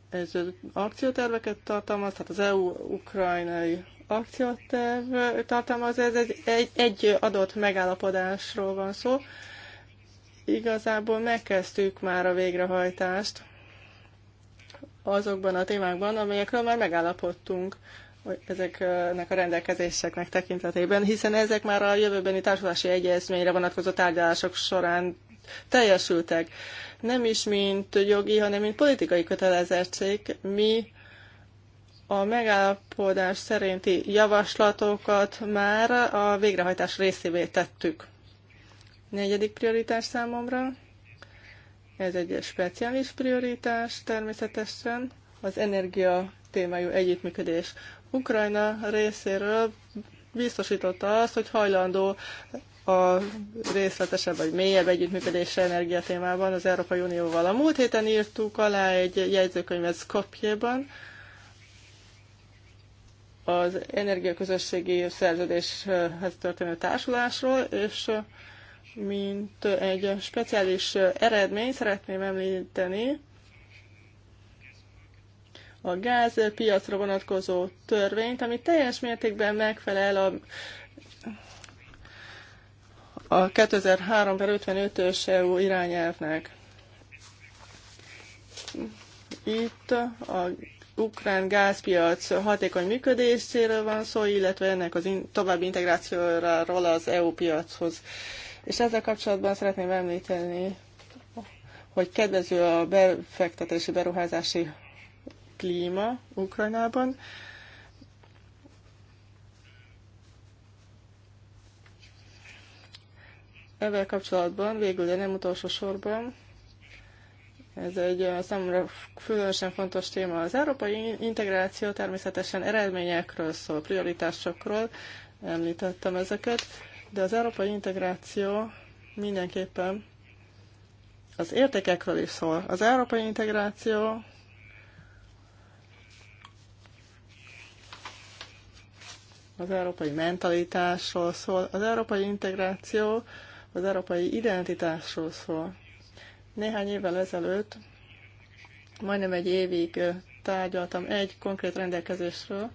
S3: Ez akcióterveket tartalmaz, tehát az EU-ukrajnai akcióterv tartalmaz, ez egy, egy, egy adott megállapodásról van szó. Igazából megkezdtük már a végrehajtást azokban a témákban, amelyekről már megállapodtunk ezeknek a rendelkezéseknek tekintetében, hiszen ezek már a jövőbeni társulási egyezményre vonatkozó tárgyalások során teljesültek. Nem is mint jogi, hanem mint politikai kötelezettség. Mi a megállapodás szerinti javaslatokat már a végrehajtás részévé tettük. Negyedik prioritás számomra, ez egy speciális prioritás természetesen, az energia témájú együttműködés. Ukrajna részéről biztosította azt, hogy hajlandó a részletesebb vagy mélyebb együttműködésre energiatémában az Európai Unióval. A múlt héten írtuk alá egy jegyzőkönyvet Skopjéban, az energiaközösségi szerződéshez történő társulásról, és mint egy speciális eredmény szeretném említeni, a gázpiacra vonatkozó törvényt, ami teljes mértékben megfelel a a 2003-55-ös EU irányelvnek. Itt a ukrán gázpiac hatékony működéséről van szó, illetve ennek az in- további integrációról az EU piachoz. És ezzel kapcsolatban szeretném említeni, hogy kedvező a befektetési beruházási klíma Ukrajnában. Ezzel kapcsolatban végül, de nem utolsó sorban, ez egy számomra különösen fontos téma. Az európai integráció természetesen eredményekről szól, prioritásokról, említettem ezeket, de az európai integráció mindenképpen az értékekről is szól. Az európai integráció az európai mentalitásról szól, az európai integráció, az európai identitásról szól. Néhány évvel ezelőtt, majdnem egy évig tárgyaltam egy konkrét rendelkezésről.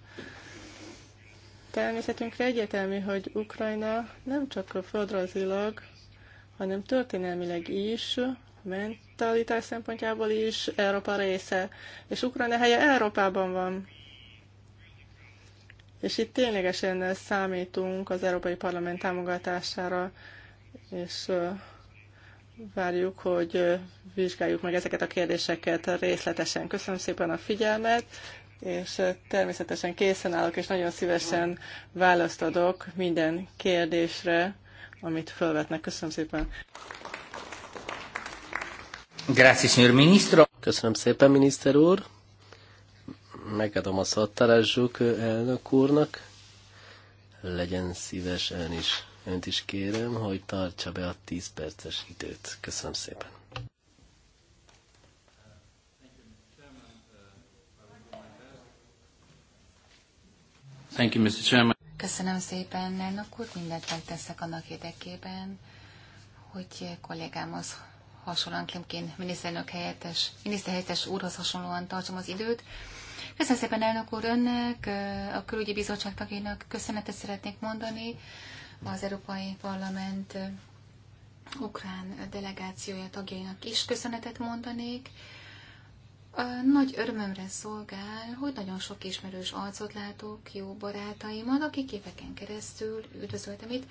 S3: Természetünkre egyetemű, hogy Ukrajna nem csak földrajzilag, hanem történelmileg is, mentalitás szempontjából is Európa része, és Ukrajna helye Európában van. És itt ténylegesen számítunk az Európai Parlament támogatására, és várjuk, hogy vizsgáljuk meg ezeket a kérdéseket részletesen. Köszönöm szépen a figyelmet, és természetesen készen állok, és nagyon szívesen választ adok minden kérdésre, amit felvetnek. Köszönöm szépen.
S1: Grazie, signor ministro. Köszönöm szépen, miniszter úr. Megadom a szót elnök úrnak. Legyen szíves ön is. Önt is kérem, hogy tartsa be a 10 perces időt. Köszönöm szépen.
S4: Thank you, Mr. Chairman.
S2: Köszönöm szépen, elnök úr. Mindent megteszek annak érdekében, hogy kollégámhoz hasonlóan Klimkin miniszterelnök helyettes, miniszterhelyettes úrhoz hasonlóan tartom az időt. Köszönöm szépen, elnök úr, önnek, a külügyi bizottság tagjának köszönetet szeretnék mondani. Az Európai Parlament ukrán delegációja tagjainak is köszönetet mondanék. Nagy örömömre szolgál, hogy nagyon sok ismerős arcot látok, jó barátaimat, akik éveken keresztül üdvözöltem itt,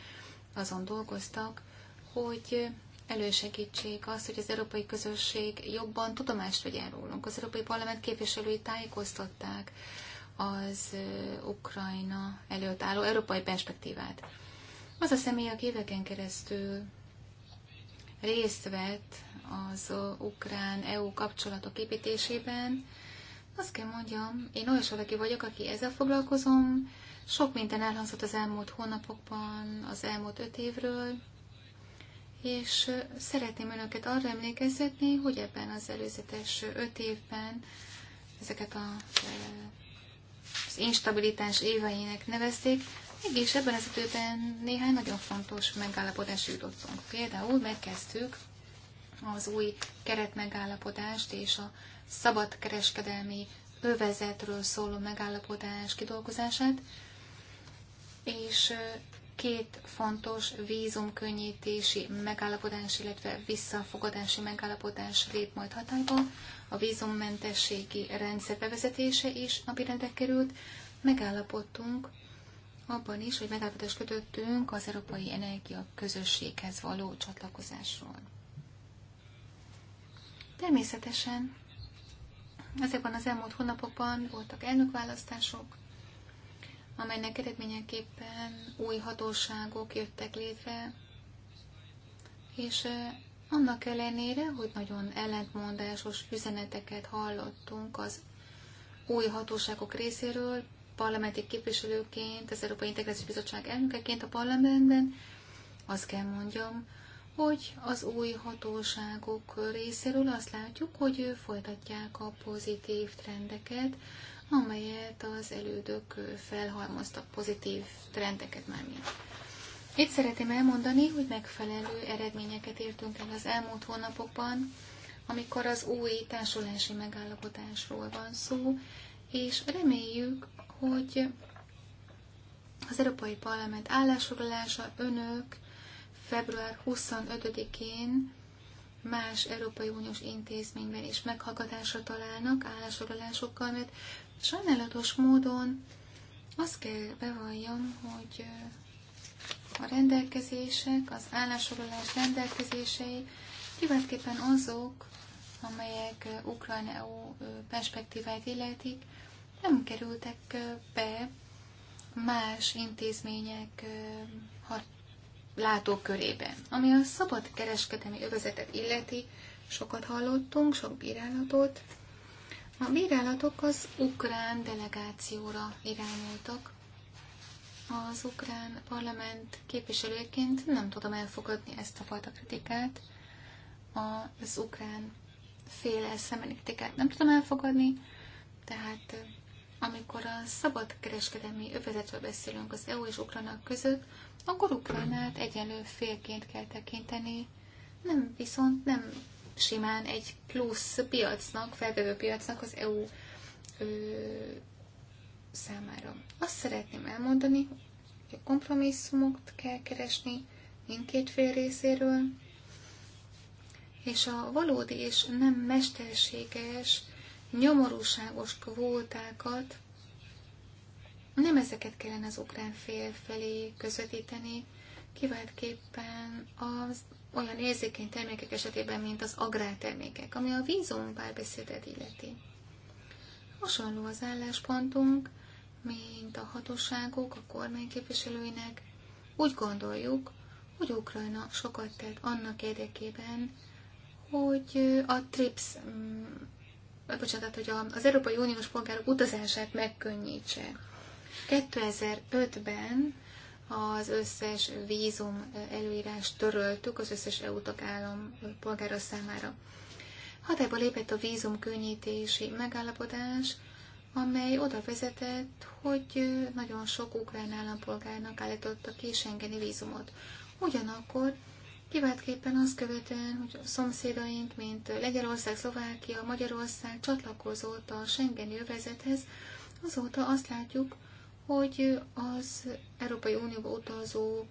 S2: azon dolgoztak, hogy elősegítsék azt, hogy az európai közösség jobban tudomást vegyen rólunk. Az Európai Parlament képviselői tájékoztatták az Ukrajna előtt álló európai perspektívát. Az a személy, aki éveken keresztül részt vett az ukrán-EU kapcsolatok építésében, azt kell mondjam, én olyan valaki vagyok, aki ezzel foglalkozom, sok minden elhangzott az elmúlt hónapokban, az elmúlt öt évről, és szeretném önöket arra emlékeztetni, hogy ebben az előzetes öt évben ezeket a, az instabilitás éveinek nevezték, mégis ebben az időben néhány nagyon fontos megállapodás jutottunk. Például megkezdtük az új keretmegállapodást és a szabadkereskedelmi övezetről szóló megállapodás kidolgozását, és két fontos vízumkönnyítési megállapodás, illetve visszafogadási megállapodás lép majd hatályba. A vízummentességi rendszer bevezetése is napirendre került. Megállapodtunk abban is, hogy megállapodást kötöttünk az Európai Energia Közösséghez való csatlakozásról. Természetesen ezekben az elmúlt hónapokban voltak elnökválasztások, amelynek eredményeképpen új hatóságok jöttek létre, és annak ellenére, hogy nagyon ellentmondásos üzeneteket hallottunk az új hatóságok részéről, parlamenti képviselőként, az Európai Integrációs Bizottság elnökeként a parlamentben, azt kell mondjam, hogy az új hatóságok részéről azt látjuk, hogy folytatják a pozitív trendeket, amelyet az elődök felhalmoztak pozitív trendeket már mi. Itt szeretném elmondani, hogy megfelelő eredményeket értünk el az elmúlt hónapokban, amikor az új társulási megállapodásról van szó, és reméljük, hogy az Európai Parlament állásfoglalása önök február 25-én más Európai Uniós intézményben is meghallgatásra találnak állásfoglalásokkal, mert Sajnálatos módon azt kell bevalljam, hogy a rendelkezések, az állásorolás rendelkezései kiváltképpen azok, amelyek Ukrajna EU perspektíváit illetik, nem kerültek be más intézmények látókörébe. Ami a szabad kereskedelmi övezetet illeti, sokat hallottunk, sok bírálatot, a bírálatok az ukrán delegációra irányultak. Az ukrán parlament képviselőként nem tudom elfogadni ezt a fajta kritikát, az ukrán féle szembeni kritikát nem tudom elfogadni, tehát amikor a szabad kereskedelmi övezetről beszélünk az EU és Ukrajna között, akkor Ukrajnát egyenlő félként kell tekinteni, nem viszont nem simán egy plusz piacnak, felvevő piacnak az EU ö, számára. Azt szeretném elmondani, hogy a kompromisszumot kell keresni mindkét fél részéről, és a valódi és nem mesterséges, nyomorúságos kvótákat, nem ezeket kellene az ukrán fél felé közvetíteni, kiváltképpen az olyan érzékeny termékek esetében, mint az agrártermékek, ami a vízum párbeszédet illeti. Hasonló az álláspontunk, mint a hatóságok, a kormány képviselőinek. Úgy gondoljuk, hogy Ukrajna sokat tett annak érdekében, hogy a TRIPS, mm, bocsánat, hogy az Európai Uniós polgárok utazását megkönnyítse. 2005-ben az összes vízum előírás töröltük az összes EU tagállam polgára számára. Hatályba lépett a vízum könnyítési megállapodás, amely oda vezetett, hogy nagyon sok ukrán állampolgárnak állította ki Schengeni vízumot. Ugyanakkor kiváltképpen azt követően, hogy a szomszédaink, mint Lengyelország, Szlovákia, Magyarország csatlakozott a Schengeni övezethez, azóta azt látjuk, hogy az Európai Unióba utazó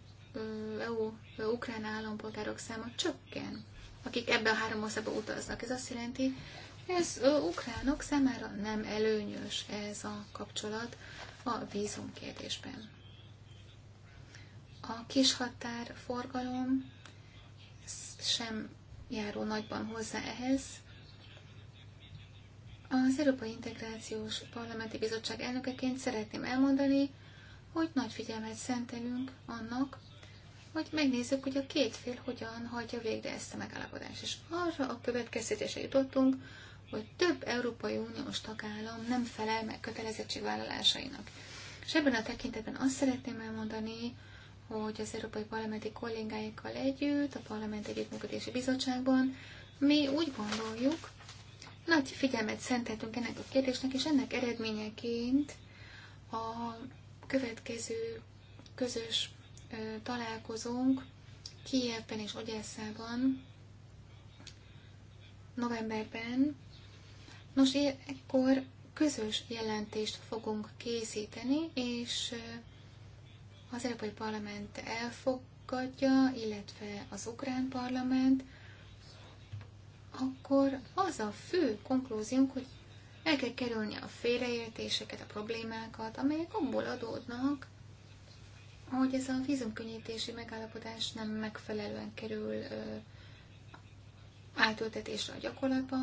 S2: EU, ukrán állampolgárok száma csökken, akik ebbe a három országba utaznak. Ez azt jelenti, ez ukránok számára nem előnyös ez a kapcsolat a vízum kérdésben. A kishatár forgalom sem járul nagyban hozzá ehhez, az Európai Integrációs Parlamenti Bizottság elnökeként szeretném elmondani, hogy nagy figyelmet szentelünk annak, hogy megnézzük, hogy a két fél hogyan hagyja végre ezt a megállapodást. És arra a következtetésre jutottunk, hogy több Európai Uniós tagállam nem felel meg kötelezettségvállalásainak. És ebben a tekintetben azt szeretném elmondani, hogy az Európai Parlamenti kollégáikkal együtt, a Parlament Együttműködési Bizottságban mi úgy gondoljuk, nagy figyelmet szenteltünk ennek a kérdésnek, és ennek eredményeként a következő közös találkozónk Kijevben és Ogyászában novemberben. Nos, ekkor közös jelentést fogunk készíteni, és az Európai Parlament elfogadja, illetve az Ukrán Parlament akkor az a fő konklúziónk, hogy el kell kerülni a félreértéseket, a problémákat, amelyek abból adódnak, hogy ez a vízumkönnyítési megállapodás nem megfelelően kerül ö, átültetésre a gyakorlatba.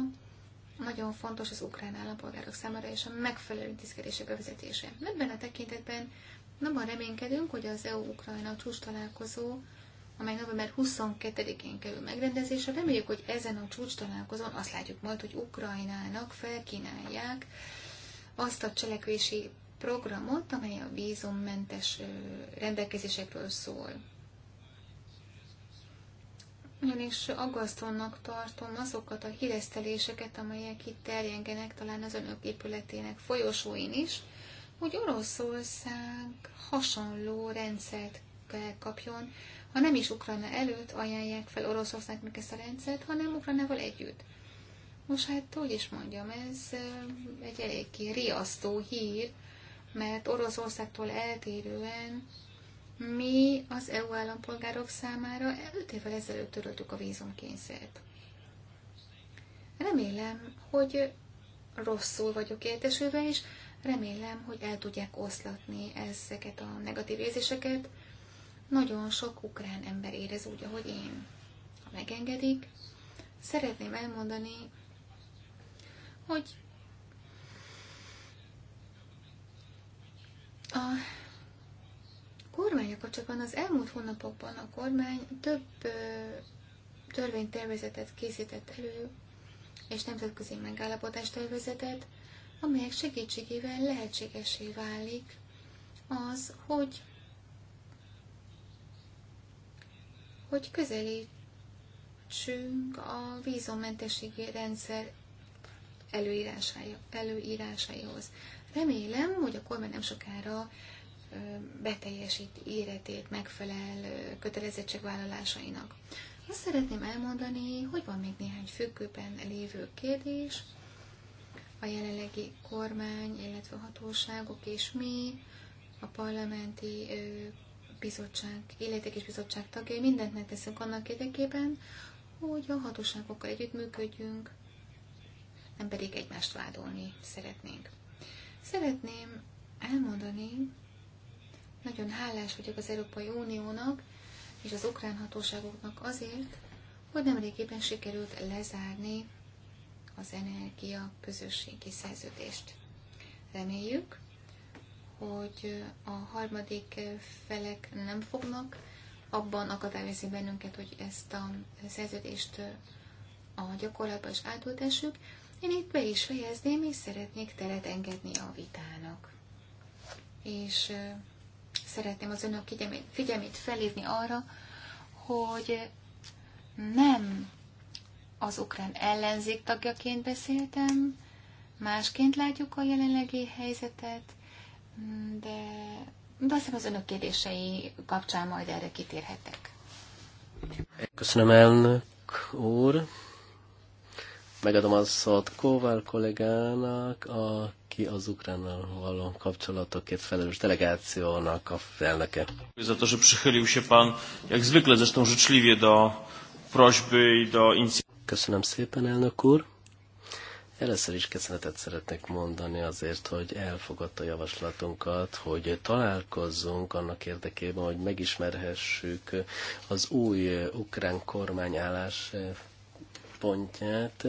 S2: Nagyon fontos az ukrán állampolgárok számára és a megfelelő intézkedések bevezetése. Ebben a tekintetben abban reménykedünk, hogy az EU-Ukrajna csúcs találkozó amely november 22-én kerül megrendezésre. Reméljük, hogy ezen a csúcs találkozón azt látjuk majd, hogy Ukrajnának felkínálják azt a cselekvési programot, amely a vízummentes rendelkezésekről szól. Ugyanis aggasztónak tartom azokat a híreszteléseket, amelyek itt terjengenek talán az önök épületének folyosóin is, hogy Oroszország hasonló rendszert kell kapjon, ha nem is Ukrajna előtt ajánlják fel Oroszországnak ezt a rendszert, hanem Ukrajnával együtt. Most hát, hogy is mondjam, ez egy eléggé riasztó hír, mert Oroszországtól eltérően mi az EU állampolgárok számára 5 évvel ezelőtt töröltük a vízumkényszert. Remélem, hogy rosszul vagyok értesülve, és remélem, hogy el tudják oszlatni ezeket a negatív érzéseket, nagyon sok ukrán ember érez úgy, ahogy én. Ha megengedik, szeretném elmondani, hogy a kormánya kapcsolatban az elmúlt hónapokban a kormány több törvénytervezetet készített elő, és nemzetközi megállapodás tervezetet, amelyek segítségével lehetségesé válik az, hogy hogy közelítsünk a vízommentességi rendszer előírásaihoz. Remélem, hogy a kormány nem sokára beteljesít életét megfelel kötelezettségvállalásainak. Azt szeretném elmondani, hogy van még néhány függőben lévő kérdés, a jelenlegi kormány, illetve hatóságok és mi, a parlamenti bizottság, illetékes bizottság tagjai mindent megteszünk annak érdekében, hogy a hatóságokkal együttműködjünk, nem pedig egymást vádolni szeretnénk. Szeretném elmondani, nagyon hálás vagyok az Európai Uniónak és az ukrán hatóságoknak azért, hogy nemrégében sikerült lezárni az energia közösségi szerződést. Reméljük, hogy a harmadik felek nem fognak abban akadályozni bennünket, hogy ezt a szerződést a gyakorlatba is átültessük. Én itt be is fejezném, és szeretnék teret engedni a vitának. És szeretném az önök figyelmét, figyelmét felhívni arra, hogy nem az ukrán ellenzék tagjaként beszéltem, másként látjuk a jelenlegi helyzetet, de, de azt hiszem az önök kérdései kapcsán majd erre kitérhetek.
S1: Köszönöm elnök úr. Megadom a szót Kovár kollégának, aki az Ukránnal való kapcsolatokért felelős delegációnak a felnöke. Za to, przychylił się pan, jak zwykle zresztą życzliwie do prośby i do Köszönöm szépen, elnök úr. Először is köszönetet szeretnék mondani azért, hogy elfogadta javaslatunkat, hogy találkozzunk annak érdekében, hogy megismerhessük az új ukrán kormány álláspontját,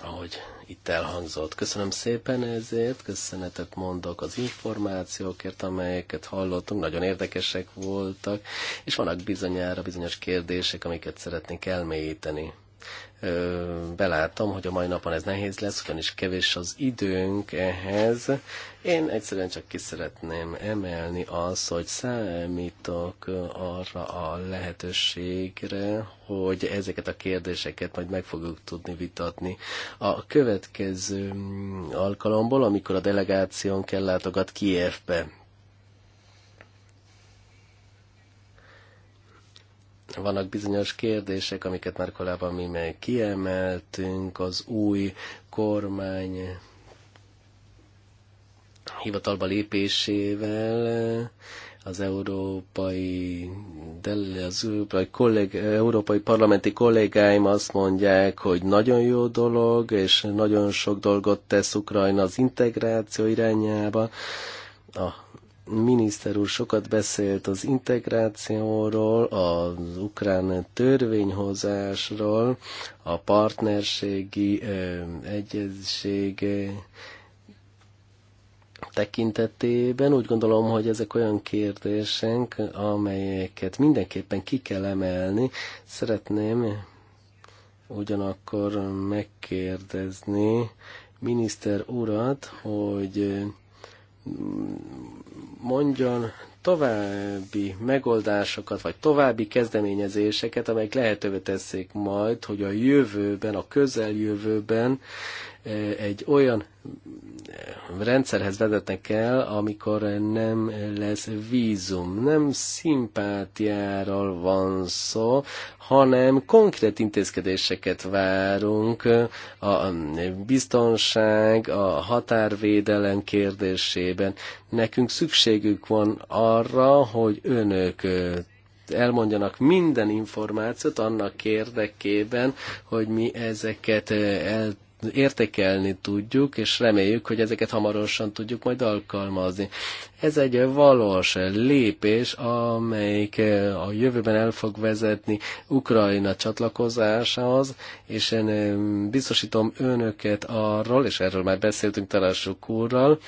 S1: ahogy itt elhangzott. Köszönöm szépen ezért, köszönetet mondok az információkért, amelyeket hallottunk, nagyon érdekesek voltak, és vannak bizonyára bizonyos kérdések, amiket szeretnénk elmélyíteni belátom, hogy a mai napon ez nehéz lesz, ugyanis kevés az időnk ehhez. Én egyszerűen csak ki szeretném emelni azt, hogy számítok arra a lehetőségre, hogy ezeket a kérdéseket majd meg fogjuk tudni vitatni. A következő alkalomból, amikor a kell látogat Kievbe, Vannak bizonyos kérdések, amiket már korábban mi meg kiemeltünk, az új kormány hivatalba lépésével az európai, de az európai, kollég, európai parlamenti kollégáim azt mondják, hogy nagyon jó dolog, és nagyon sok dolgot tesz Ukrajna az integráció irányába. A miniszter úr sokat beszélt az integrációról, az ukrán törvényhozásról, a partnerségi egyezség tekintetében. Úgy gondolom, hogy ezek olyan kérdések, amelyeket mindenképpen ki kell emelni. Szeretném ugyanakkor megkérdezni miniszter urat, hogy mondjon további megoldásokat, vagy további kezdeményezéseket, amelyek lehetővé teszik majd, hogy a jövőben, a közeljövőben egy olyan rendszerhez vezetnek el, amikor nem lesz vízum. Nem szimpátiáról van szó, hanem konkrét intézkedéseket várunk a biztonság, a határvédelem kérdésében. Nekünk szükségük van arra, hogy önök elmondjanak minden információt annak érdekében, hogy mi ezeket el értékelni tudjuk, és reméljük, hogy ezeket hamarosan tudjuk majd alkalmazni. Ez egy valós lépés, amelyik eh, a jövőben el fog vezetni Ukrajna csatlakozásához, és én eh, biztosítom önöket arról, és erről már beszéltünk Tarasuk úrral,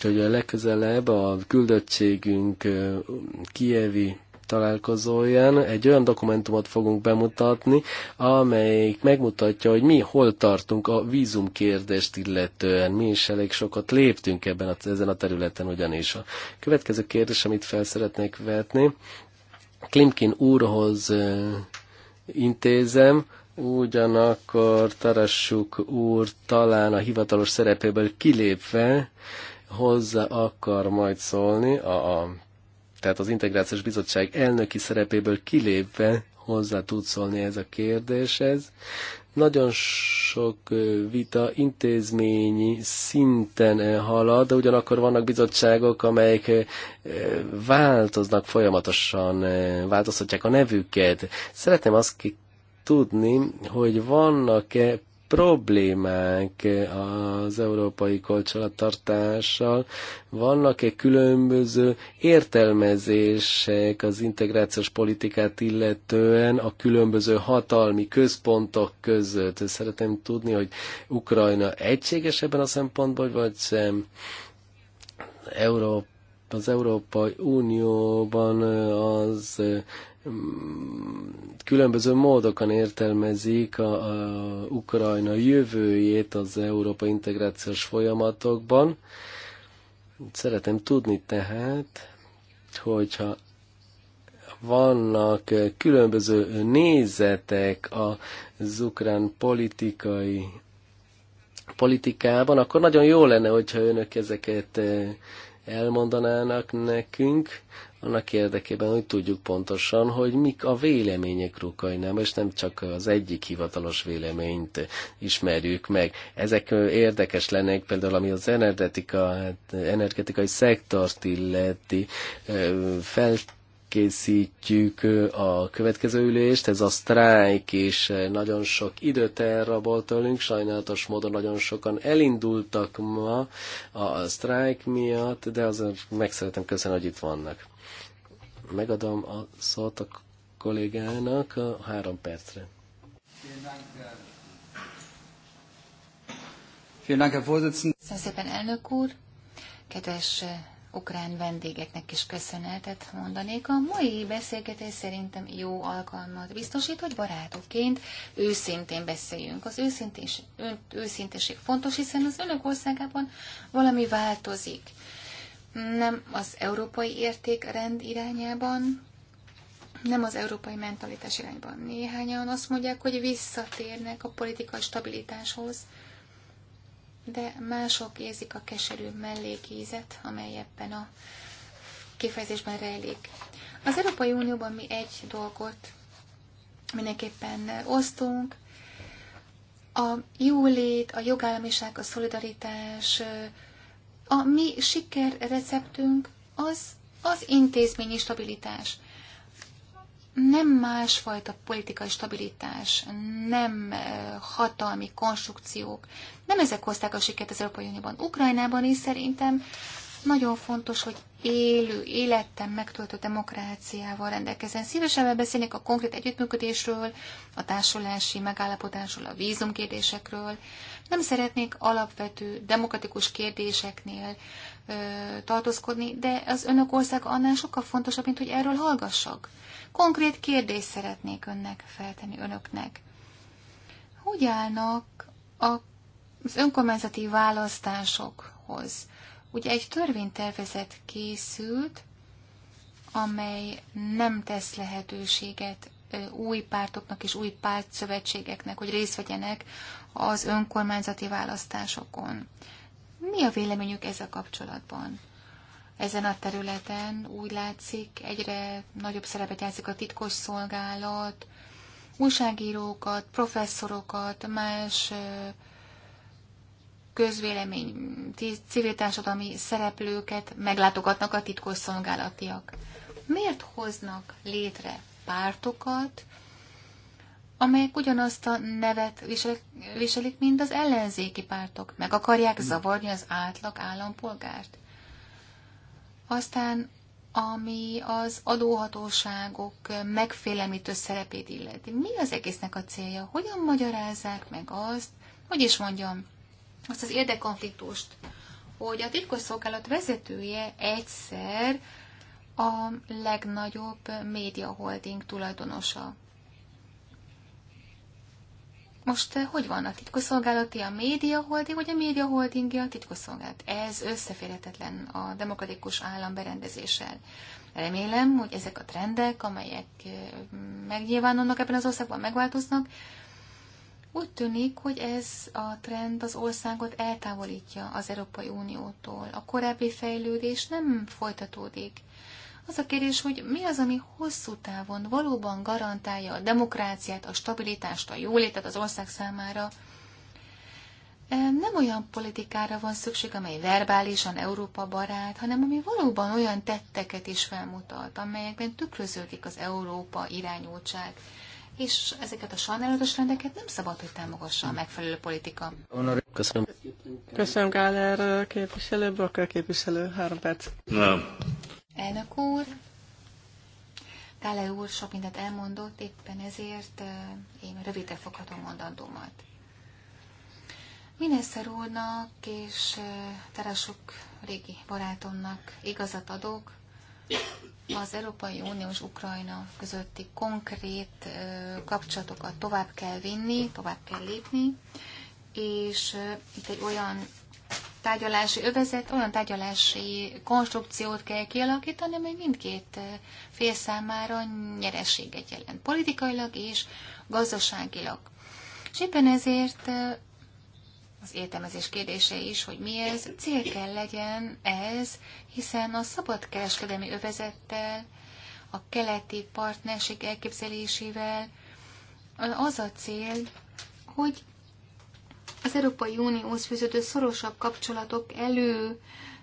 S1: hogy a legközelebb a küldöttségünk eh, kievi találkozóján egy olyan dokumentumot fogunk bemutatni, amelyik megmutatja, hogy mi hol tartunk a vízum kérdést illetően. Mi is elég sokat léptünk ebben a, ezen a területen ugyanis. A következő kérdés, amit fel szeretnék vetni, Klimkin úrhoz intézem, ugyanakkor Tarassuk úr talán a hivatalos szerepéből kilépve hozzá akar majd szólni a, a tehát az Integrációs Bizottság elnöki szerepéből kilépve hozzá tud szólni ez a kérdéshez. Nagyon sok vita intézményi szinten halad, de ugyanakkor vannak bizottságok, amelyek változnak folyamatosan, változtatják a nevüket. Szeretném azt tudni, hogy vannak-e problémák az európai kapcsolattartással? Vannak-e különböző értelmezések az integrációs politikát illetően a különböző hatalmi központok között? Szeretném tudni, hogy Ukrajna egységes ebben a szempontból, vagy sem? Európa az Európai Unióban az különböző módokon értelmezik a, a Ukrajna jövőjét az Európa integrációs folyamatokban. Szeretem tudni tehát, hogyha vannak különböző nézetek az ukrán politikai politikában, akkor nagyon jó lenne, hogyha önök ezeket eh, elmondanának nekünk, annak érdekében, hogy tudjuk pontosan, hogy mik a vélemények nem, és nem csak az egyik hivatalos véleményt ismerjük meg. Ezek érdekes lennek például, ami az energetika, energetikai szektort illeti fel készítjük a következő ülést. Ez a sztrájk és nagyon sok időt elrabolt tőlünk, sajnálatos módon nagyon sokan elindultak ma a sztrájk miatt, de azért meg szeretem köszönni, hogy itt vannak megadom a szót a kollégának a három percre. Köszönöm
S2: szépen, elnök úr! Kedves eh, ukrán vendégeknek is köszönetet mondanék. A mai beszélgetés szerintem jó alkalmat biztosít, hogy barátokként őszintén beszéljünk. Az őszintés, őszintesség fontos, hiszen az önök országában valami változik nem az európai értékrend irányában, nem az európai mentalitás irányban. Néhányan azt mondják, hogy visszatérnek a politikai stabilitáshoz, de mások érzik a keserű mellékízet, amely ebben a kifejezésben rejlik. Az Európai Unióban mi egy dolgot mindenképpen osztunk, a jólét, a jogállamiság, a szolidaritás, a mi sikerreceptünk az az intézményi stabilitás. Nem másfajta politikai stabilitás, nem eh, hatalmi konstrukciók, nem ezek hozták a sikert az Európai Unióban. Ukrajnában is szerintem nagyon fontos, hogy élő, életem megtöltött demokráciával rendelkezzen. Szívesen beszélnék a konkrét együttműködésről, a társulási megállapodásról, a vízumkérdésekről, nem szeretnék alapvető demokratikus kérdéseknél ö, tartózkodni, de az önök ország annál sokkal fontosabb, mint hogy erről hallgassak. Konkrét kérdést szeretnék önnek feltenni önöknek. Hogy állnak a, az önkormányzati választásokhoz? Ugye egy törvénytervezet készült, amely nem tesz lehetőséget új pártoknak és új pártszövetségeknek, hogy részt vegyenek az önkormányzati választásokon. Mi a véleményük ezzel kapcsolatban? Ezen a területen úgy látszik, egyre nagyobb szerepet játszik a titkos szolgálat, újságírókat, professzorokat, más közvélemény, civil társadalmi szereplőket meglátogatnak a titkos szolgálatiak. Miért hoznak létre pártokat, amelyek ugyanazt a nevet viselik, viselik, mint az ellenzéki pártok. Meg akarják zavarni az átlag állampolgárt. Aztán, ami az adóhatóságok megfélemítő szerepét illeti. Mi az egésznek a célja? Hogyan magyarázzák meg azt, hogy is mondjam, azt az érdekkonfliktust, hogy a titkosszolgálat vezetője egyszer a legnagyobb holding tulajdonosa. Most eh, hogy van a titkosszolgálati, a holding, vagy a médiaholdingja a titkosszolgálat? Ez összeférhetetlen a demokratikus állam berendezéssel. Remélem, hogy ezek a trendek, amelyek eh, megnyilvánulnak ebben az országban, megváltoznak. Úgy tűnik, hogy ez a trend az országot eltávolítja az Európai Uniótól. A korábbi fejlődés nem folytatódik. Az a kérdés, hogy mi az, ami hosszú távon valóban garantálja a demokráciát, a stabilitást, a jólétet az ország számára. Nem olyan politikára van szükség, amely verbálisan Európa barát, hanem ami valóban olyan tetteket is felmutat, amelyekben tükröződik az Európa irányultság. És ezeket a sajnálatos rendeket nem szabad, hogy támogassa a megfelelő politika.
S1: Köszönöm.
S3: Köszönöm, Gáler képviselő, Bakker képviselő, három perc.
S1: Na.
S2: Elnök úr, Kále úr sok mindent elmondott, éppen ezért én rövidre foghatom mondandómat. Mineszer úrnak és Tarasuk régi barátomnak igazat adok, az Európai Unió és Ukrajna közötti konkrét kapcsolatokat tovább kell vinni, tovább kell lépni, és itt egy olyan tárgyalási övezet, olyan tárgyalási konstrukciót kell kialakítani, amely mindkét fél számára nyerességet jelent, politikailag és gazdaságilag. És éppen ezért az értelmezés kérdése is, hogy mi ez, cél kell legyen ez, hiszen a szabadkereskedelmi övezettel, a keleti partnerség elképzelésével az a cél, hogy az Európai Unióhoz fűződő szorosabb kapcsolatok elő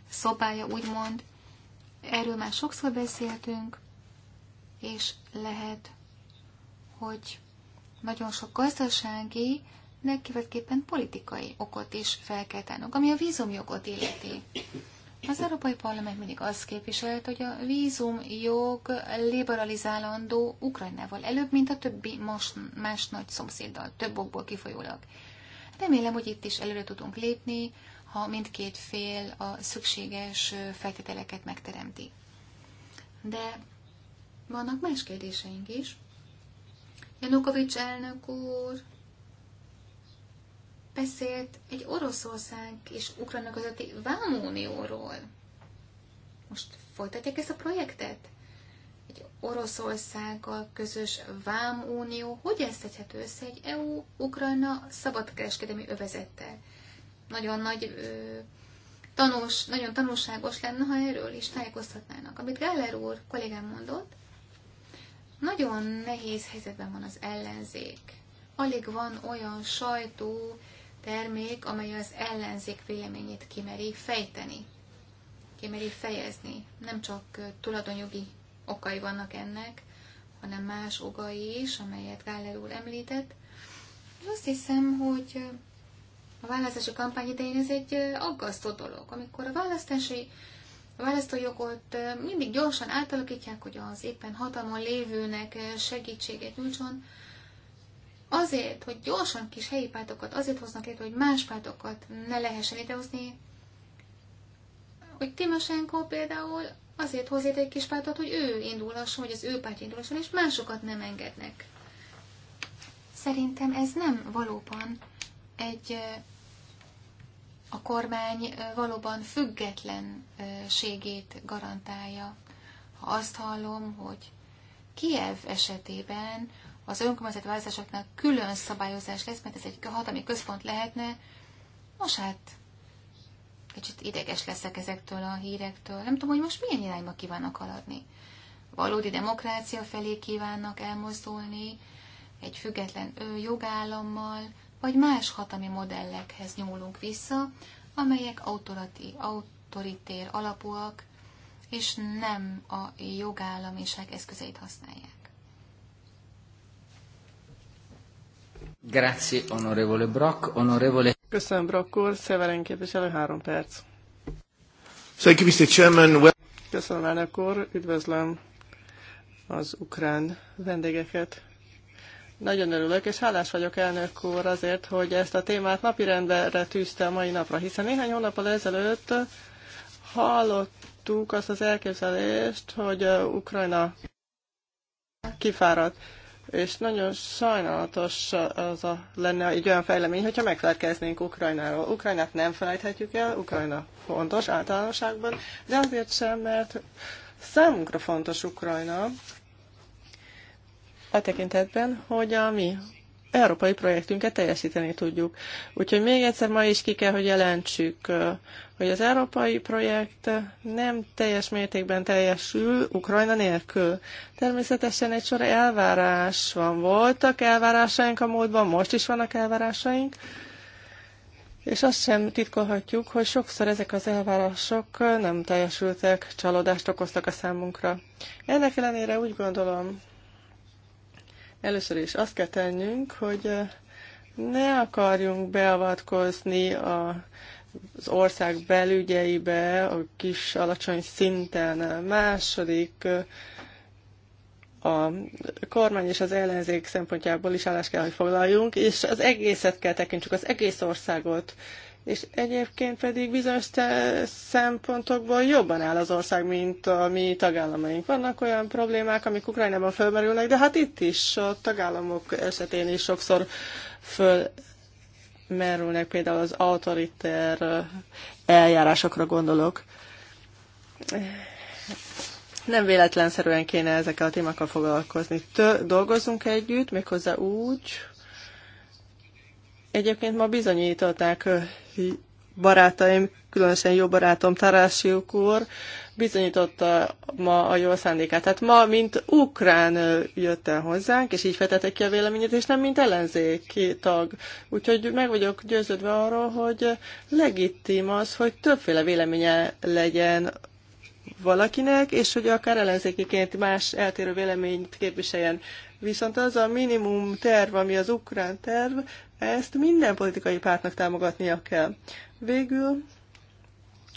S2: szabálya, úgymond. Erről már sokszor beszéltünk, és lehet, hogy nagyon sok gazdasági, legkivetképpen politikai okot is fel kell tennünk, ami a vízumjogot illeti. Az Európai Parlament mindig azt képviselt, hogy a vízumjog liberalizálandó Ukrajnával előbb, mint a többi más, más nagy szomszéddal, több okból kifolyólag. Remélem, hogy itt is előre tudunk lépni, ha mindkét fél a szükséges feltételeket megteremti. De vannak más kérdéseink is. Janukovics elnök úr beszélt egy Oroszország és Ukrajna közötti vámunióról. Most folytatják ezt a projektet? Oroszországgal közös vámunió hogy tegyhető össze egy EU-Ukrajna szabadkereskedelmi övezettel? Nagyon nagy ö, tanús, nagyon tanulságos lenne, ha erről is tájékoztatnának. Amit Geller úr kollégám mondott, nagyon nehéz helyzetben van az ellenzék. Alig van olyan sajtó termék, amely az ellenzék véleményét kimeri fejteni, kimeri fejezni. Nem csak tulajdonjogi okai vannak ennek, hanem más okai is, amelyet Gáller úr említett. És azt hiszem, hogy a választási kampány idején ez egy aggasztó dolog. Amikor a választási a választójogot eh, mindig gyorsan átalakítják, hogy az éppen hatalmon lévőnek eh, segítséget nyújtson, azért, hogy gyorsan kis helyi pártokat azért hoznak létre, hogy más pártokat ne lehessen idehozni, hogy Timosenko például azért hoz egy kis pártot, hogy ő indulhasson, hogy az ő párt indulhasson, és másokat nem engednek. Szerintem ez nem valóban egy a kormány valóban függetlenségét garantálja. Ha azt hallom, hogy Kiev esetében az önkormányzat választásoknak külön szabályozás lesz, mert ez egy hatalmi központ lehetne, most hát Kicsit ideges leszek ezektől a hírektől. Nem tudom, hogy most milyen irányba kívánnak haladni. Valódi demokrácia felé kívánnak elmozdulni, egy független jogállammal, vagy más hatami modellekhez nyúlunk vissza, amelyek autorati, autoritér alapúak, és nem a jogállamiság eszközeit használják.
S1: Grazie, onorevole Brock, onorevole...
S3: Köszönöm, Brock úr. Szeveren képviselő, három perc.
S1: Thank you, Mr. Chairman.
S3: Köszönöm, elnök úr. Üdvözlöm az ukrán vendégeket. Nagyon örülök, és hálás vagyok elnök úr azért, hogy ezt a témát napirendre tűzte a mai napra, hiszen néhány hónappal ezelőtt hallottuk azt az elképzelést, hogy Ukrajna kifáradt és nagyon sajnálatos az a, lenne egy olyan fejlemény, hogyha megfelelkeznénk Ukrajnáról. Ukrajnát nem felejthetjük el, Ukrajna fontos általánosságban, de azért sem, mert számunkra fontos Ukrajna a tekintetben, hogy a mi európai projektünket teljesíteni tudjuk. Úgyhogy még egyszer ma is ki kell, hogy jelentsük, hogy az európai projekt nem teljes mértékben teljesül Ukrajna nélkül. Természetesen egy sor elvárás van. Voltak elvárásaink a módban, most is vannak elvárásaink, és azt sem titkolhatjuk, hogy sokszor ezek az elvárások nem teljesültek, csalódást okoztak a számunkra. Ennek ellenére úgy gondolom, Először is azt kell tennünk, hogy ne akarjunk beavatkozni a az ország belügyeibe a kis alacsony szinten. Második, a kormány és az ellenzék szempontjából is állást kell, hogy foglaljunk, és az egészet kell tekintsük, az egész országot és egyébként pedig bizonyos szempontokból jobban áll az ország, mint a mi tagállamaink. Vannak olyan problémák, amik Ukrajnában fölmerülnek, de hát itt is a tagállamok esetén is sokszor fölmerülnek, például az autoriter eljárásokra gondolok. Nem véletlenszerűen kéne ezekkel a témákkal foglalkozni. Tö- dolgozzunk együtt, méghozzá úgy, Egyébként ma bizonyították barátaim, különösen jó barátom Tarási úr, bizonyította ma a jó szándékát. Tehát ma, mint ukrán jött el hozzánk, és így fetette ki a véleményét, és nem mint ellenzéki tag. Úgyhogy meg vagyok győződve arról, hogy legitim az, hogy többféle véleménye legyen valakinek, és hogy akár ellenzékiként más eltérő véleményt képviseljen. Viszont az a minimum terv, ami az ukrán terv, ezt minden politikai pártnak támogatnia kell. Végül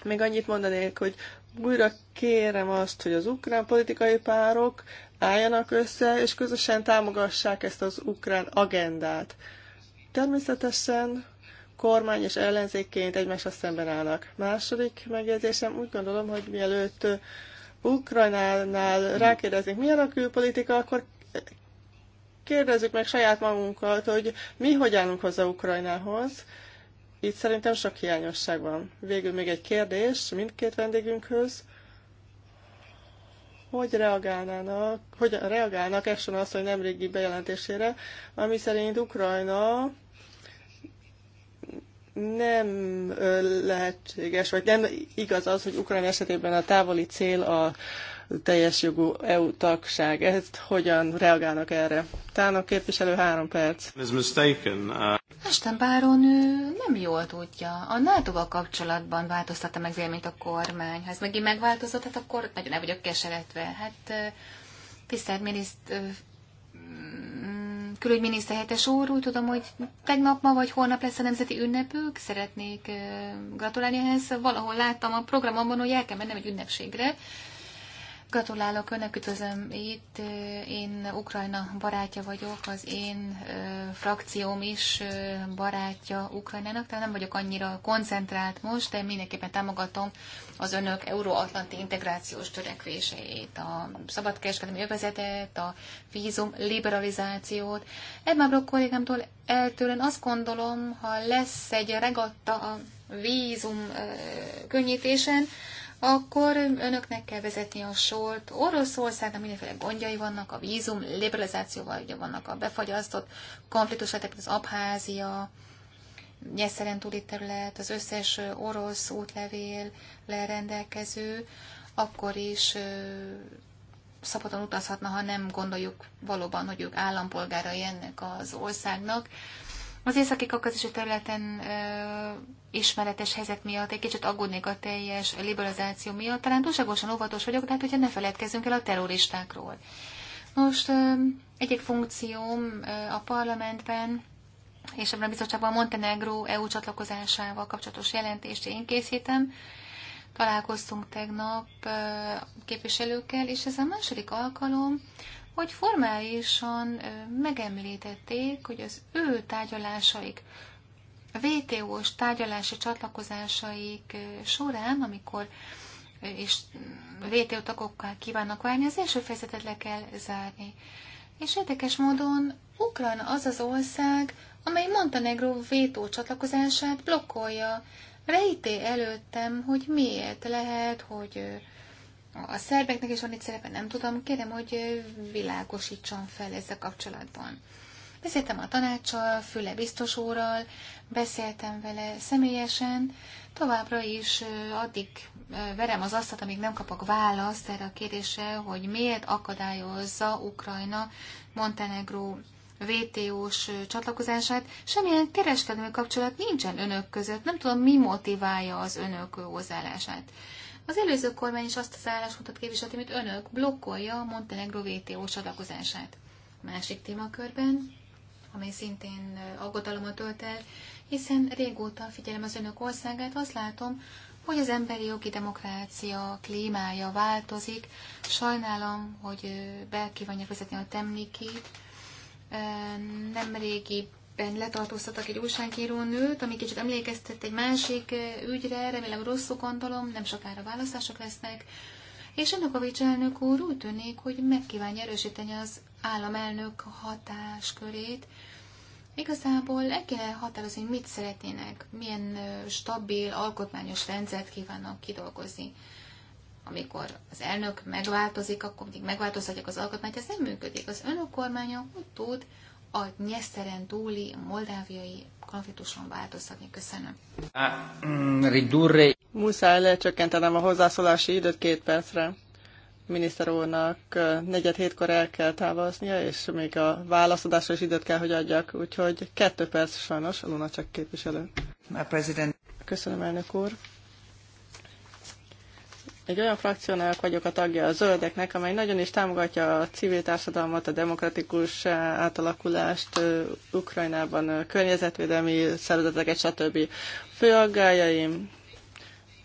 S3: még annyit mondanék, hogy újra kérem azt, hogy az ukrán politikai párok álljanak össze, és közösen támogassák ezt az ukrán agendát. Természetesen kormány és ellenzékként egymásra szemben állnak. Második megjegyzésem, úgy gondolom, hogy mielőtt Ukrajnánál rákérdeznék, milyen a külpolitika, akkor kérdezzük meg saját magunkat, hogy mi hogy állunk hozzá Ukrajnához. Itt szerintem sok hiányosság van. Végül még egy kérdés mindkét vendégünkhöz. Hogy reagálnának, hogy reagálnak Eson azt, hogy nemrégi bejelentésére, ami szerint Ukrajna nem lehetséges, vagy nem igaz az, hogy Ukrajna esetében a távoli cél a teljes jogú EU tagság. Ezt hogyan reagálnak erre? Tánok képviselő három perc.
S2: Esten uh, bárónő nem jól tudja. A nato kapcsolatban változtatta meg véleményt a kormány. Ha ez megint megváltozott, hát akkor nagyon el vagyok keseretve. Hát tisztelt miniszt, mm, külügyminiszter helyettes úr, úgy tudom, hogy tegnap, ma vagy holnap lesz a nemzeti ünnepük. Szeretnék gratulálni ehhez. Valahol láttam a programomban, hogy el kell mennem egy ünnepségre Gratulálok önök üdvözlöm itt. Én Ukrajna barátja vagyok, az én frakcióm is barátja Ukrajnának, tehát nem vagyok annyira koncentrált most, de mindenképpen támogatom az Önök euróatlanti integrációs törekvéseit, a szabadkereskedelmi övezetet, a vízum liberalizációt. Edmábrok kollégámtól eltőlen azt gondolom, ha lesz egy regatta a vízum könnyítésen, akkor önöknek kell vezetni a sort. Oroszországnak mindenféle gondjai vannak, a vízum liberalizációval ugye vannak a befagyasztott konfliktusok, tehát az Abházia, Nyeszeren túli terület, az összes orosz útlevél lerendelkező, akkor is szabadon utazhatna, ha nem gondoljuk valóban, hogy ők állampolgárai ennek az országnak. Az északi kaukazusi területen ö, ismeretes helyzet miatt egy kicsit aggódnék a teljes liberalizáció miatt. Talán túlságosan óvatos vagyok, tehát hogyha ne feledkezzünk el a terroristákról. Most egyik funkcióm a parlamentben, és ebben a bizottságban Montenegro EU csatlakozásával kapcsolatos jelentést én készítem. Találkoztunk tegnap képviselőkkel, és ez a második alkalom, hogy formálisan megemlítették, hogy az ő tárgyalásaik, a VTO-s tárgyalási csatlakozásaik során, amikor és VTO tagokkal kívánnak várni az első fejezetet le kell zárni. És érdekes módon Ukrajna az az ország, amely Montenegro vétó csatlakozását blokkolja. Rejté előttem, hogy miért lehet, hogy a szerbeknek is van itt szerepe, nem tudom, kérem, hogy világosítson fel ezzel kapcsolatban. Beszéltem a tanácssal, Füle biztos úrral, beszéltem vele személyesen, továbbra is addig verem az asztalt, amíg nem kapok választ erre a kérdésre, hogy miért akadályozza Ukrajna Montenegró VTO-s csatlakozását. Semmilyen kereskedelmi kapcsolat nincsen önök között, nem tudom, mi motiválja az önök hozzáállását. Az előző kormány is azt az álláspontot képviselt, amit önök blokkolja a Montenegro VTO csatlakozását. Másik témakörben, amely szintén aggodalomat tölt el, hiszen régóta figyelem az önök országát, azt látom, hogy az emberi jogi demokrácia klímája változik. Sajnálom, hogy be kívánja vezetni a temlikét. nemrégi ben letartóztattak egy újságíró nőt, ami kicsit emlékeztet egy másik eh, ügyre, remélem rosszul gondolom, nem sokára választások lesznek. És Janukovics elnök úr úgy tűnik, hogy megkívánja erősíteni az államelnök hatáskörét. Igazából el kéne határozni, hogy mit szeretnének, milyen eh, stabil, alkotmányos rendszert kívánnak kidolgozni. Amikor az elnök megváltozik, akkor mindig megváltozhatják az alkotmányt, ez nem működik. Az önök kormánya úgy tud, a nyeszteren túli moldáviai konfliktuson változtatni. Köszönöm.
S3: Ah, Muszáj lecsökkentenem a hozzászólási időt két percre. Miniszter úrnak negyed hétkor el kell távoznia, és még a válaszadásra is időt kell, hogy adjak. Úgyhogy kettő perc sajnos, a Luna csak képviselő. Köszönöm, elnök úr. Egy olyan frakciónak vagyok a tagja a zöldeknek, amely nagyon is támogatja a civil társadalmat, a demokratikus átalakulást Ukrajnában, környezetvédelmi szervezeteket, stb. Fő aggájaim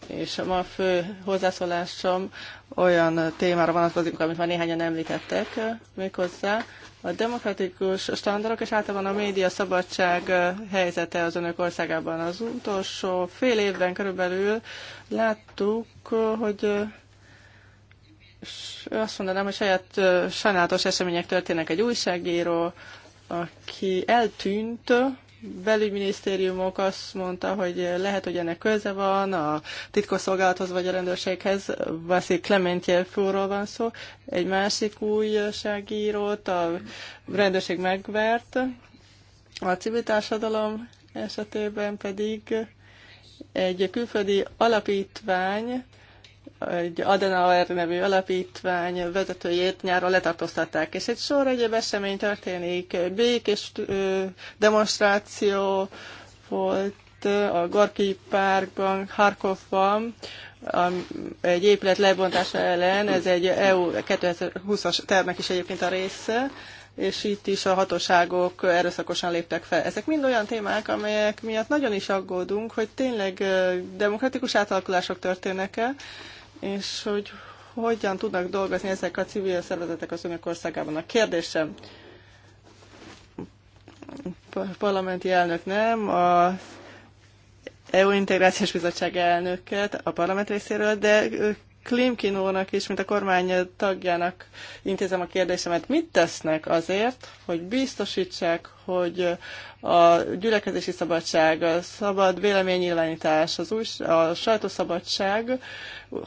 S3: és a ma fő hozzászólásom olyan témára vonatkozik, amit már néhányan említettek méghozzá a demokratikus standardok és általában a média szabadság helyzete az önök országában az utolsó fél évben körülbelül láttuk, hogy azt mondanám, hogy saját sajnálatos események történnek. Egy újságíró, aki eltűnt, belügyminisztériumok azt mondta, hogy lehet, hogy ennek köze van a titkosszolgálathoz vagy a rendőrséghez, Vaszi Klementjevről van szó, egy másik újságírót a rendőrség megvert, a civil társadalom esetében pedig egy külföldi alapítvány egy Adenauer nevű alapítvány vezetőjét nyáron letartóztatták, és egy sor egyéb esemény történik, békés demonstráció volt a Gorki Parkban, Harkovban, egy épület lebontása ellen, ez egy EU 2020-as tervnek is egyébként a része, és itt is a hatóságok erőszakosan léptek fel. Ezek mind olyan témák, amelyek miatt nagyon is aggódunk, hogy tényleg demokratikus átalakulások történnek-e, és hogy hogyan tudnak dolgozni ezek a civil szervezetek az önök országában. A kérdésem a parlamenti elnök nem, a EU Integrációs Bizottság elnöket a parlament részéről, de Klimkinónak is, mint a kormány tagjának intézem a kérdésemet, mit tesznek azért, hogy biztosítsák, hogy a gyülekezési szabadság, a szabad véleménynyilvánítás, az új, a sajtószabadság,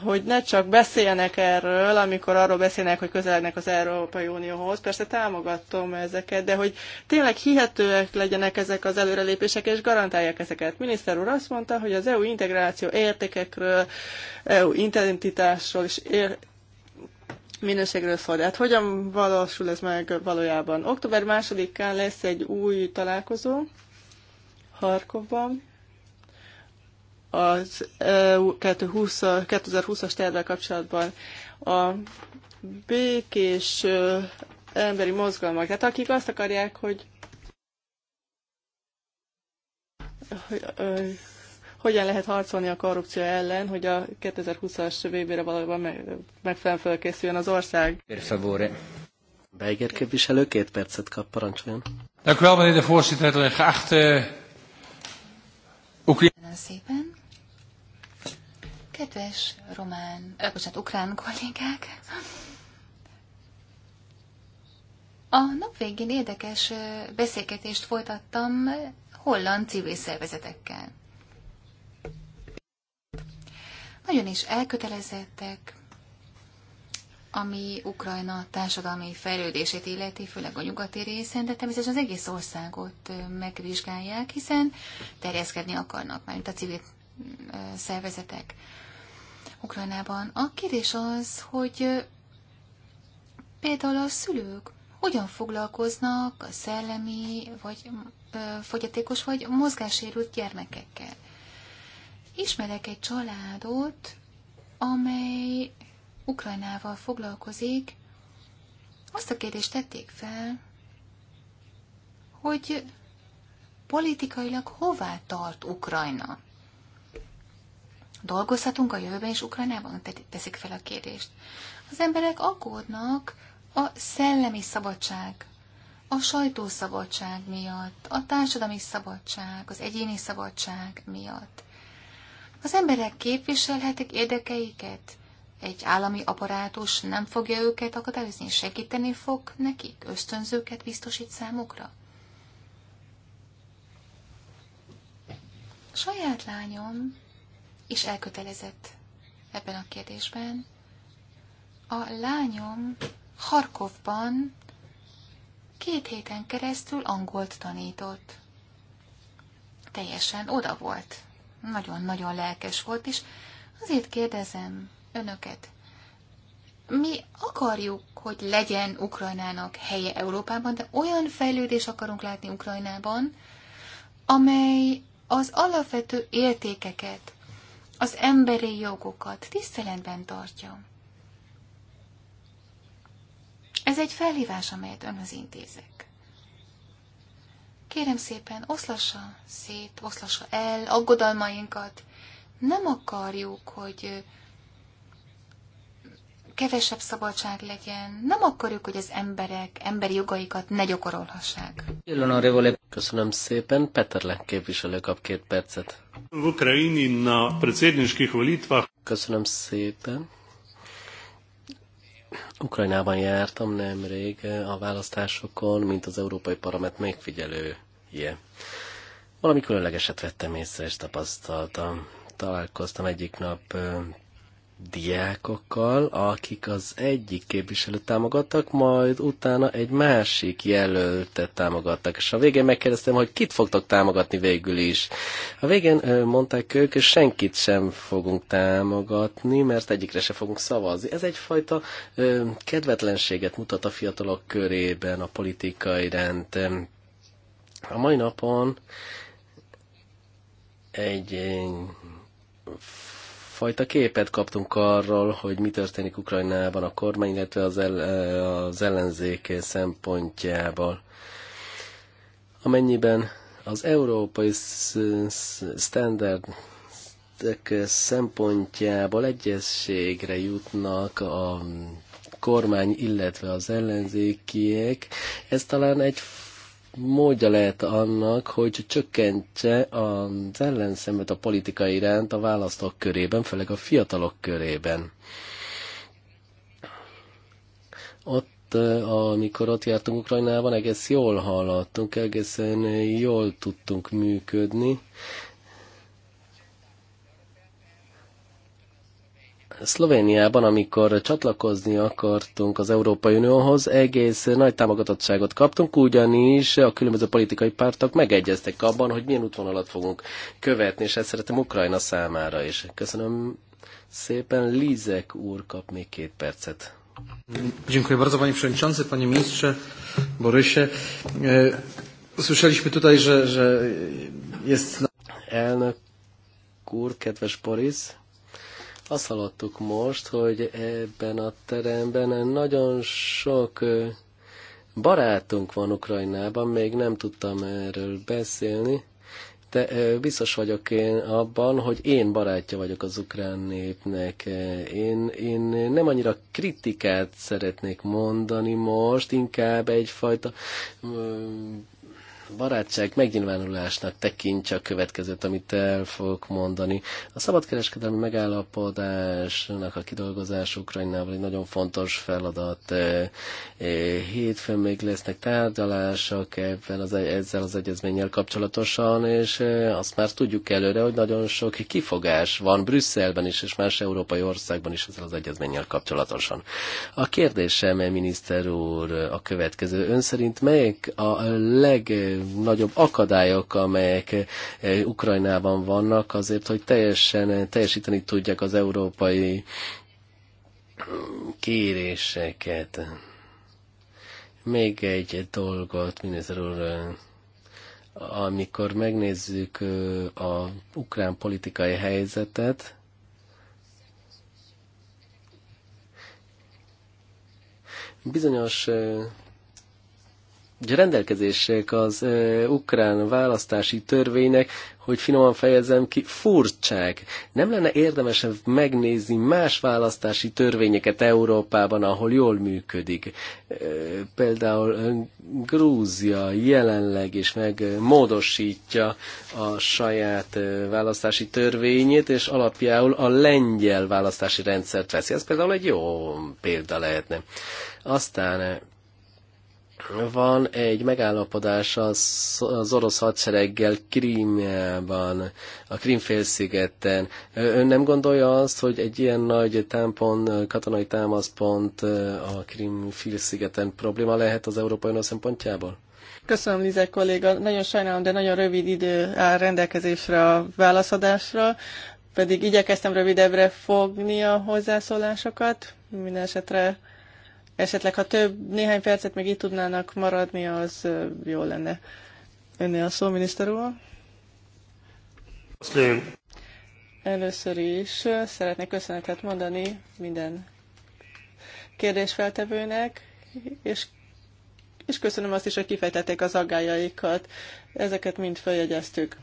S3: hogy ne csak beszéljenek erről, amikor arról beszélnek, hogy közelnek az Európai Unióhoz, persze támogatom ezeket, de hogy tényleg hihetőek legyenek ezek az előrelépések, és garantálják ezeket. Miniszter úr azt mondta, hogy az EU integráció értékekről, EU identitásról és ér- minőségről szól. De hát hogyan valósul ez meg valójában? Október másodikán lesz egy új találkozó Harkovban, az 2020-as e tervvel kapcsolatban a békés emberi mozgalmak. Tehát akik azt akarják, hogy hogyan lehet harcolni a korrupció ellen, hogy a 2020-as végére valóban megfelelően felkészüljön az ország. Per
S1: favore. Beiger képviselő két percet kap, parancsoljon. Dank u wel, meneer de voorzitter. Geachte
S2: Köszönöm szépen. Kedves román, ö, bocsánat, ukrán kollégák! A nap végén érdekes beszélgetést folytattam holland civil szervezetekkel nagyon is elkötelezettek, ami Ukrajna társadalmi fejlődését illeti, főleg a nyugati részen, de természetesen az egész országot megvizsgálják, hiszen terjeszkedni akarnak, mert a civil szervezetek Ukrajnában. A kérdés az, hogy például a szülők hogyan foglalkoznak a szellemi, vagy fogyatékos, vagy mozgássérült gyermekekkel. Ismerek egy családot, amely Ukrajnával foglalkozik. Azt a kérdést tették fel, hogy politikailag hová tart Ukrajna? Dolgozhatunk a jövőben is Ukrajnában? Teszik fel a kérdést. Az emberek aggódnak a szellemi szabadság, a sajtószabadság miatt, a társadalmi szabadság, az egyéni szabadság miatt. Az emberek képviselhetik érdekeiket. Egy állami aparátus nem fogja őket akadályozni, segíteni fog nekik, ösztönzőket biztosít számukra. A saját lányom is elkötelezett ebben a kérdésben. A lányom Harkovban két héten keresztül angolt tanított. Teljesen oda volt nagyon-nagyon lelkes volt, és azért kérdezem önöket, mi akarjuk, hogy legyen Ukrajnának helye Európában, de olyan fejlődés akarunk látni Ukrajnában, amely az alapvető értékeket, az emberi jogokat tiszteletben tartja. Ez egy felhívás, amelyet önhöz intézek. Kérem szépen, oszlassa szét, oszlassa el aggodalmainkat. Nem akarjuk, hogy kevesebb szabadság legyen. Nem akarjuk, hogy az emberek emberi jogaikat ne gyakorolhassák.
S1: Köszönöm szépen. Peterle képviselő kap két percet. Köszönöm szépen. Ukrajnában jártam nemrég eh, a választásokon, mint az Európai Parlament megfigyelője. Valami különlegeset vettem észre és tapasztaltam. Találkoztam egyik nap eh, diákokkal, akik az egyik képviselőt támogattak, majd utána egy másik jelöltet támogattak. És a végén megkérdeztem, hogy kit fogtok támogatni végül is. A végén mondták ők, hogy senkit sem fogunk támogatni, mert egyikre se fogunk szavazni. Ez egyfajta kedvetlenséget mutat a fiatalok körében a politikai rend. A mai napon egy fajta képet kaptunk arról, hogy mi történik Ukrajnában a kormány, illetve az, el, e, az ellenzék szempontjából. Amennyiben az európai standard szempontjából egyességre jutnak a kormány, illetve az ellenzékiek, ez talán egy módja lehet annak, hogy csökkentse az ellenszemet a politika iránt a választók körében, főleg a fiatalok körében. Ott amikor ott jártunk Ukrajnában, egész jól hallottunk, egészen jól tudtunk működni, Szlovéniában, amikor csatlakozni akartunk az Európai Unióhoz, egész nagy támogatottságot kaptunk, ugyanis a különböző politikai pártok megegyeztek abban, hogy milyen útvonalat fogunk követni, és ezt szeretem Ukrajna számára is. Köszönöm szépen. Lízek úr kap még két percet. Dziękuję bardzo panie przewodniczący, panie ministrze Borysie. E, Słyszeliśmy tutaj, że, że jest... Elnök úr, kedves Boris, azt hallottuk most, hogy ebben a teremben nagyon sok barátunk van Ukrajnában, még nem tudtam erről beszélni, de biztos vagyok én abban, hogy én barátja vagyok az ukrán népnek. Én, én nem annyira kritikát szeretnék mondani most, inkább egyfajta barátság megnyilvánulásnak tekintse a következőt, amit el fogok mondani. A szabadkereskedelmi megállapodásnak a kidolgozás Ukrajnával egy nagyon fontos feladat. E, e, hétfőn még lesznek tárgyalások ebben az, ezzel az egyezménnyel kapcsolatosan, és e, azt már tudjuk előre, hogy nagyon sok kifogás van Brüsszelben is, és más európai országban is ezzel az egyezménnyel kapcsolatosan. A kérdésem, miniszter úr, a következő. Ön szerint melyik a leg legnagyobb akadályok, amelyek eh, Ukrajnában vannak azért, hogy teljesen eh, teljesíteni tudják az európai mm, kéréseket. Még egy dolgot, miniszter úr, eh, amikor megnézzük a ukrán politikai helyzetet, bizonyos rendelkezések az ö, ukrán választási törvénynek, hogy finoman fejezem ki, furcsák. Nem lenne érdemes megnézni más választási törvényeket Európában, ahol jól működik. például Grúzia jelenleg is meg módosítja a saját választási törvényét, és alapjául a lengyel választási rendszert veszi. Ez például egy jó példa lehetne. Aztán van egy megállapodás az, az orosz hadsereggel Krímjában, a Krímfélszigeten. Ön nem gondolja azt, hogy egy ilyen nagy támpon katonai támaszpont eh, a Krímfélszigeten probléma lehet az Európai Unió szempontjából?
S3: Köszönöm, Lizek kolléga. Nagyon sajnálom, de nagyon rövid idő áll rendelkezésre a válaszadásra, pedig igyekeztem rövidebbre fogni a hozzászólásokat. Minden esetre Esetleg, ha több, néhány percet még itt tudnának maradni, az jó lenne. Önnél a szó, miniszter úr? Köszönöm. Először is szeretnék köszönetet mondani minden kérdésfeltevőnek, és, és köszönöm azt is, hogy kifejtették az aggájaikat. Ezeket mind feljegyeztük.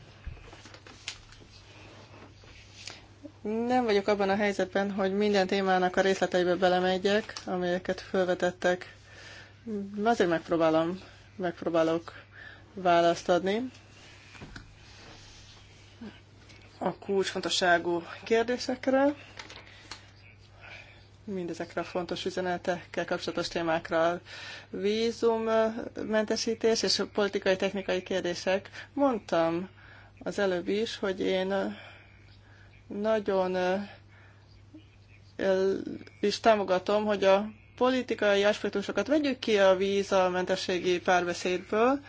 S3: Nem vagyok abban a helyzetben, hogy minden témának a részleteibe belemegyek, amelyeket felvetettek. Azért megpróbálom, megpróbálok választ adni a kulcsfontosságú kérdésekre, mindezekre a fontos üzenetekkel kapcsolatos témákra. Vízummentesítés és politikai-technikai kérdések. Mondtam az előbb is, hogy én nagyon is támogatom, hogy a politikai aspektusokat vegyük ki a vízamentességi párbeszédből,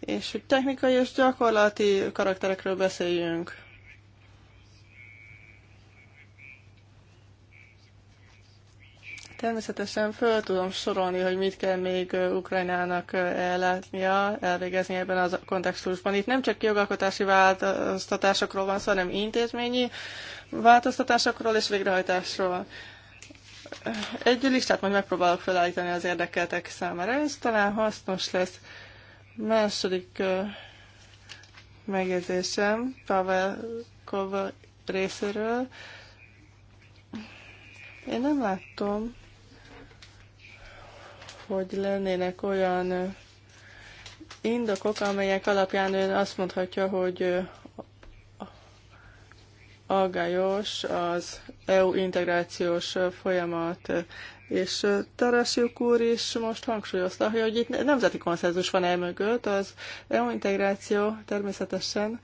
S3: és hogy technikai és gyakorlati karakterekről beszéljünk. Természetesen föl tudom sorolni, hogy mit kell még Ukrajnának ellátnia, elvégezni ebben a kontextusban. Itt nem csak jogalkotási változtatásokról van szó, hanem intézményi változtatásokról és végrehajtásról. Egy listát majd megpróbálok felállítani az érdekeltek számára, ez talán hasznos lesz. Második megjegyzésem Pavel Kov részéről. Én nem láttam hogy lennének olyan indokok, amelyek alapján ön azt mondhatja, hogy aggályos az EU integrációs folyamat. És Tarasiuk úr is most hangsúlyozta, hogy itt nemzeti konszenzus van el mögött, az EU integráció természetesen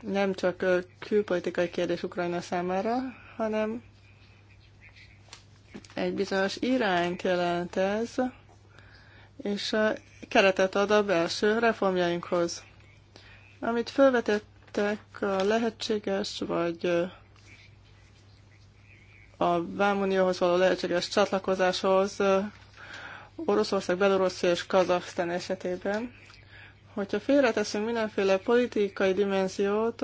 S3: nem csak külpolitikai kérdés Ukrajna számára, hanem egy bizonyos irányt jelent ez, és keretet ad a belső reformjainkhoz. Amit felvetettek a lehetséges, vagy a Vámunióhoz való lehetséges csatlakozáshoz Oroszország, belorosz és Kazaksztán esetében, hogyha félreteszünk mindenféle politikai dimenziót,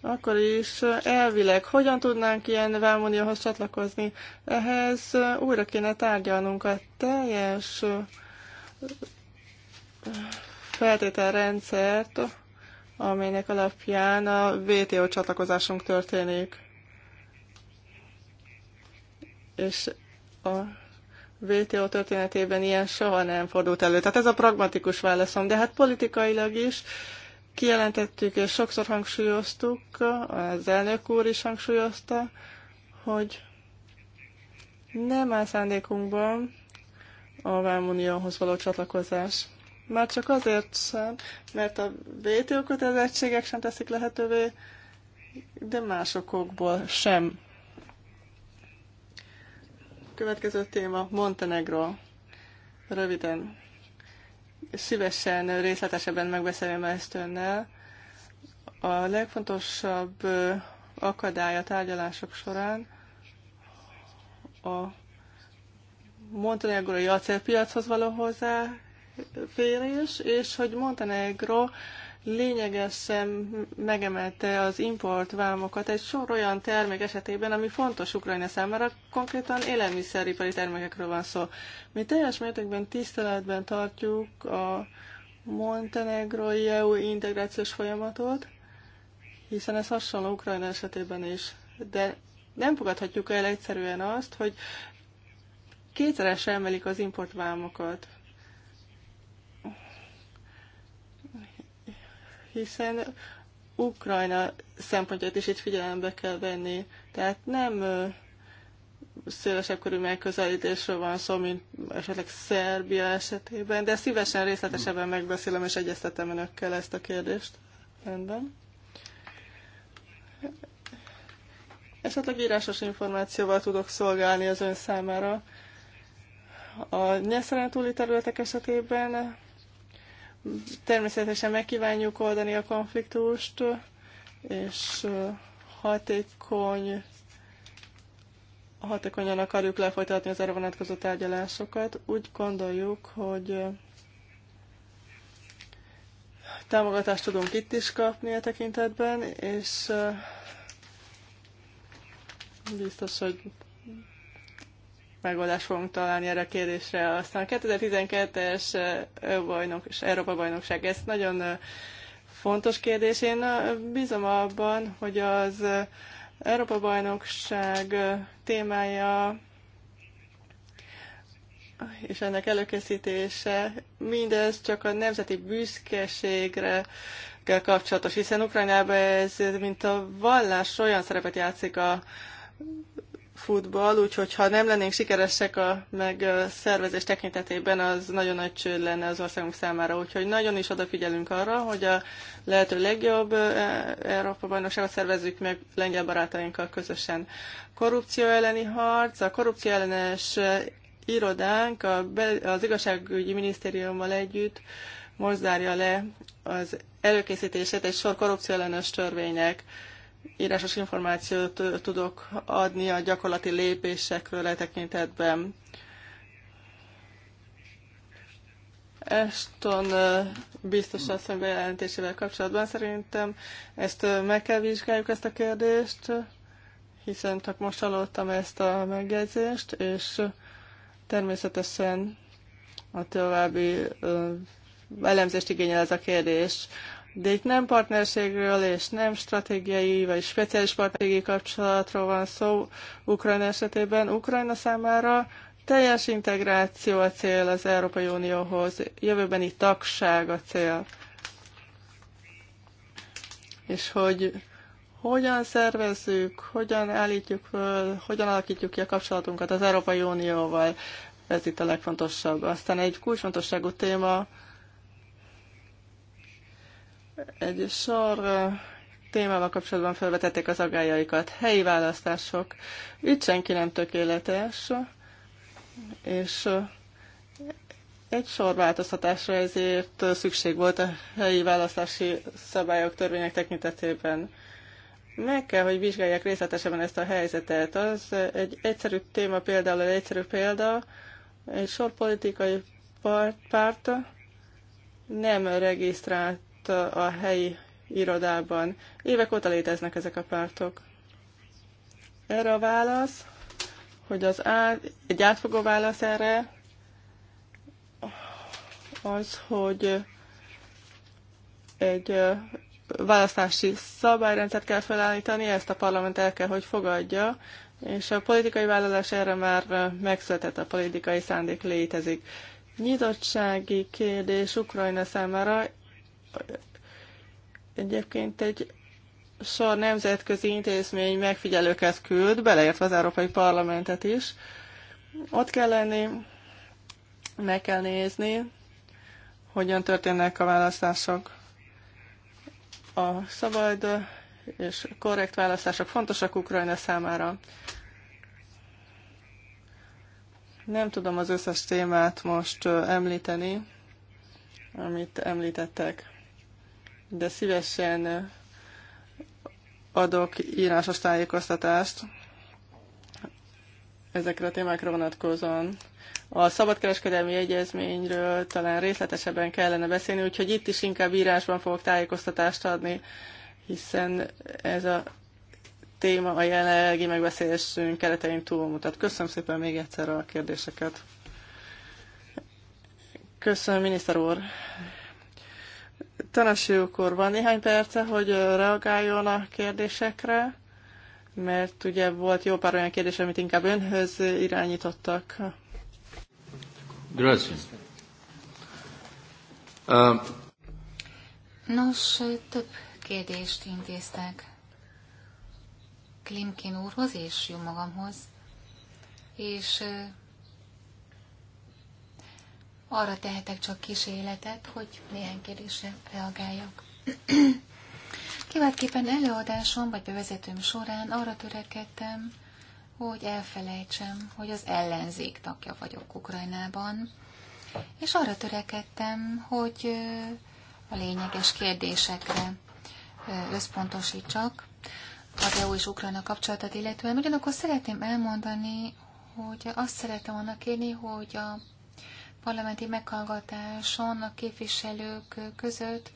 S3: akkor is elvileg hogyan tudnánk ilyen Vámunióhoz csatlakozni? Ehhez újra kéne tárgyalnunk a teljes feltételrendszert, amelynek alapján a VTO csatlakozásunk történik. És a VTO történetében ilyen soha nem fordult elő. Tehát ez a pragmatikus válaszom, de hát politikailag is kijelentettük és sokszor hangsúlyoztuk, az elnök úr is hangsúlyozta, hogy nem áll szándékunkban a Vámunióhoz való csatlakozás. Már csak azért sem, mert a WTO kötelezettségek sem teszik lehetővé, de másokokból sem. Következő téma Montenegro. Röviden. Szívesen részletesebben megbeszélem ezt önnel. A legfontosabb akadálya tárgyalások során a montenegrói acélpiachoz való hozzáférés, és hogy Montenegro lényegesen megemelte az importvámokat egy sor olyan termék esetében, ami fontos Ukrajna számára, konkrétan élelmiszeripari termékekről van szó. Mi teljes mértékben tiszteletben tartjuk a montenegrói EU integrációs folyamatot, hiszen ez hasonló Ukrajna esetében is. De nem fogadhatjuk el egyszerűen azt, hogy kétszeres emelik az importvámokat. Hiszen Ukrajna szempontját is itt figyelembe kell venni. Tehát nem szélesebb körű megközelítésről van szó, mint esetleg Szerbia esetében, de szívesen részletesebben megbeszélem és egyeztetem önökkel ezt a kérdést. Rendben. Esetleg írásos információval tudok szolgálni az ön számára. A nyelszeren túli területek esetében természetesen megkívánjuk oldani a konfliktust, és hatékony hatékonyan akarjuk lefolytatni az erre vonatkozó tárgyalásokat. Úgy gondoljuk, hogy támogatást tudunk itt is kapni a tekintetben, és biztos, hogy megoldást fogunk találni erre a kérdésre. Aztán a 2012-es bajnok, Európa bajnokság, ez nagyon fontos kérdés. Én bízom abban, hogy az Európa bajnokság témája és ennek előkészítése, mindez csak a nemzeti büszkeségre kell kapcsolatos, hiszen Ukrajnában ez, mint a vallás olyan szerepet játszik a futball, úgyhogy ha nem lennénk sikeresek a megszervezés tekintetében, az nagyon nagy csőd lenne az országunk számára. Úgyhogy nagyon is odafigyelünk arra, hogy a lehető legjobb e, Európa bajnokságot szervezzük meg lengyel barátainkkal közösen. Korrupció elleni harc, a korrupció ellenes e, irodánk a be, az igazságügyi minisztériummal együtt most zárja le az előkészítését egy sor korrupció ellenes törvények írásos információt tudok adni a gyakorlati lépésekről e tekintetben. Eston biztos asszony bejelentésével kapcsolatban szerintem ezt meg kell vizsgáljuk ezt a kérdést, hiszen csak most hallottam ezt a megjegyzést, és természetesen a további elemzést igényel ez a kérdés. De itt nem partnerségről és nem stratégiai vagy speciális partnerségi kapcsolatról van szó Ukrajna esetében. Ukrajna számára teljes integráció a cél az Európai Unióhoz, jövőbeni tagság a cél. És hogy hogyan szervezzük, hogyan állítjuk föl, hogyan alakítjuk ki a kapcsolatunkat az Európai Unióval, ez itt a legfontosabb. Aztán egy kulcsfontosságú téma egy sor témával kapcsolatban felvetették az agályaikat. Helyi választások. Itt senki nem tökéletes, és egy sor változtatásra ezért szükség volt a helyi választási szabályok, törvények tekintetében. Meg kell, hogy vizsgálják részletesebben ezt a helyzetet. Az egy egyszerű téma, például egy egyszerű példa, egy sor politikai párt, párt nem regisztrált ott a helyi irodában. Évek óta léteznek ezek a pártok. Erre a válasz, hogy az át, egy átfogó válasz erre az, hogy egy választási szabályrendszert kell felállítani, ezt a parlament el kell, hogy fogadja, és a politikai vállalás erre már megszületett, a politikai szándék létezik. Nyitottsági kérdés Ukrajna számára egyébként egy sor nemzetközi intézmény megfigyelőket küld, beleértve az Európai Parlamentet is. Ott kell lenni, meg kell nézni, hogyan történnek a választások. A szabad és korrekt választások fontosak Ukrajna számára. Nem tudom az összes témát most említeni, amit említettek de szívesen adok írásos tájékoztatást ezekre a témákra vonatkozóan. A szabadkereskedelmi egyezményről talán részletesebben kellene beszélni, úgyhogy itt is inkább írásban fogok tájékoztatást adni, hiszen ez a téma a jelenlegi megbeszélésünk keretein túlmutat. Köszönöm szépen még egyszer a kérdéseket. Köszönöm, miniszter úr. Tanasi úr, van néhány perce, hogy reagáljon a kérdésekre, mert ugye volt jó pár olyan kérdés, amit inkább önhöz irányítottak.
S4: Grazie. Uh...
S2: Nos, több kérdést intéztek Klimkin úrhoz és jó magamhoz, és arra tehetek csak kísérletet, hogy néhány kérdésre reagáljak. Kiváltképpen előadásom vagy bevezetőm során arra törekedtem, hogy elfelejtsem, hogy az ellenzék tagja vagyok Ukrajnában, és arra törekedtem, hogy a lényeges kérdésekre összpontosítsak az EU és Ukrajna kapcsolatát illetően. Ugyanakkor szeretném elmondani, hogy azt szeretem annak kérni, hogy a parlamenti meghallgatáson a képviselők között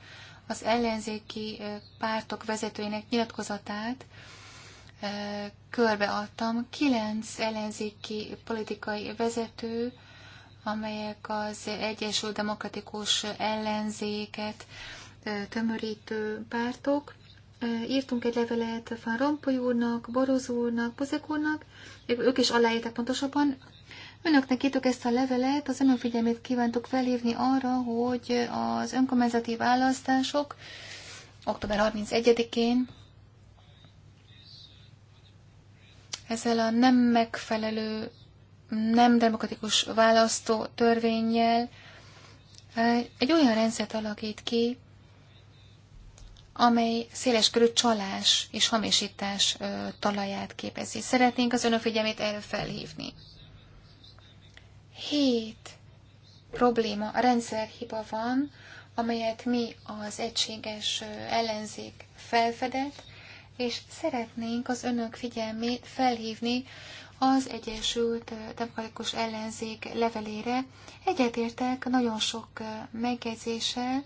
S2: az ellenzéki pártok vezetőinek nyilatkozatát körbeadtam. Kilenc ellenzéki politikai vezető, amelyek az Egyesült Demokratikus Ellenzéket tömörítő pártok. Írtunk egy levelet Van Rompuy úrnak, Borozó úrnak, Buzek úrnak, ők is aláírták pontosabban, Önöknek írtuk ezt a levelet, az önök figyelmét kívántuk felhívni arra, hogy az önkormányzati választások október 31-én ezzel a nem megfelelő, nem demokratikus választó törvényjel eh, egy olyan rendszert alakít ki, amely széles körű csalás és hamisítás eh, talaját képezi. Szeretnénk az önök figyelmét erre felhívni hét probléma, a rendszerhiba van, amelyet mi az egységes ellenzék felfedett, és szeretnénk az önök figyelmét felhívni az Egyesült Demokratikus Ellenzék levelére. Egyetértek nagyon sok megjegyzéssel,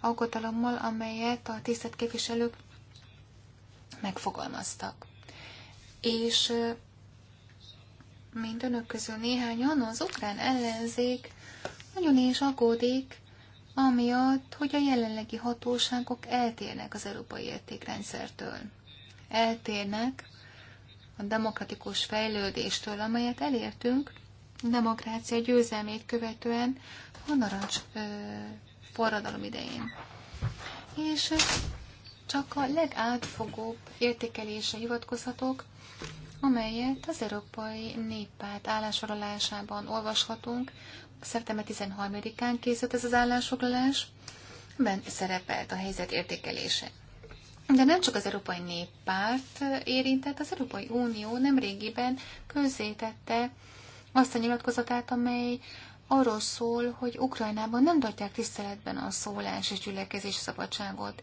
S2: aggodalommal, amelyet a tisztelt képviselők megfogalmaztak. És mint önök közül néhányan, az ukrán ellenzék nagyon is aggódik, amiatt, hogy a jelenlegi hatóságok eltérnek az európai értékrendszertől. Eltérnek a demokratikus fejlődéstől, amelyet elértünk demokrácia győzelmét követően a narancs ö, forradalom idején. És csak a legátfogóbb értékelésre hivatkozhatok, amelyet az Európai Néppárt állásfoglalásában olvashatunk. Szeptember 13-án készült ez az állásfoglalás, ben szerepelt a helyzet értékelése. De nem csak az Európai Néppárt érintett, az Európai Unió nemrégiben közzétette azt a nyilatkozatát, amely arról szól, hogy Ukrajnában nem tartják tiszteletben a szólás és gyülekezés szabadságot.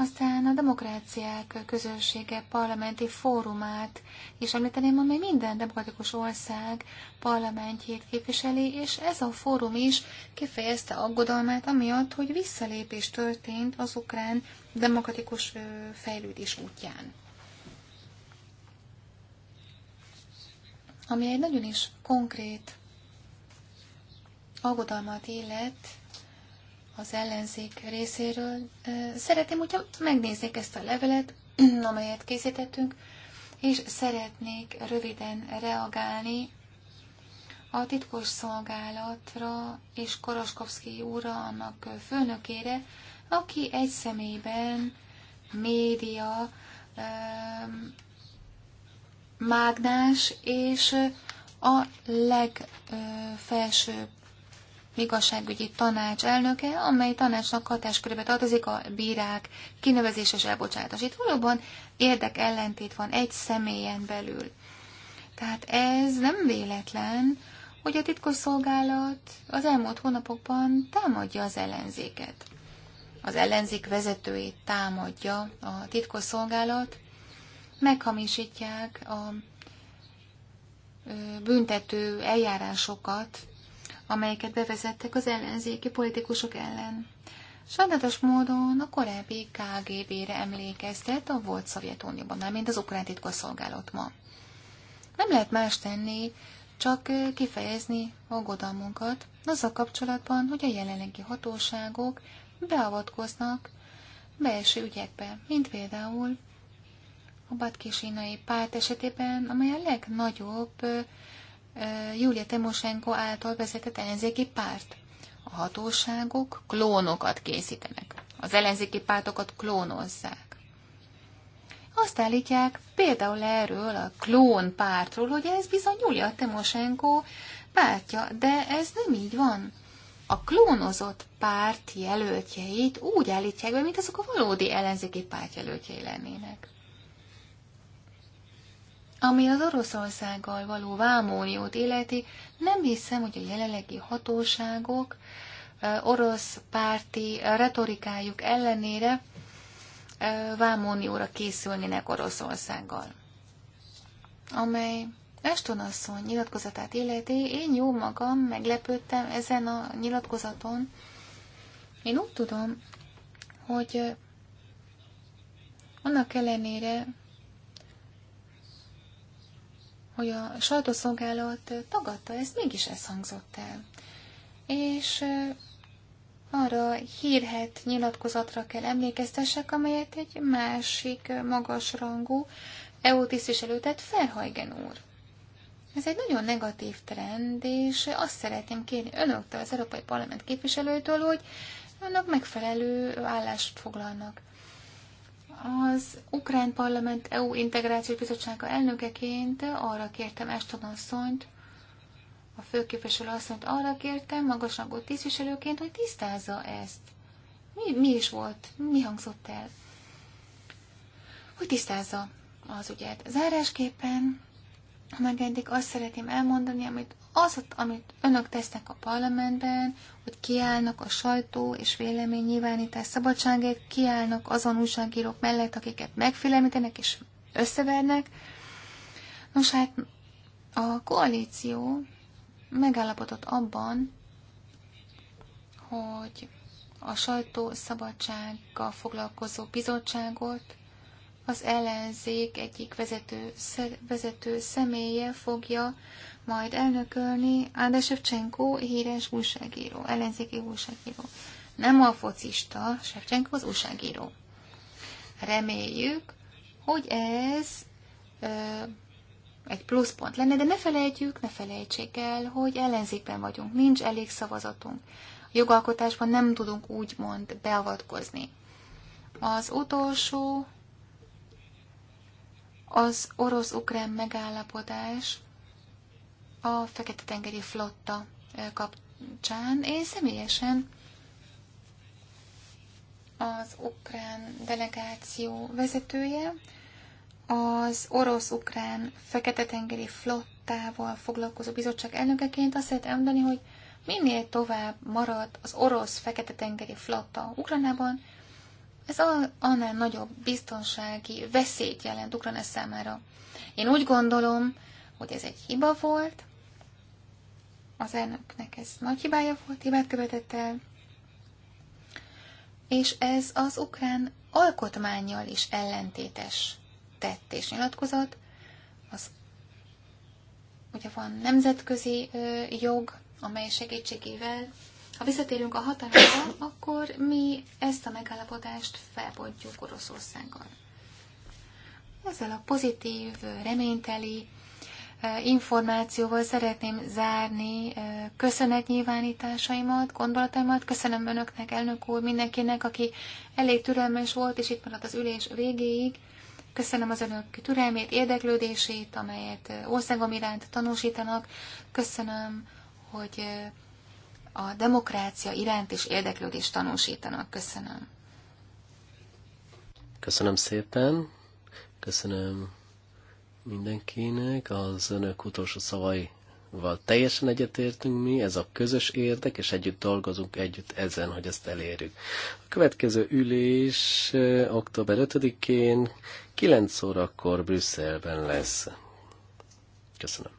S2: Aztán a demokráciák közössége parlamenti fórumát is említeném, amely minden demokratikus ország parlamentjét képviseli, és ez a fórum is kifejezte aggodalmát amiatt, hogy visszalépés történt az ukrán demokratikus fejlődés útján. Ami egy nagyon is konkrét aggodalmat illet, az ellenzék részéről. Szeretném, hogyha megnézzék ezt a levelet, amelyet készítettünk, és szeretnék röviden reagálni a titkos szolgálatra és Koroskovszki úra, annak főnökére, aki egy személyben média mágnás és a legfelsőbb igazságügyi tanács elnöke, amely tanácsnak hatáskörébe tartozik a bírák kinevezés és elbocsátás. Itt valóban érdek ellentét van egy személyen belül. Tehát ez nem véletlen, hogy a titkosszolgálat az elmúlt hónapokban támadja az ellenzéket. Az ellenzék vezetőjét támadja a titkosszolgálat, meghamisítják a büntető eljárásokat, amelyeket bevezettek az ellenzéki politikusok ellen. Sajnálatos módon a korábbi KGB-re emlékeztet a volt Szovjetunióban, nem mint az ukrán titkosszolgálat ma. Nem lehet más tenni, csak kifejezni aggodalmunkat azzal kapcsolatban, hogy a jelenlegi hatóságok beavatkoznak belső ügyekbe, mint például a batkisínai párt esetében, amely a legnagyobb Júlia Temosenko által vezetett ellenzéki párt. A hatóságok klónokat készítenek. Az ellenzéki pártokat klónozzák. Azt állítják például erről a klón pártról, hogy ez bizony Júlia Temosenko pártja, de ez nem így van. A klónozott párt jelöltjeit úgy állítják be, mint azok a valódi ellenzéki párt jelöltjei lennének. Ami az Oroszországgal való vámóniót illeti, nem hiszem, hogy a jelenlegi hatóságok orosz párti retorikájuk ellenére vámónióra készülnének Oroszországgal, amely Eston asszony nyilatkozatát illeti, én jó magam meglepődtem ezen a nyilatkozaton. Én úgy tudom, hogy annak ellenére, hogy a sajtószolgálat tagadta ezt, mégis ez hangzott el. És arra hírhet nyilatkozatra kell emlékeztessek, amelyet egy másik magasrangú EU tisztviselő tett Ferhajgen úr. Ez egy nagyon negatív trend, és azt szeretném kérni önöktől, az Európai Parlament képviselőtől, hogy önök megfelelő állást foglalnak. Az Ukrán Parlament EU Integrációs Bizottsága elnökeként arra kértem Eston asszonyt, a főképviselő asszonyt arra kértem magasrangú tisztviselőként, hogy tisztázza ezt. Mi, mi is volt? Mi hangzott el? Hogy tisztázza az ügyet. Zárásképpen, ha megengedik, azt szeretném elmondani, amit az, amit önök tesznek a parlamentben, hogy kiállnak a sajtó és nyilvánítás szabadságért, kiállnak azon újságírók mellett, akiket megfélemlítenek és összevernek. Nos hát a koalíció megállapodott abban, hogy a sajtó szabadsággal foglalkozó bizottságot az ellenzék egyik vezető, vezető személye fogja majd elnökölni Ande Shevchenko, híres újságíró, ellenzéki újságíró. Nem a focista, Shevchenko az újságíró. Reméljük, hogy ez ö, egy pluszpont lenne, de ne felejtjük, ne felejtsék el, hogy ellenzékben vagyunk, nincs elég szavazatunk. A jogalkotásban nem tudunk úgymond beavatkozni. Az utolsó az orosz-ukrán megállapodás, a Fekete-tengeri flotta kapcsán. Én személyesen az ukrán delegáció vezetője, az orosz-ukrán Fekete-tengeri flottával foglalkozó bizottság elnökeként azt szeretném mondani, hogy minél tovább marad az orosz Fekete-tengeri flotta Ukránában. ez annál nagyobb biztonsági veszélyt jelent Ukrán számára. Én úgy gondolom, hogy ez egy hiba volt, az elnöknek ez nagy hibája volt, hibát követett el, és ez az ukrán alkotmányjal is ellentétes tett és nyilatkozat. Az ugye van nemzetközi jog, amely segítségével, ha visszatérünk a határa, akkor mi ezt a megállapodást felbontjuk Oroszországgal. Ezzel a pozitív, reményteli információval szeretném zárni köszönetnyilvánításaimat, gondolataimat. Köszönöm önöknek, elnök úr, mindenkinek, aki elég türelmes volt, és itt maradt az ülés végéig. Köszönöm az önök türelmét, érdeklődését, amelyet országom iránt tanúsítanak. Köszönöm, hogy a demokrácia iránt is érdeklődést tanúsítanak. Köszönöm.
S1: Köszönöm szépen. Köszönöm mindenkinek. Az önök utolsó szavaival teljesen egyetértünk mi, ez a közös érdek, és együtt dolgozunk együtt ezen, hogy ezt elérjük. A következő ülés október 5-én 9 órakor Brüsszelben lesz. Köszönöm.